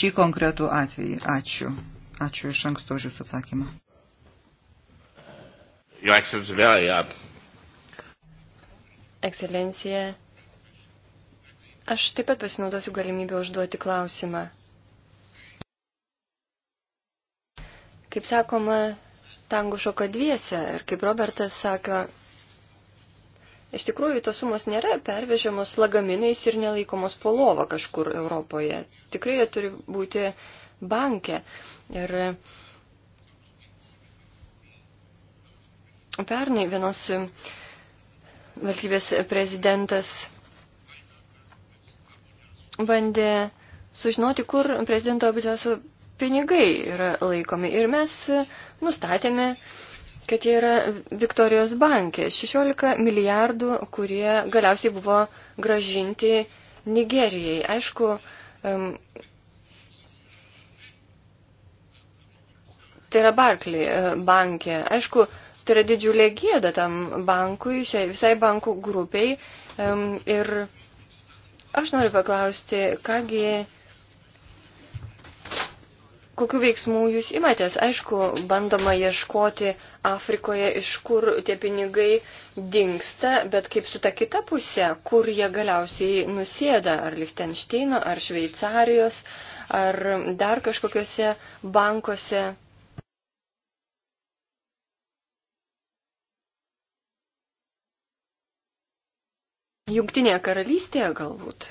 šį konkretų atvejį? Ačiū. Ačiū iš anksto už Jūsų atsakymą.
Your Excellency, very, uh...
Ekscelencija, aš taip pat pasinaudosiu galimybę užduoti klausimą. Kaip sakoma, tango šoka dviese ir kaip Robertas sako, Iš tikrųjų, tos sumos nėra pervežiamos lagaminais ir nelaikomos po lovą kažkur Europoje. Tikrai jie turi būti banke. Ir Pernai vienos e, valstybės prezidentas bandė sužinoti, kur prezidento biudžeto pinigai yra laikomi. Ir mes e, nustatėme, kad jie yra Viktorijos bankė. 16 milijardų, kurie galiausiai buvo gražinti Nigerijai. Aišku, um, tai yra Barkley e, bankė. Aišku, Tai yra didžiulė gėda tam bankui, šiai, visai bankų grupiai. Ir aš noriu paklausti, kągi, kokiu veiksmu jūs imatės? Aišku, bandoma ieškoti Afrikoje, iš kur tie pinigai dinksta, bet kaip su ta kita pusė, kur jie galiausiai nusėda, ar Lichtenšteino, ar Šveicarijos, ar dar kažkokiuose bankuose Jungtinėje karalystėje galbūt.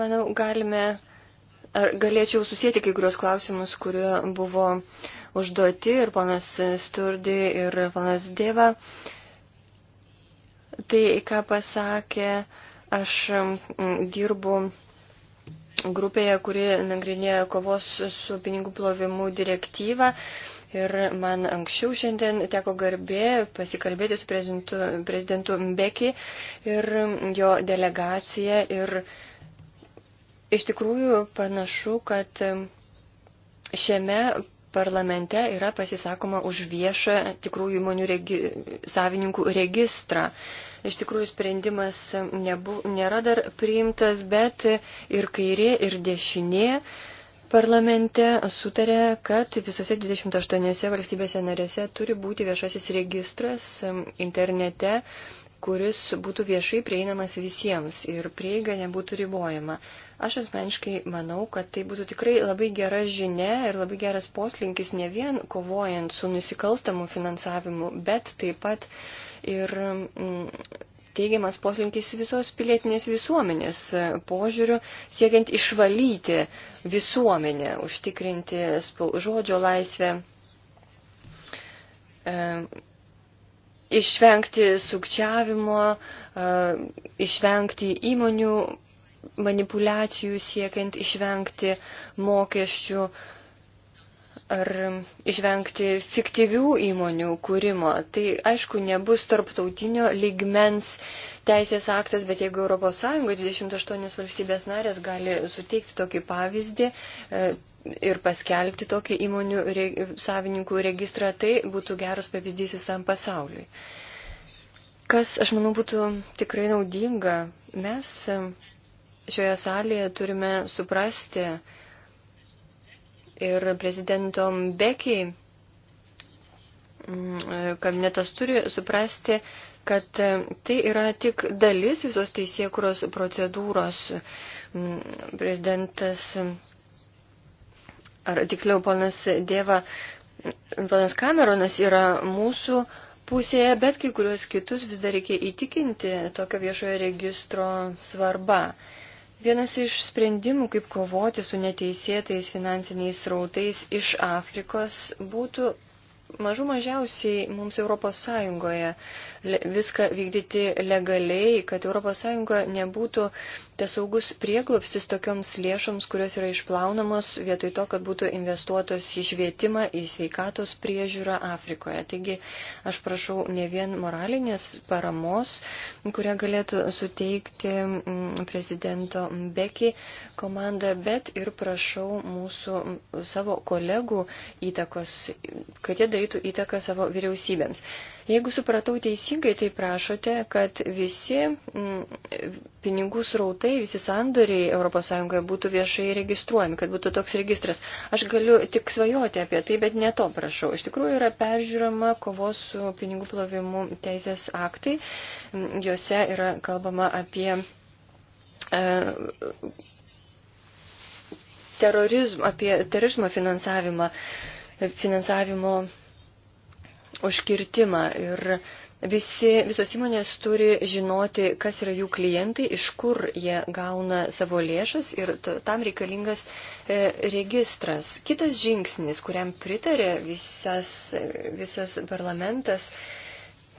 Manau, galime, ar galėčiau susijęti kai kurios klausimus, kurie buvo užduoti ir ponas Sturdi ir ponas Dėva. Tai, ką pasakė, aš dirbu grupėje, kuri nagrinėja kovos su pinigų plovimu direktyvą Ir man anksčiau šiandien teko garbė pasikalbėti su prezidentu, prezidentu Mbeki ir jo delegacija. Ir iš tikrųjų panašu, kad šiame parlamente yra pasisakoma už viešą tikrųjų įmonių regi, savininkų registrą. Iš tikrųjų sprendimas nebu, nėra dar priimtas, bet ir kairė, ir dešinė parlamente sutarė, kad visose 28 valstybėse narėse turi būti viešasis registras internete, kuris būtų viešai prieinamas visiems ir prieiga nebūtų ribojama. Aš asmeniškai manau, kad tai būtų tikrai labai gera žinia ir labai geras poslinkis ne vien kovojant su nusikalstamu finansavimu, bet taip pat ir. Mm, teigiamas poslinkis visos pilietinės visuomenės e, požiūrių, siekiant išvalyti visuomenę, užtikrinti žodžio laisvę, e, išvengti sukčiavimo, e, išvengti įmonių manipulacijų, siekiant išvengti mokesčių. E, ar išvengti fiktyvių įmonių kūrimo. Tai aišku, nebus tarptautinio lygmens teisės aktas, bet jeigu ES 28 valstybės narės gali suteikti tokį pavyzdį e, ir paskelbti tokį įmonių re, savininkų registrą, tai būtų geras pavyzdys visam pasauliui. Kas, aš manau, būtų tikrai naudinga, mes e, šioje salėje turime suprasti, ir prezidento Beki mm, kabinetas turi suprasti, kad tai yra tik dalis visos teisėkuros procedūros. Mm, prezidentas, ar tiksliau ponas Dėva, ponas Kameronas yra mūsų pusėje, bet kai kurios kitus vis dar reikia įtikinti tokio viešojo registro svarba. Vienas iš sprendimų, kaip kovoti su neteisėtais finansiniais srautais iš Afrikos, būtų mažų mažiausiai mums Europos Sąjungoje viską vykdyti legaliai, kad ES nebūtų tesaugus prieklopstis tokioms lėšoms, kurios yra išplaunamos vietoj to, kad būtų investuotos į švietimą, į sveikatos priežiūrą Afrikoje. Taigi aš prašau ne vien moralinės paramos, kurią galėtų suteikti mm, prezidento Beki komanda, bet ir prašau mūsų savo kolegų įtakos, kad jie darytų įtaką savo vyriausybėms. Jeigu supratau teisingai, tai prašote, kad visi mm, pinigų srautai, visi sandoriai ES būtų viešai registruojami, kad būtų toks registras. Aš galiu tik svajoti apie tai, bet ne to prašau. Iš tikrųjų yra peržiūrama kovos su pinigų plovimu teisės aktai. Mm, Jose yra kalbama apie. E, terorizm, apie terorizmo finansavimą, finansavimo užkirtimą. Ir visi, visos įmonės turi žinoti, kas yra jų klientai, iš kur jie gauna savo lėšas ir tam reikalingas e, registras. Kitas žingsnis, kuriam pritarė visas, visas parlamentas,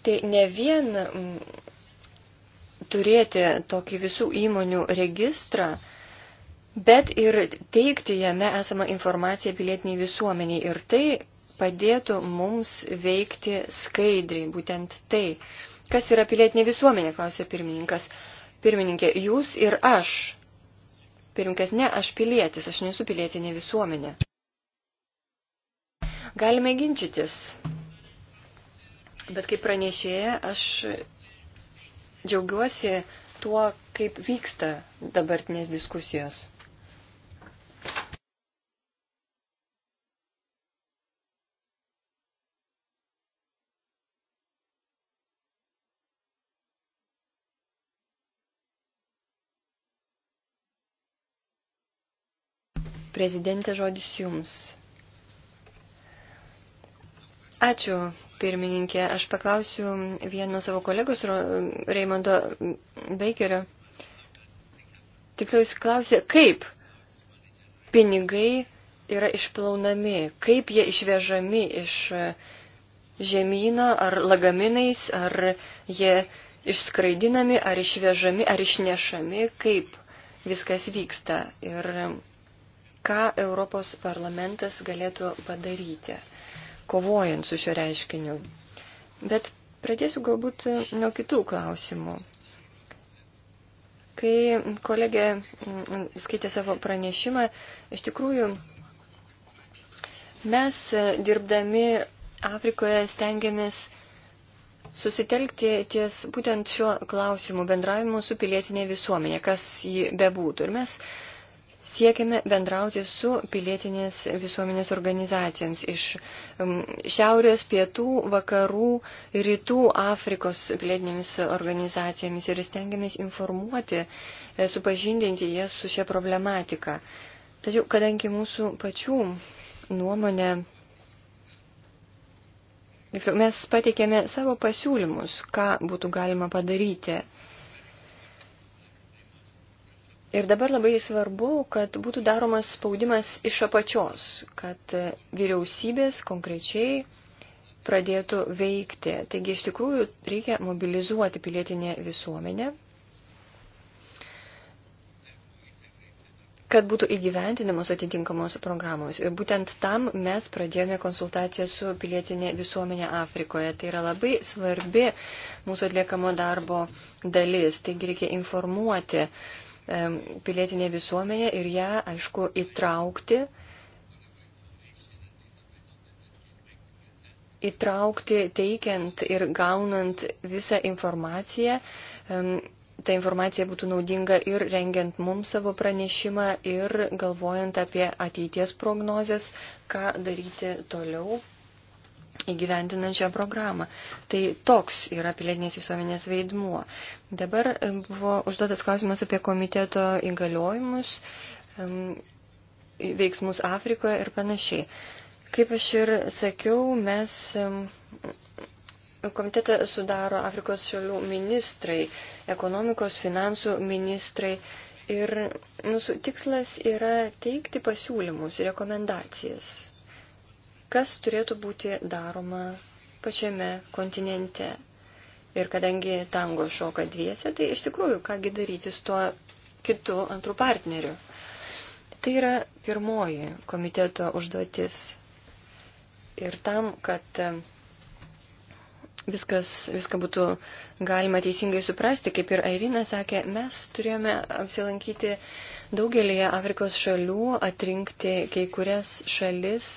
tai ne vien mm, turėti tokį visų įmonių registrą, bet ir teikti jame esamą informaciją pilietiniai visuomeniai. Ir tai padėtų mums veikti skaidriai, būtent tai. Kas yra pilietinė visuomenė, klausė pirmininkas. Pirmininkė, jūs ir aš. Pirmininkas, ne, aš pilietis, aš nesu pilietinė visuomenė. Galime ginčytis, bet kaip pranešėja, aš džiaugiuosi tuo, kaip vyksta dabartinės diskusijos. Prezidentė žodis jums. Ačiū, pirmininkė. Aš paklausiu vieno savo kolegos Reimondo Beikerio. Tiksliau jis klausė, kaip pinigai yra išplaunami, kaip jie išvežami iš žemyno ar lagaminais, ar jie išskraidinami, ar išvežami, ar išnešami, kaip viskas vyksta. Ir ką Europos parlamentas galėtų padaryti, kovojant su šio reiškiniu. Bet pradėsiu galbūt nuo kitų klausimų. Kai kolegė mm, skaitė savo pranešimą, iš tikrųjų mes e, dirbdami Afrikoje stengiamės susitelkti ties būtent šiuo klausimu bendravimu su pilietinė visuomenė, kas jį bebūtų. Ir mes siekiame bendrauti su pilietinės visuomenės organizacijoms iš um, šiaurės, pietų, vakarų, rytų Afrikos pilietinėmis organizacijomis ir stengiamės informuoti, e, supažindinti jas su šia problematika. Tačiau, kadangi mūsų pačių nuomonė. Mes pateikėme savo pasiūlymus, ką būtų galima padaryti Ir dabar labai svarbu, kad būtų daromas spaudimas iš apačios, kad vyriausybės konkrečiai pradėtų veikti. Taigi iš tikrųjų reikia mobilizuoti pilietinę visuomenę, kad būtų įgyventinamos atitinkamos programos. Ir būtent tam mes pradėjome konsultaciją su pilietinė visuomenė Afrikoje. Tai yra labai svarbi mūsų atliekamo darbo dalis. Taigi reikia informuoti uh, pilietinė visuomenė ir ją, aišku, įtraukti. Įtraukti, teikiant ir gaunant visą informaciją, ta informacija būtų naudinga ir rengiant mums savo pranešimą, ir galvojant apie ateities prognozes, ką daryti toliau, įgyvendinant šią programą. Tai toks yra pilietinės visuomenės vaidmuo. Dabar buvo užduotas klausimas apie komiteto įgaliojimus, veiksmus Afrikoje ir panašiai. Kaip aš ir sakiau, mes komitetą sudaro Afrikos šalių ministrai, ekonomikos, finansų ministrai. Ir mūsų tikslas yra teikti pasiūlymus, rekomendacijas kas turėtų būti daroma pačiame kontinente. Ir kadangi tango šoka dviese, tai iš tikrųjų, kągi daryti su tuo kitu antrų partneriu. Tai yra pirmoji komiteto užduotis. Ir tam, kad e, viskas, viską būtų galima teisingai suprasti, kaip ir Airina sakė, mes turėjome apsilankyti daugelį Afrikos šalių, atrinkti kai kurias šalis,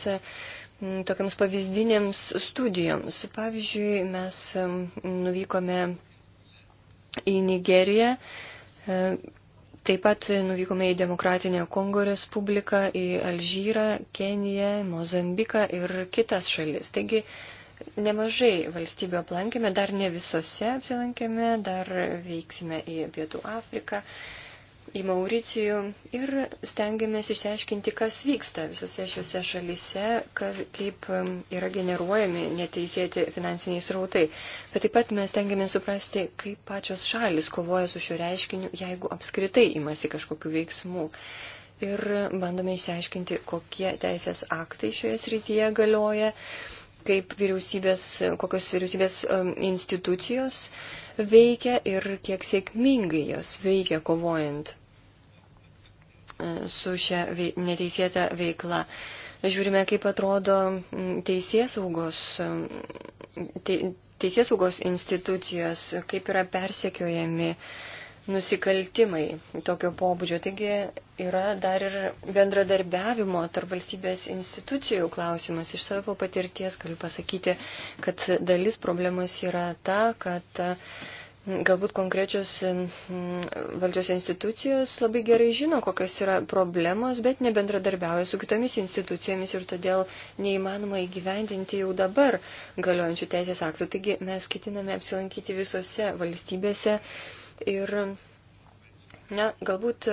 tokiams pavyzdinėms studijoms. Pavyzdžiui, mes nuvykome į Nigeriją, e, taip pat nuvykome į Demokratinę Kongo Respubliką, į Alžyrą, Keniją, Mozambiką ir kitas šalis. Taigi, Nemažai valstybių aplankėme, dar ne visose apsilankėme, dar veiksime į Pietų Afriką. Uh, į Mauricijų ir stengiamės išsiaiškinti, kas vyksta visose šiuose šalise, kas, kaip um, yra generuojami neteisėti finansiniai srautai. Bet taip pat mes stengiamės suprasti, kaip pačios šalis kovoja su šiuo reiškiniu, jeigu apskritai imasi kažkokių veiksmų. Ir bandome išsiaiškinti, kokie teisės aktai šioje srityje galioja, kaip vyriausybės, kokios vyriausybės um, institucijos uh, veikia ir kiek sėkmingai jos veikia kovojant e, su šia neteisėta veikla. Žiūrime, kaip atrodo teisėsaugos, te, teisėsaugos institucijos, kaip yra persekiojami uh, nusikaltimai tokio pobūdžio. Taigi yra dar ir bendradarbiavimo tarp valstybės institucijų klausimas. Iš savo patirties galiu pasakyti, kad dalis problemos yra ta, kad mm, galbūt konkrečios mm, valdžios institucijos labai gerai žino, kokios yra problemos, bet nebendradarbiauja su kitomis institucijomis ir todėl neįmanoma įgyvendinti jau dabar galiojančių teisės aktų. Taigi mes ketiname apsilankyti visose valstybėse Ir na, galbūt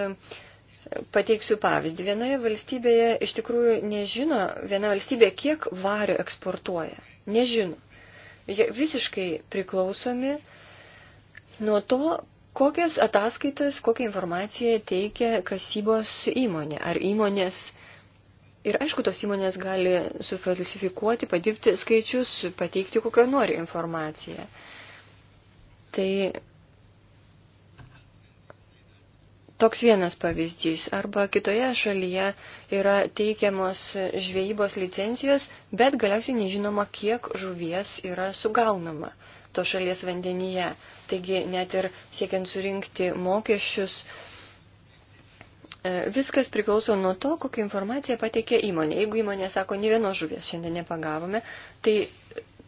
pateiksiu pavyzdį. Vienoje valstybėje iš tikrųjų nežino, viena valstybė kiek vario eksportuoja. Nežino. Jie visiškai priklausomi nuo to, kokias ataskaitas, kokią informaciją teikia kasybos įmonė ar įmonės. Ir aišku, tos įmonės gali sufalsifikuoti, padirbti skaičius, pateikti kokią nori informaciją. Tai Toks vienas pavyzdys. Arba kitoje šalyje yra teikiamos žvejybos licencijos, bet galiausiai nežinoma, kiek žuvies yra sugaunama to šalies vandenyje. Taigi net ir siekiant surinkti mokesčius, e, viskas priklauso nuo to, kokią informaciją pateikė įmonė. Jeigu įmonė sako, ne vienos žuvies šiandien nepagavome, tai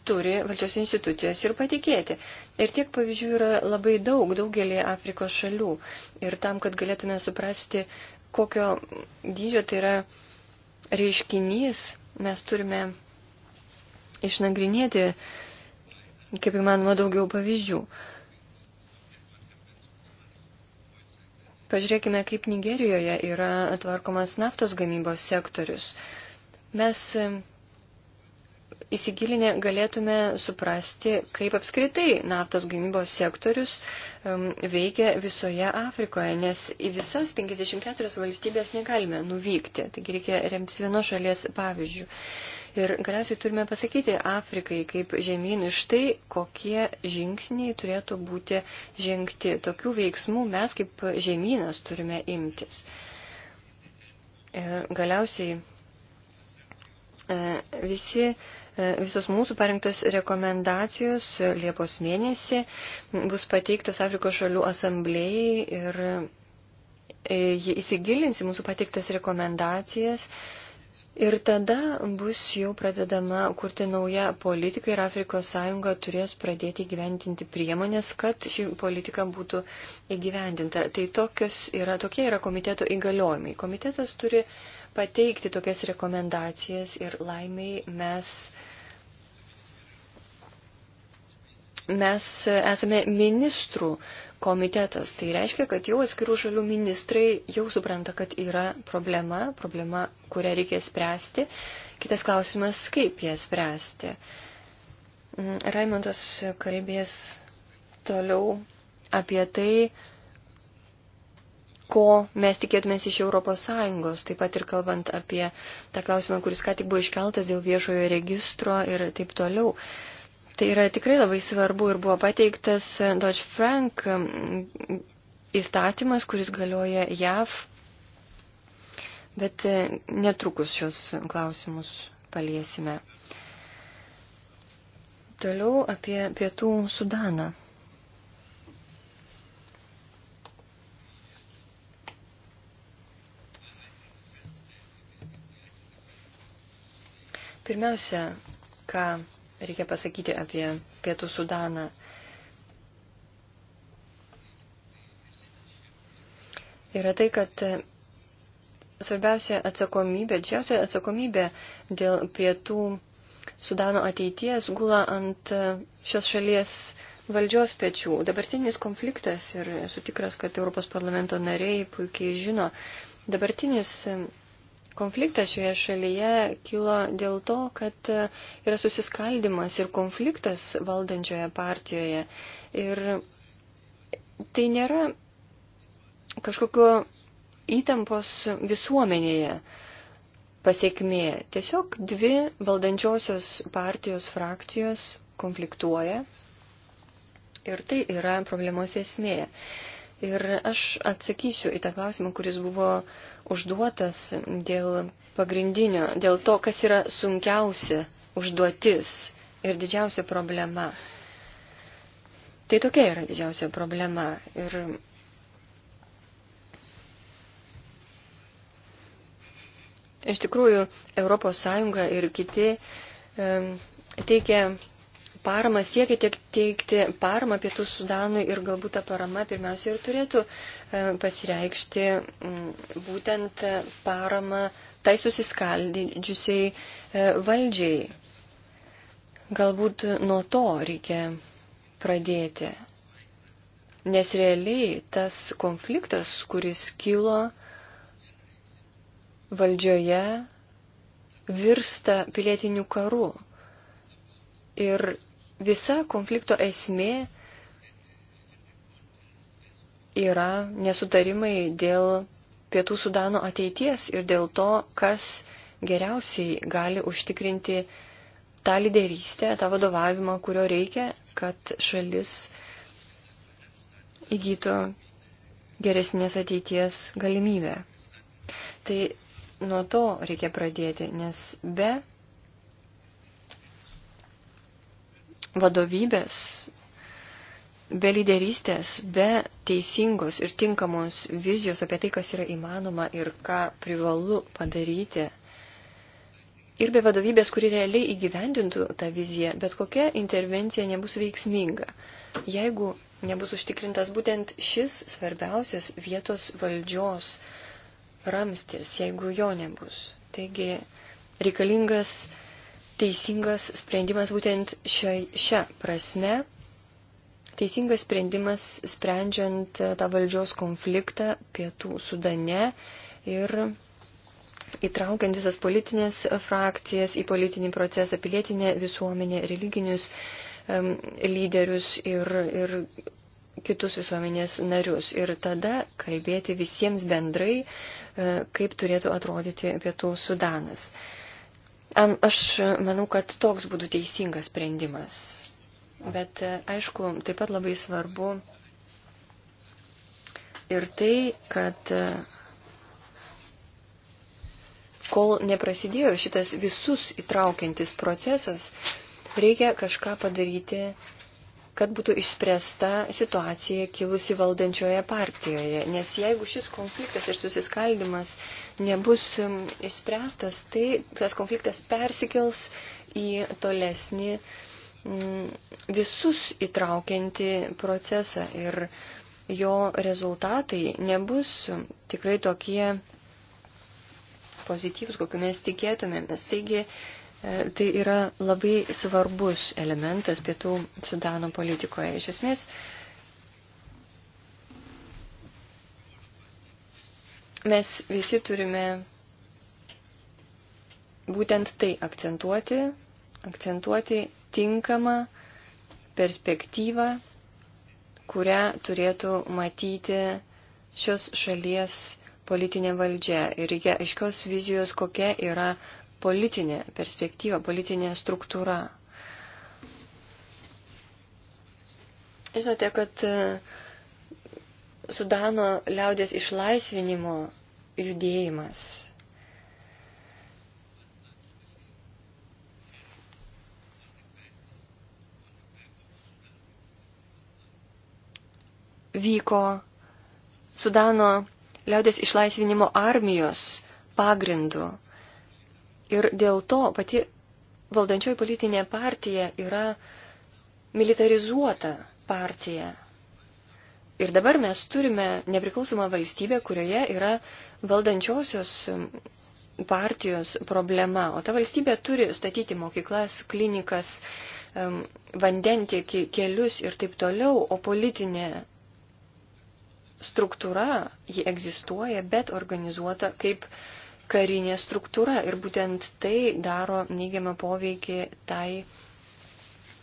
turi valdžios institucijos ir patikėti. Ir tiek pavyzdžių yra labai daug daugelį Afrikos šalių. Ir tam, kad galėtume suprasti, kokio dydžio tai yra reiškinys, mes turime išnagrinėti, kaip įmanoma, daugiau pavyzdžių. Pažiūrėkime, kaip Nigerijoje yra atvarkomas naftos gamybos sektorius. Mes įsigilinę galėtume suprasti, kaip apskritai naftos gamybos sektorius um, veikia visoje Afrikoje, nes į visas 54 valstybės negalime nuvykti, taigi reikia remtis vienos šalies pavyzdžių. Ir galiausiai turime pasakyti Afrikai kaip žemynui štai, kokie žingsniai turėtų būti žengti. Tokių veiksmų mes kaip žemynas turime imtis. Ir galiausiai e, visi E, visos mūsų parengtos rekomendacijos e, Liepos mėnesį bus pateiktos Afrikos šalių asamblėjai ir e, jie įsigilins į mūsų pateiktas rekomendacijas. Ir tada bus jau pradedama kurti nauja politika ir Afrikos sąjunga turės pradėti gyventinti priemonės, kad ši politika būtų įgyvendinta. Tai yra, tokie yra komiteto įgaliojimai. Komitetas turi uh, pateikti tokias rekomendacijas ir laimiai mes, mes esame ministrų komitetas. Tai reiškia, kad jau atskirų šalių ministrai jau supranta, kad yra problema, problema, kurią reikia spręsti. Kitas klausimas, kaip ją spręsti. Mm, Raimondas kalbės toliau apie tai, ko mes tikėtumės iš ES, taip pat ir kalbant apie tą klausimą, kuris ką tik buvo iškeltas dėl viešojo registro ir taip toliau. Tai yra tikrai labai svarbu ir buvo pateiktas Dodge Frank mm, įstatymas, kuris galioja JAV, bet e, netrukus šios klausimus paliesime. Toliau apie pietų Sudaną. Pirmiausia, ką reikia pasakyti apie Pietų Sudaną. Yra tai, kad svarbiausia atsakomybė, didžiausia atsakomybė dėl Pietų Sudano ateities gula ant šios šalies valdžios pečių. Dabartinis konfliktas, ir esu tikras, kad Europos parlamento nariai puikiai žino, dabartinis Konfliktas šioje šalyje kilo dėl to, kad e, yra susiskaldimas ir konfliktas valdančioje partijoje. Ir tai nėra kažkokio įtampos visuomenėje pasiekmė. Tiesiog dvi valdančiosios partijos frakcijos konfliktuoja ir tai yra problemos esmė. Ir aš atsakysiu į tą klausimą, kuris buvo užduotas dėl pagrindinio, dėl to, kas yra sunkiausia užduotis ir didžiausia problema. Tai tokia yra didžiausia problema. Ir iš tikrųjų ES ir kiti teikia paramą, siekia tiek teikti paramą pietų Sudanui ir galbūt ta parama pirmiausia ir turėtų e, pasireikšti būtent e, parama tai susiskaldžiusiai e, valdžiai. Galbūt nuo to reikia pradėti. Nes realiai tas konfliktas, kuris kilo valdžioje, virsta pilietiniu karu. Ir Visa konflikto esmė yra nesutarimai dėl Pietų Sudano ateities ir dėl to, kas geriausiai gali užtikrinti tą lyderystę, tą vadovavimą, kurio reikia, kad šalis įgytų geresnės ateities galimybę. Tai nuo to reikia pradėti, nes be vadovybės, be lyderystės, be teisingos ir tinkamos vizijos apie tai, kas yra įmanoma ir ką privalu padaryti. Ir be vadovybės, kuri realiai įgyvendintų tą viziją, bet kokia intervencija nebus veiksminga, jeigu nebus užtikrintas būtent šis svarbiausias vietos valdžios ramstis, jeigu jo nebus. Taigi reikalingas teisingas sprendimas būtent šią prasme. Teisingas sprendimas sprendžiant tą valdžios konfliktą pietų Sudane ir įtraukiant visas politinės frakcijas į politinį procesą, pilietinę visuomenę, religinius um, lyderius ir, ir kitus visuomenės narius. Ir tada kalbėti visiems bendrai, uh, kaip turėtų atrodyti pietų Sudanas. Uh, Aš manau, kad toks būtų teisingas sprendimas. Bet e, aišku, taip pat labai svarbu ir tai, kad e, kol neprasidėjo šitas visus įtraukiantis procesas, reikia kažką padaryti kad būtų išspręsta situacija kilusi valdančioje partijoje. Nes jeigu šis konfliktas ir susiskaldimas nebus um, išspręstas, tai tas konfliktas persikels į tolesnį mm, visus įtraukianti procesą ir jo rezultatai nebus um, tikrai tokie pozityvus, kokiu mes tikėtumėmės. Taigi E, tai yra labai svarbus elementas pietų Sudano politikoje. Iš esmės, mes visi turime būtent tai akcentuoti, akcentuoti tinkamą perspektyvą, kurią turėtų matyti šios šalies politinė valdžia. Ir reikia aiškios vizijos, kokia yra politinė perspektyva, politinė struktūra. Žinote, kad e, Sudano liaudės išlaisvinimo judėjimas vyko Sudano liaudės išlaisvinimo armijos pagrindu. Ir dėl to pati valdančioji politinė partija yra militarizuota partija. Ir dabar mes turime nepriklausomą valstybę, kurioje yra valdančiosios partijos problema. O ta valstybė turi statyti mokyklas, klinikas, vandentiekį, kelius ir taip toliau, o politinė struktūra, ji egzistuoja, bet organizuota kaip uh, karinė struktūra ir būtent tai daro neigiamą poveikį tai,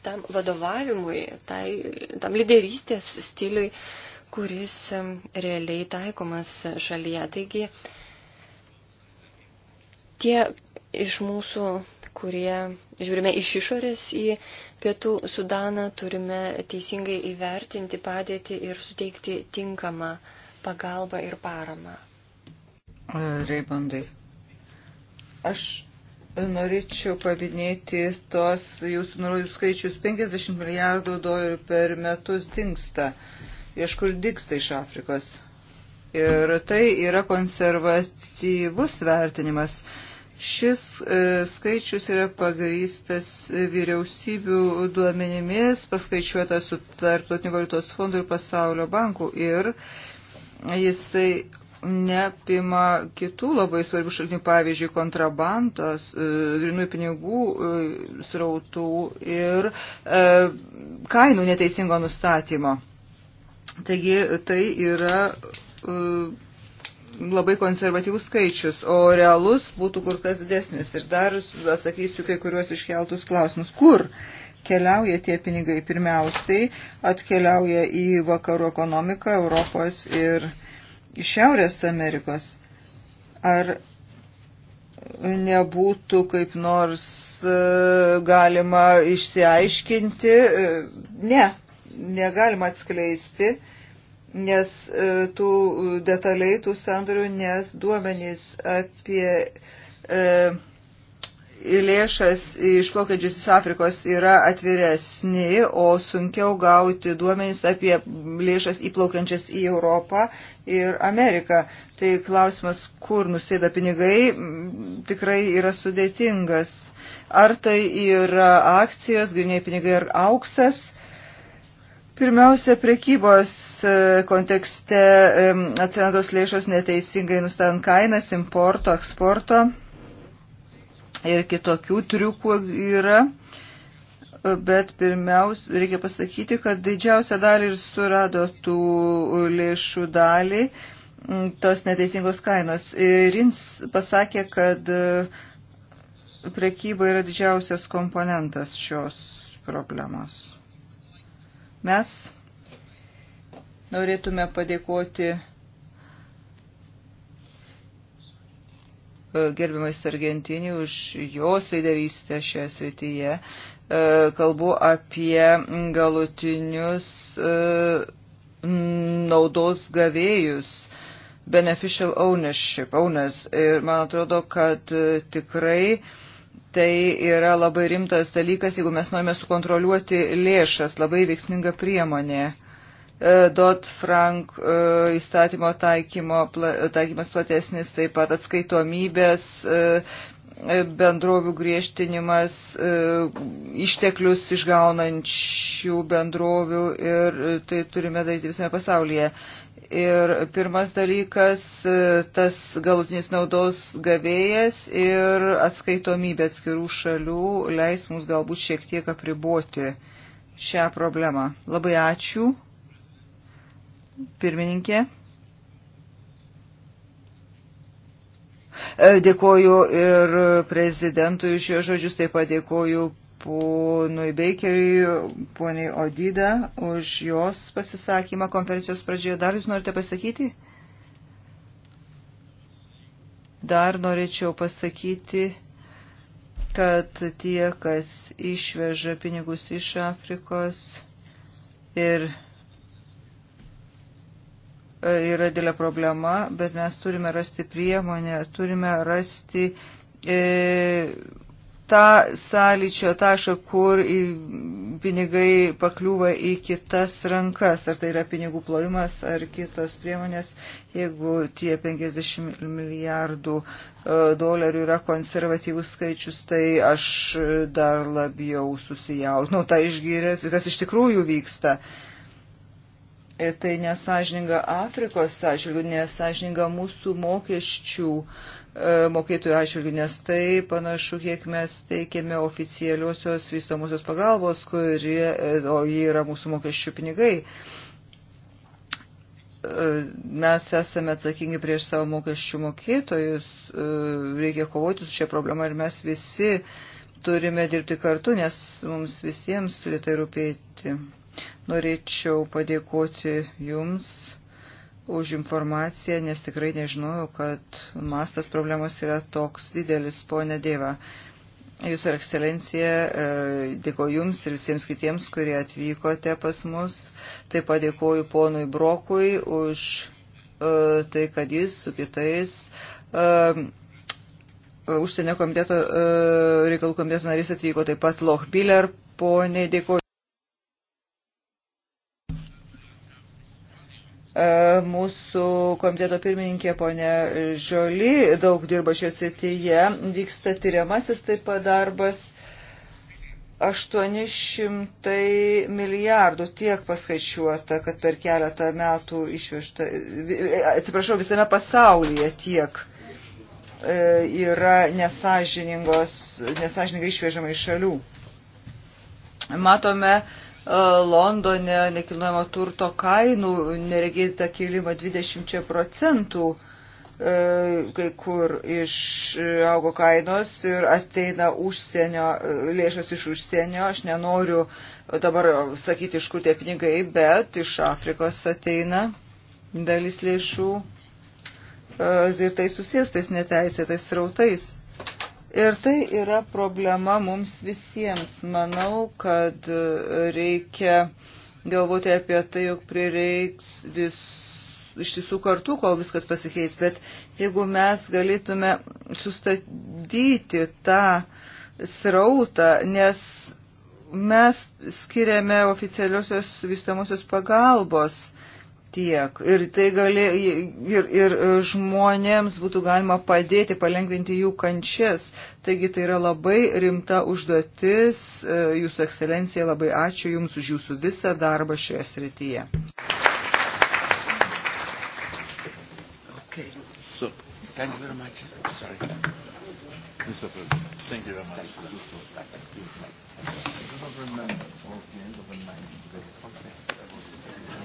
tam vadovavimui, tai, tam lyderystės stiliui, kuris realiai taikomas šalyje. Taigi tie iš mūsų, kurie žiūrime iš išorės į pietų Sudaną, turime teisingai įvertinti padėtį ir suteikti tinkamą pagalbą ir paramą.
Reibandai. Aš norėčiau paminėti tos jūsų nurodžių skaičius 50 milijardų dolerių per metus dinksta. Iš kur dinksta iš Afrikos? Ir tai yra konservatyvus vertinimas. Šis e, skaičius yra pagrystas vyriausybių duomenimis, paskaičiuotas su Tarptautiniu valiutos fondu ir pasaulio banku. Ir jisai neapima kitų labai svarbių šaltinių, pavyzdžiui, kontrabandos, e, grinųjų pinigų e, srautų ir e, kainų neteisingo nustatymo. Taigi tai yra labai konservatyvus skaičius, o realus būtų kur kas didesnis. Ir dar atsakysiu kai kuriuos iškeltus klausimus. Kur? keliauja tie pinigai pirmiausiai, atkeliauja į vakarų ekonomiką, Europos ir iš Šiaurės Amerikos, ar nebūtų kaip nors e, galima išsiaiškinti, e, ne, negalima atskleisti, nes e, tų detaliai tų sandorių, nes duomenys apie e, lėšas išplaukiančius iš Afrikos yra atviresni, o sunkiau gauti duomenys apie lėšas įplaukiančias į Europą ir Ameriką. Tai klausimas, kur nusėda pinigai, tikrai yra sudėtingas. Ar tai yra akcijos, griniai pinigai ar auksas? Pirmiausia, prekybos e, kontekste atsirado lėšos neteisingai nustant kainas importo, eksporto ir kitokių triukų yra. Bet pirmiausia, reikia pasakyti, kad didžiausią dalį ir surado tų lėšų dalį tos neteisingos kainos. Rins pasakė, kad e, prekyba yra didžiausias komponentas šios problemos. Mes norėtume padėkoti E, gerbiamais Argentinį už jos lyderystę šioje srityje. E, kalbu apie galutinius e, naudos gavėjus, beneficial ownership, owners. Ir man atrodo, kad tikrai tai yra labai rimtas dalykas, jeigu mes norime sukontroliuoti lėšas, labai veiksminga priemonė E, Dodd-Frank e, įstatymo taikymo, taikymas platesnis, taip pat atskaitomybės e, bendrovių griežtinimas, išteklius išgaunančių bendrovių ir tai turime daryti visame pasaulyje. Ir pirmas dalykas - tas galutinis naudos gavėjas ir atskaitomybė atskirų šalių leis mums galbūt šiek tiek apriboti šią problemą. Labai ačiū pirmininkė. E, dėkoju ir prezidentui iš jo žodžius, taip pat dėkoju ponui Beikeriui, poniai Odida už jos pasisakymą konferencijos pradžioje. Dar jūs norite pasakyti? Dar norėčiau pasakyti, kad tie, kas išveža pinigus iš Afrikos ir yra dėlė problema, bet mes turime rasti priemonę, turime rasti e, tą sąlyčio tašką, kur pinigai pakliūva į kitas rankas, ar tai yra pinigų plovimas, ar kitos priemonės, jeigu tie 50 milijardų e, dolerių yra konservatyvus skaičius, tai aš dar labiau susijaudinau, tai išgyrės, kas iš tikrųjų vyksta. E, Ir tai nesažininga Afrikos atžvilgių, nesažininga mūsų mokesčių e, mokėtojų atžvilgių, nes tai panašu, kiek mes teikėme oficialiosios vystomosios pagalbos, kurie, o jie yra mūsų mokesčių pinigai e, mes esame atsakingi prieš savo mokesčių mokėtojus, e, reikia kovoti su šia problema ir mes visi turime dirbti kartu, nes mums visiems turi tai rūpėti. Norėčiau padėkoti Jums už informaciją, nes tikrai nežinojau, kad mastas problemos yra toks didelis, ponė Dėva. Jūsų ekscelencija, e, dėkoju Jums ir visiems kitiems, kurie atvykote pas mus. Taip pat dėkoju ponui Brokui už e, tai, kad jis su kitais e, užsienio komiteto, reikalų komiteto narys atvyko taip pat Lochbiller, poniai dėkoju. E, mūsų komiteto pirmininkė ponė Žioli daug dirba šioje srityje, vyksta tyriamasis taip pat darbas. 800 milijardų tiek paskaičiuota, kad per keletą metų išvežta, atsiprašau, visame pasaulyje tiek e, yra nesažiningai išvežama iš šalių. Matome E, Londone nekilnojamo turto kainų neregėtą kilimą 20 procentų e, kai kur išaugo e, kainos ir ateina užsienio, lėšas iš užsienio, aš nenoriu dabar sakyti, iš kur tie pinigai, bet iš Afrikos ateina dalis lėšų ir tai susijęs tais neteisėtais rautais. Ir tai yra problema mums visiems. Manau, kad reikia galvoti apie tai, jog prireiks vis, iš tiesų kartų, kol viskas pasikeis. Bet jeigu mes galėtume sustabdyti tą srautą, nes mes skiriame oficialiosios vystamosios pagalbos tiek. Ir, tai gali, ir, ir žmonėms būtų galima padėti, palengvinti jų kančias. Taigi tai yra labai rimta užduotis. Jūsų ekscelencija, labai ačiū Jums už Jūsų visą darbą šioje srityje.
Okay. So, thank you very much. Sorry. Mr. President, thank you very much. Thank you. So, I don't remember all the end of the night. Okay.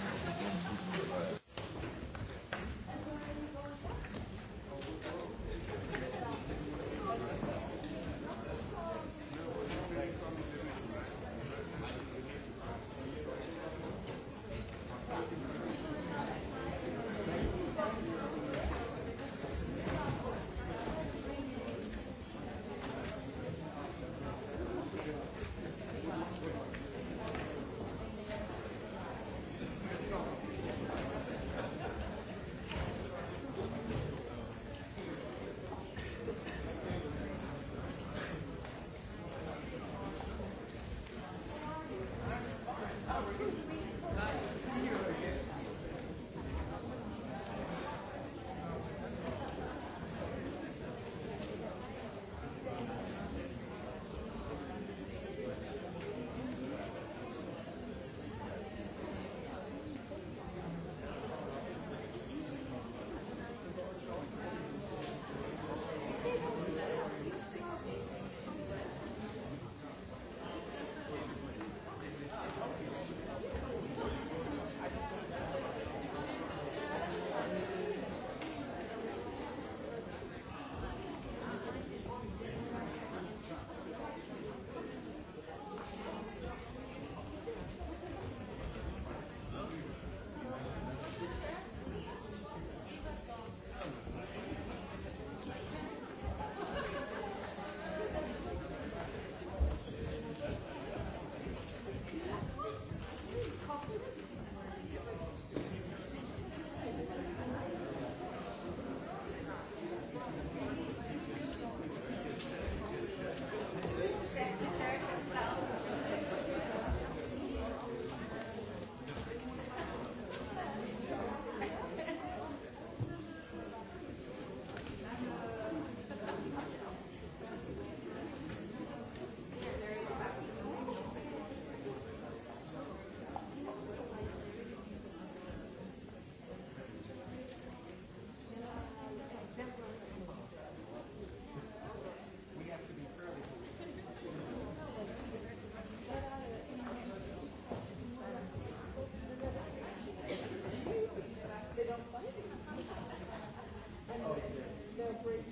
separate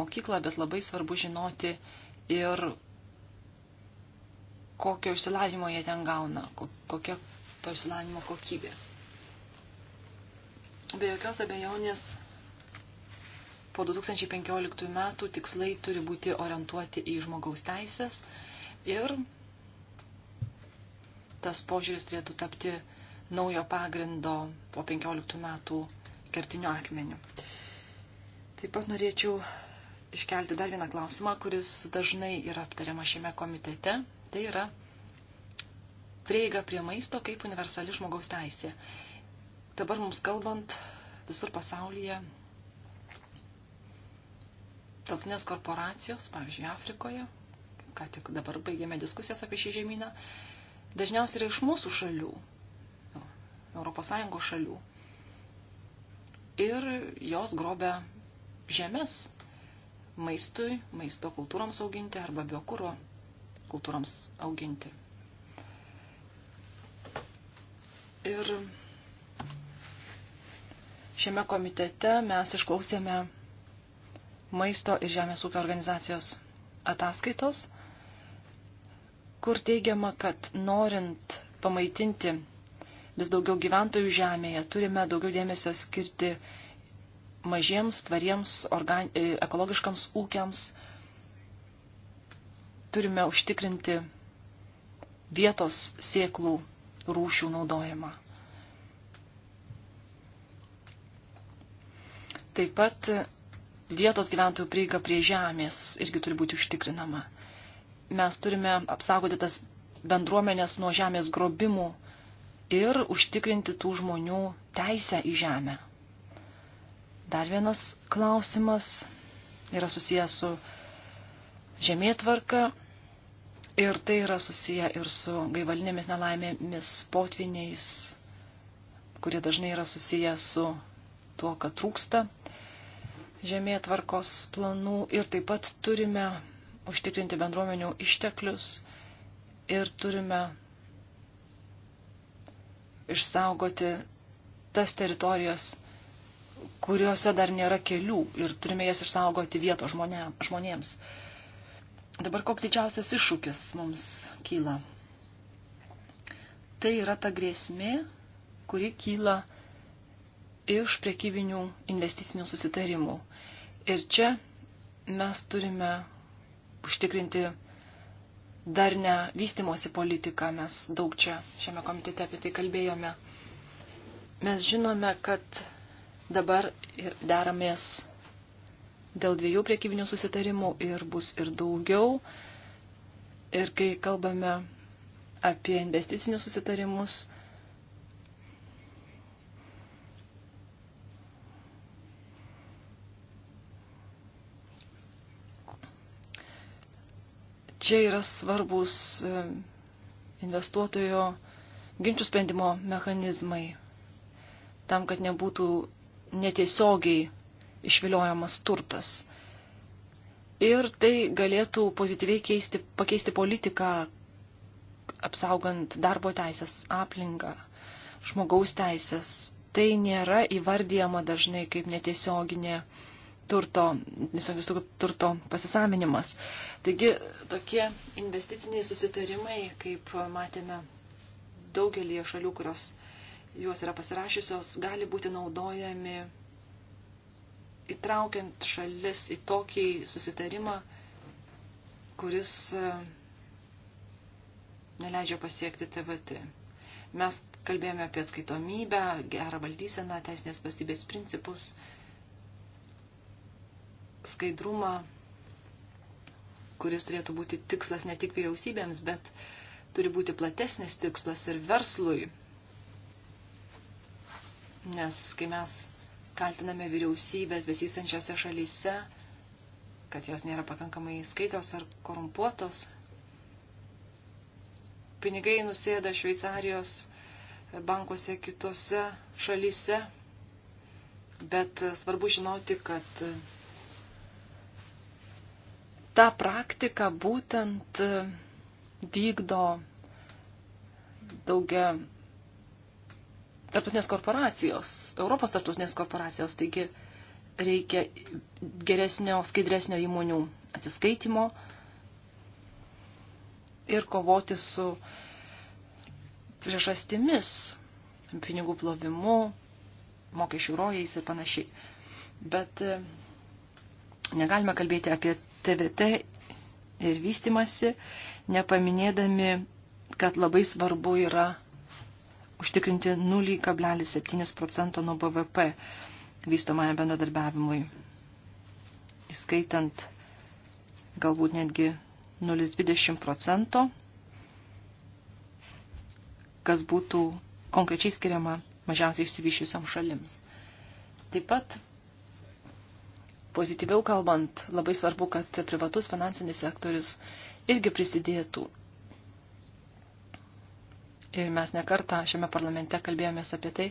mokyklą, bet labai svarbu žinoti ir kokio išsilavinimo jie ten gauna, kokia to išsilavinimo kokybė. Be jokios abejonės, po 2015 metų tikslai turi būti orientuoti į žmogaus teisės ir tas požiūris turėtų tapti naujo pagrindo po 15 metų kertiniu akmeniu. Taip pat norėčiau iškelti dar vieną klausimą, kuris dažnai yra aptariama šiame komitete. Tai yra prieiga prie maisto kaip universali žmogaus teisė. Dabar mums kalbant visur pasaulyje, tarptinės korporacijos, pavyzdžiui, Afrikoje, ką tik dabar baigėme diskusijas apie šį žemyną, dažniausiai yra iš mūsų šalių, nu, Europos Sąjungos šalių. Ir jos grobia žemės maistui, maisto kultūroms auginti arba biokūro kultūroms auginti. Ir šiame komitete mes išklausėme maisto ir žemės ūkio organizacijos ataskaitos, kur teigiama, kad norint pamaitinti vis daugiau gyventojų žemėje, turime daugiau dėmesio skirti mažiems, tvariems, organ, e, ekologiškams ūkiams. Turime užtikrinti vietos sėklų rūšių naudojimą. Taip pat vietos gyventojų prieiga prie žemės irgi turi būti užtikrinama. Mes turime apsaugoti tas bendruomenės nuo žemės grobimų ir užtikrinti tų žmonių teisę į žemę. Dar vienas klausimas yra susijęs su žemėtvarka ir tai yra susiję ir su gaivalinėmis nelaimėmis potviniais, kurie dažnai yra susiję su tuo, kad trūksta žemėtvarkos planų ir taip pat turime užtikrinti bendruomenių išteklius ir turime išsaugoti tas teritorijas, kuriuose dar nėra kelių ir turime jas išsaugoti vietos žmonė, žmonėms. Dabar koks didžiausias iššūkis mums kyla? Tai yra ta grėsmė, kuri kyla iš priekybinių investicinių susitarimų. Ir čia mes turime užtikrinti dar ne vystimosi politiką, mes daug čia šiame komitete apie tai kalbėjome. Mes žinome, kad Dabar deramės dėl dviejų priekybinių susitarimų ir bus ir daugiau. Ir kai kalbame apie investicinius susitarimus, čia yra svarbus e, investuotojo ginčių sprendimo mechanizmai, tam, kad nebūtų netiesiogiai išviliojamas turtas. Ir tai galėtų pozityviai keisti, pakeisti politiką, apsaugant darbo teisės aplinką, žmogaus teisės. Tai nėra įvardyjama dažnai kaip netiesioginė turto, turto pasisavinimas. Taigi tokie investiciniai susitarimai, kaip matėme daugelį šalių, kurios juos yra pasirašysios, gali būti naudojami įtraukiant šalis į tokį susitarimą, kuris e, neleidžia pasiekti TVT. Mes kalbėjome apie atskaitomybę, gerą valdyseną, teisinės valstybės principus, skaidrumą, kuris turėtų būti tikslas ne tik vyriausybėms, bet turi būti platesnis tikslas ir verslui Nes kai mes kaltiname vyriausybės besistančiose šalyse, kad jos nėra pakankamai skaitos ar korumpuotos, pinigai nusėda Šveicarijos bankuose kitose šalyse, bet svarbu žinoti, kad ta praktika būtent vykdo daugia tarptautinės korporacijos, Europos tarptautinės korporacijos, taigi reikia geresnio, skaidresnio įmonių atsiskaitimo ir kovoti su priežastimis, pinigų plovimu, mokesčių rojais ir panašiai. Bet e, negalime kalbėti apie TVT ir vystimasi, nepaminėdami, kad labai svarbu yra užtikrinti 0,7 procento nuo BVP vystomąją bendradarbiavimui, įskaitant galbūt netgi 0,20 procento, kas būtų konkrečiai skiriama mažiausiai išsivyščiusiam šalims. Taip pat, pozityviau kalbant, labai svarbu, kad privatus finansinis sektorius irgi prisidėtų Ir mes nekartą šiame parlamente kalbėjomės apie tai,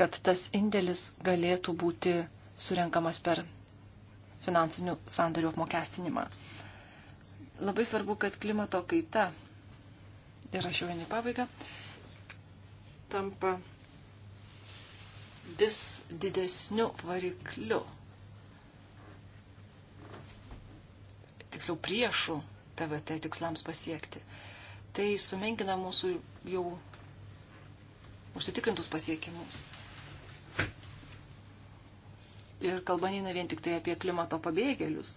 kad tas indėlis galėtų būti surenkamas per finansinių sandarių apmokestinimą. Labai svarbu, kad klimato kaita, ir aš jau einu į pabaigą, tampa vis didesniu varikliu. Tiksliau priešų TVT tikslams pasiekti tai sumenkina mūsų jau užsitikrintus pasiekimus. Ir kalba neina vien tik tai apie klimato pabėgėlius,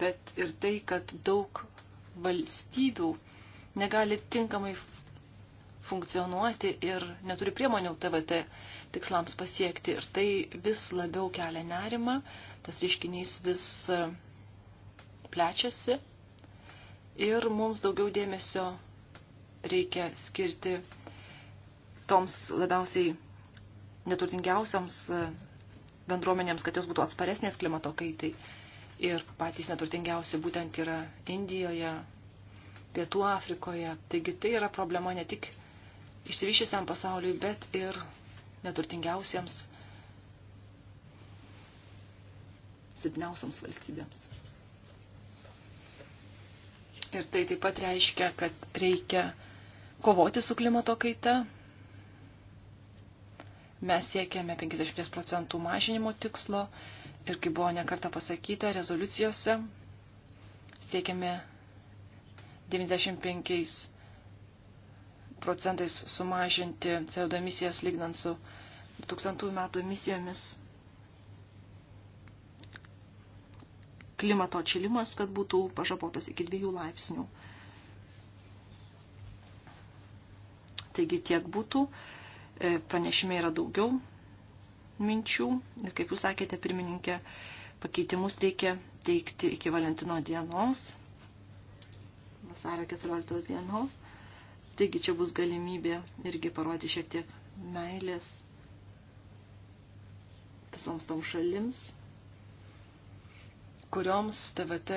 bet ir tai, kad daug valstybių negali tinkamai funkcionuoti ir neturi priemonių TVT tikslams pasiekti. Ir tai vis labiau kelia nerimą, tas reiškinys vis plečiasi ir mums daugiau dėmesio reikia skirti toms labiausiai neturtingiausioms e, bendruomenėms, kad jos būtų atsparesnės klimato kaitai. Ir patys neturtingiausi būtent yra Indijoje, Pietų Afrikoje. Taigi tai yra problema ne tik išsivyšysiam pasauliui, bet ir neturtingiausiems, silpniausiams valstybėms. Ir tai taip pat reiškia, kad reikia kovoti su klimato kaita. Mes siekiame 50 procentų mažinimo tikslo ir, kaip buvo nekarta pasakyta, rezoliucijose siekiame 95 procentais sumažinti CO2 emisijas lygnant su 2000 metų emisijomis klimato atšilimas, kad būtų pažabotas iki dviejų laipsnių. Taigi tiek būtų. E, pranešime yra daugiau minčių. Ir kaip jūs sakėte, pirmininkė, pakeitimus reikia teikti iki Valentino dienos, vasario 14 dienos. Taigi čia bus galimybė irgi parodyti šiek tiek meilės visoms tom šalims kurioms TVT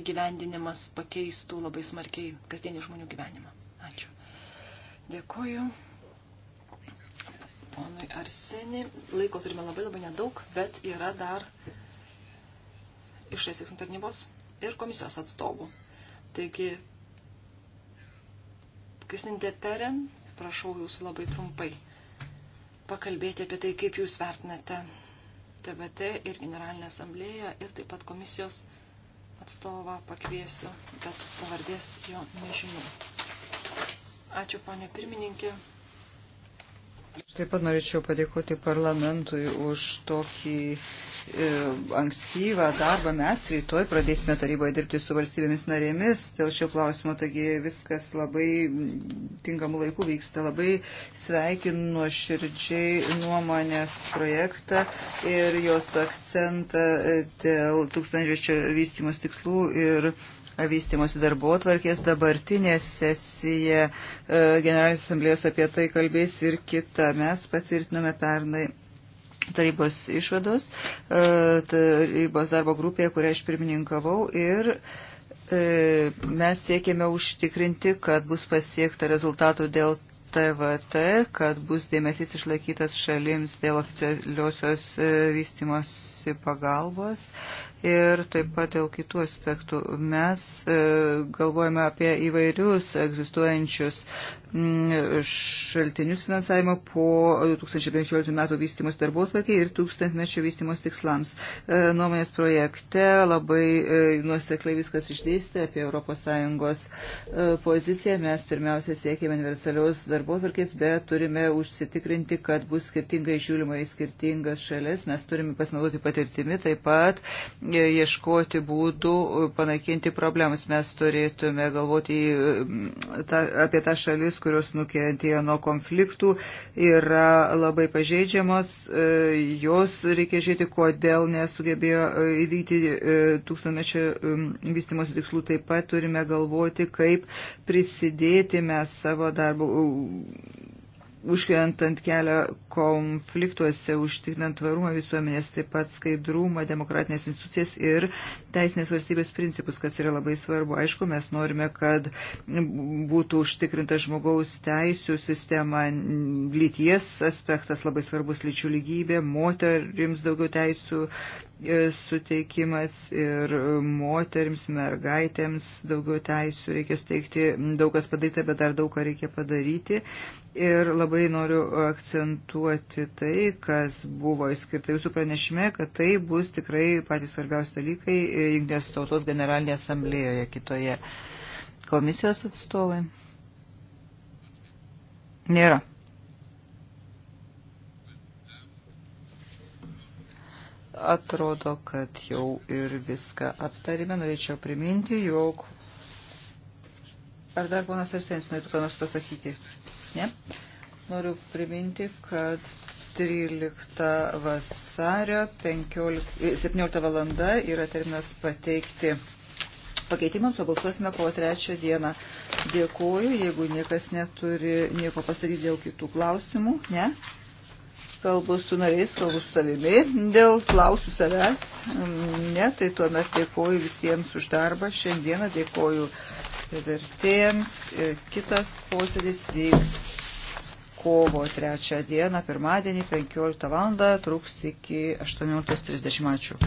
įgyvendinimas pakeistų labai smarkiai kasdienį žmonių gyvenimą. Ačiū. Dėkuoju. Ponui Arsenį. Laiko turime labai labai nedaug, bet yra dar išraisės tarnybos ir komisijos atstovų. Taigi, Kristinė Peren, prašau jūsų labai trumpai pakalbėti apie tai, kaip jūs vertinate TBT ir Generalinę asamblėją ir taip pat komisijos atstovą pakviesiu, bet pavardės jo nežinau. Ačiū, ponė pirmininkė.
Aš taip pat norėčiau padėkoti parlamentui už tokį e, ankstyvą darbą. Mes rytoj pradėsime taryboje dirbti su valstybėmis narėmis. Dėl šio klausimo, taigi viskas labai tinkamų laikų vyksta. Labai sveikinu nuoširdžiai nuomonės projektą ir jos akcentą e, dėl tūkstančio vystimus tikslų ir vystimosi darbo atvarkės. Dabartinė sesija e, Generalinės asamblėjos apie tai kalbės ir kita. Mes patvirtiname pernai tarybos išvados, e, tarybos darbo grupėje, kurią aš pirmininkavau ir e, mes siekėme užtikrinti, kad bus pasiekta rezultatų dėl TVT, kad bus dėmesys išlaikytas šalims dėl oficialiosios vystimos vystimosi pagalbos ir taip pat dėl kitų aspektų. Mes e, galvojame apie įvairius egzistuojančius mm, šaltinius finansavimo po 2015 metų vystimos darbotvarkiai ir tūkstantmečio vystimos tikslams. E, nuomonės projekte labai e, nuosekliai viskas išdėstė apie ES poziciją. Mes pirmiausia siekėme universalios darbotvarkės, bet turime užsitikrinti, kad bus skirtingai žiūrima į skirtingas šalis. Mes turime pasinaudoti patirtimi patirtimi, taip pat e, ieškoti būdų e, panaikinti problemas. Mes turėtume galvoti e, apie tą šalis, kurios nukentėjo nuo konfliktų, yra labai pažeidžiamos, jos reikia žiūrėti, kodėl nesugebėjo įvykti tūkstantmečio vystimosi tikslų. Taip pat turime galvoti, kaip prisidėti mes savo darbų užkrentant kelią konfliktuose, užtikrinant tvarumą visuomenės, taip pat skaidrumą, demokratinės institucijas ir teisinės valstybės principus, kas yra labai svarbu. Aišku, mes norime, kad būtų užtikrinta žmogaus teisų sistema, lyties aspektas labai svarbus, lyčių lygybė, moterims daugiau teisų, E, suteikimas ir moterims, mergaitėms daugiau teisų reikia suteikti, daug kas padaryta, bet dar daug ką reikia padaryti. Ir labai noriu akcentuoti tai, kas buvo išskirta jūsų pranešime, kad tai bus tikrai patys svarbiausi dalykai Junktinės tautos generalinėje asamblėjoje kitoje komisijos atstovai. Nėra. Atrodo, kad jau ir viską aptarėme. Norėčiau priminti, jog. Ar dar ponas Arsenis norėtų ką nors pasakyti? Ne? Noriu priminti, kad 13 vasario 15, 17 e, valanda yra terminas pateikti pakeitimams, o balsuosime kovo 3 dieną. Dėkuoju, jeigu niekas neturi nieko pasakyti dėl kitų klausimų. Ne? kalbu su nariais, kalbu su savimi, dėl klausiu savęs, mm, ne, tai tuomet dėkoju visiems už darbą, šiandieną dėkoju vertėjams, e, kitas posėdis vyks kovo trečią dieną, pirmadienį 15 val. truks iki 18.30. Ačiū.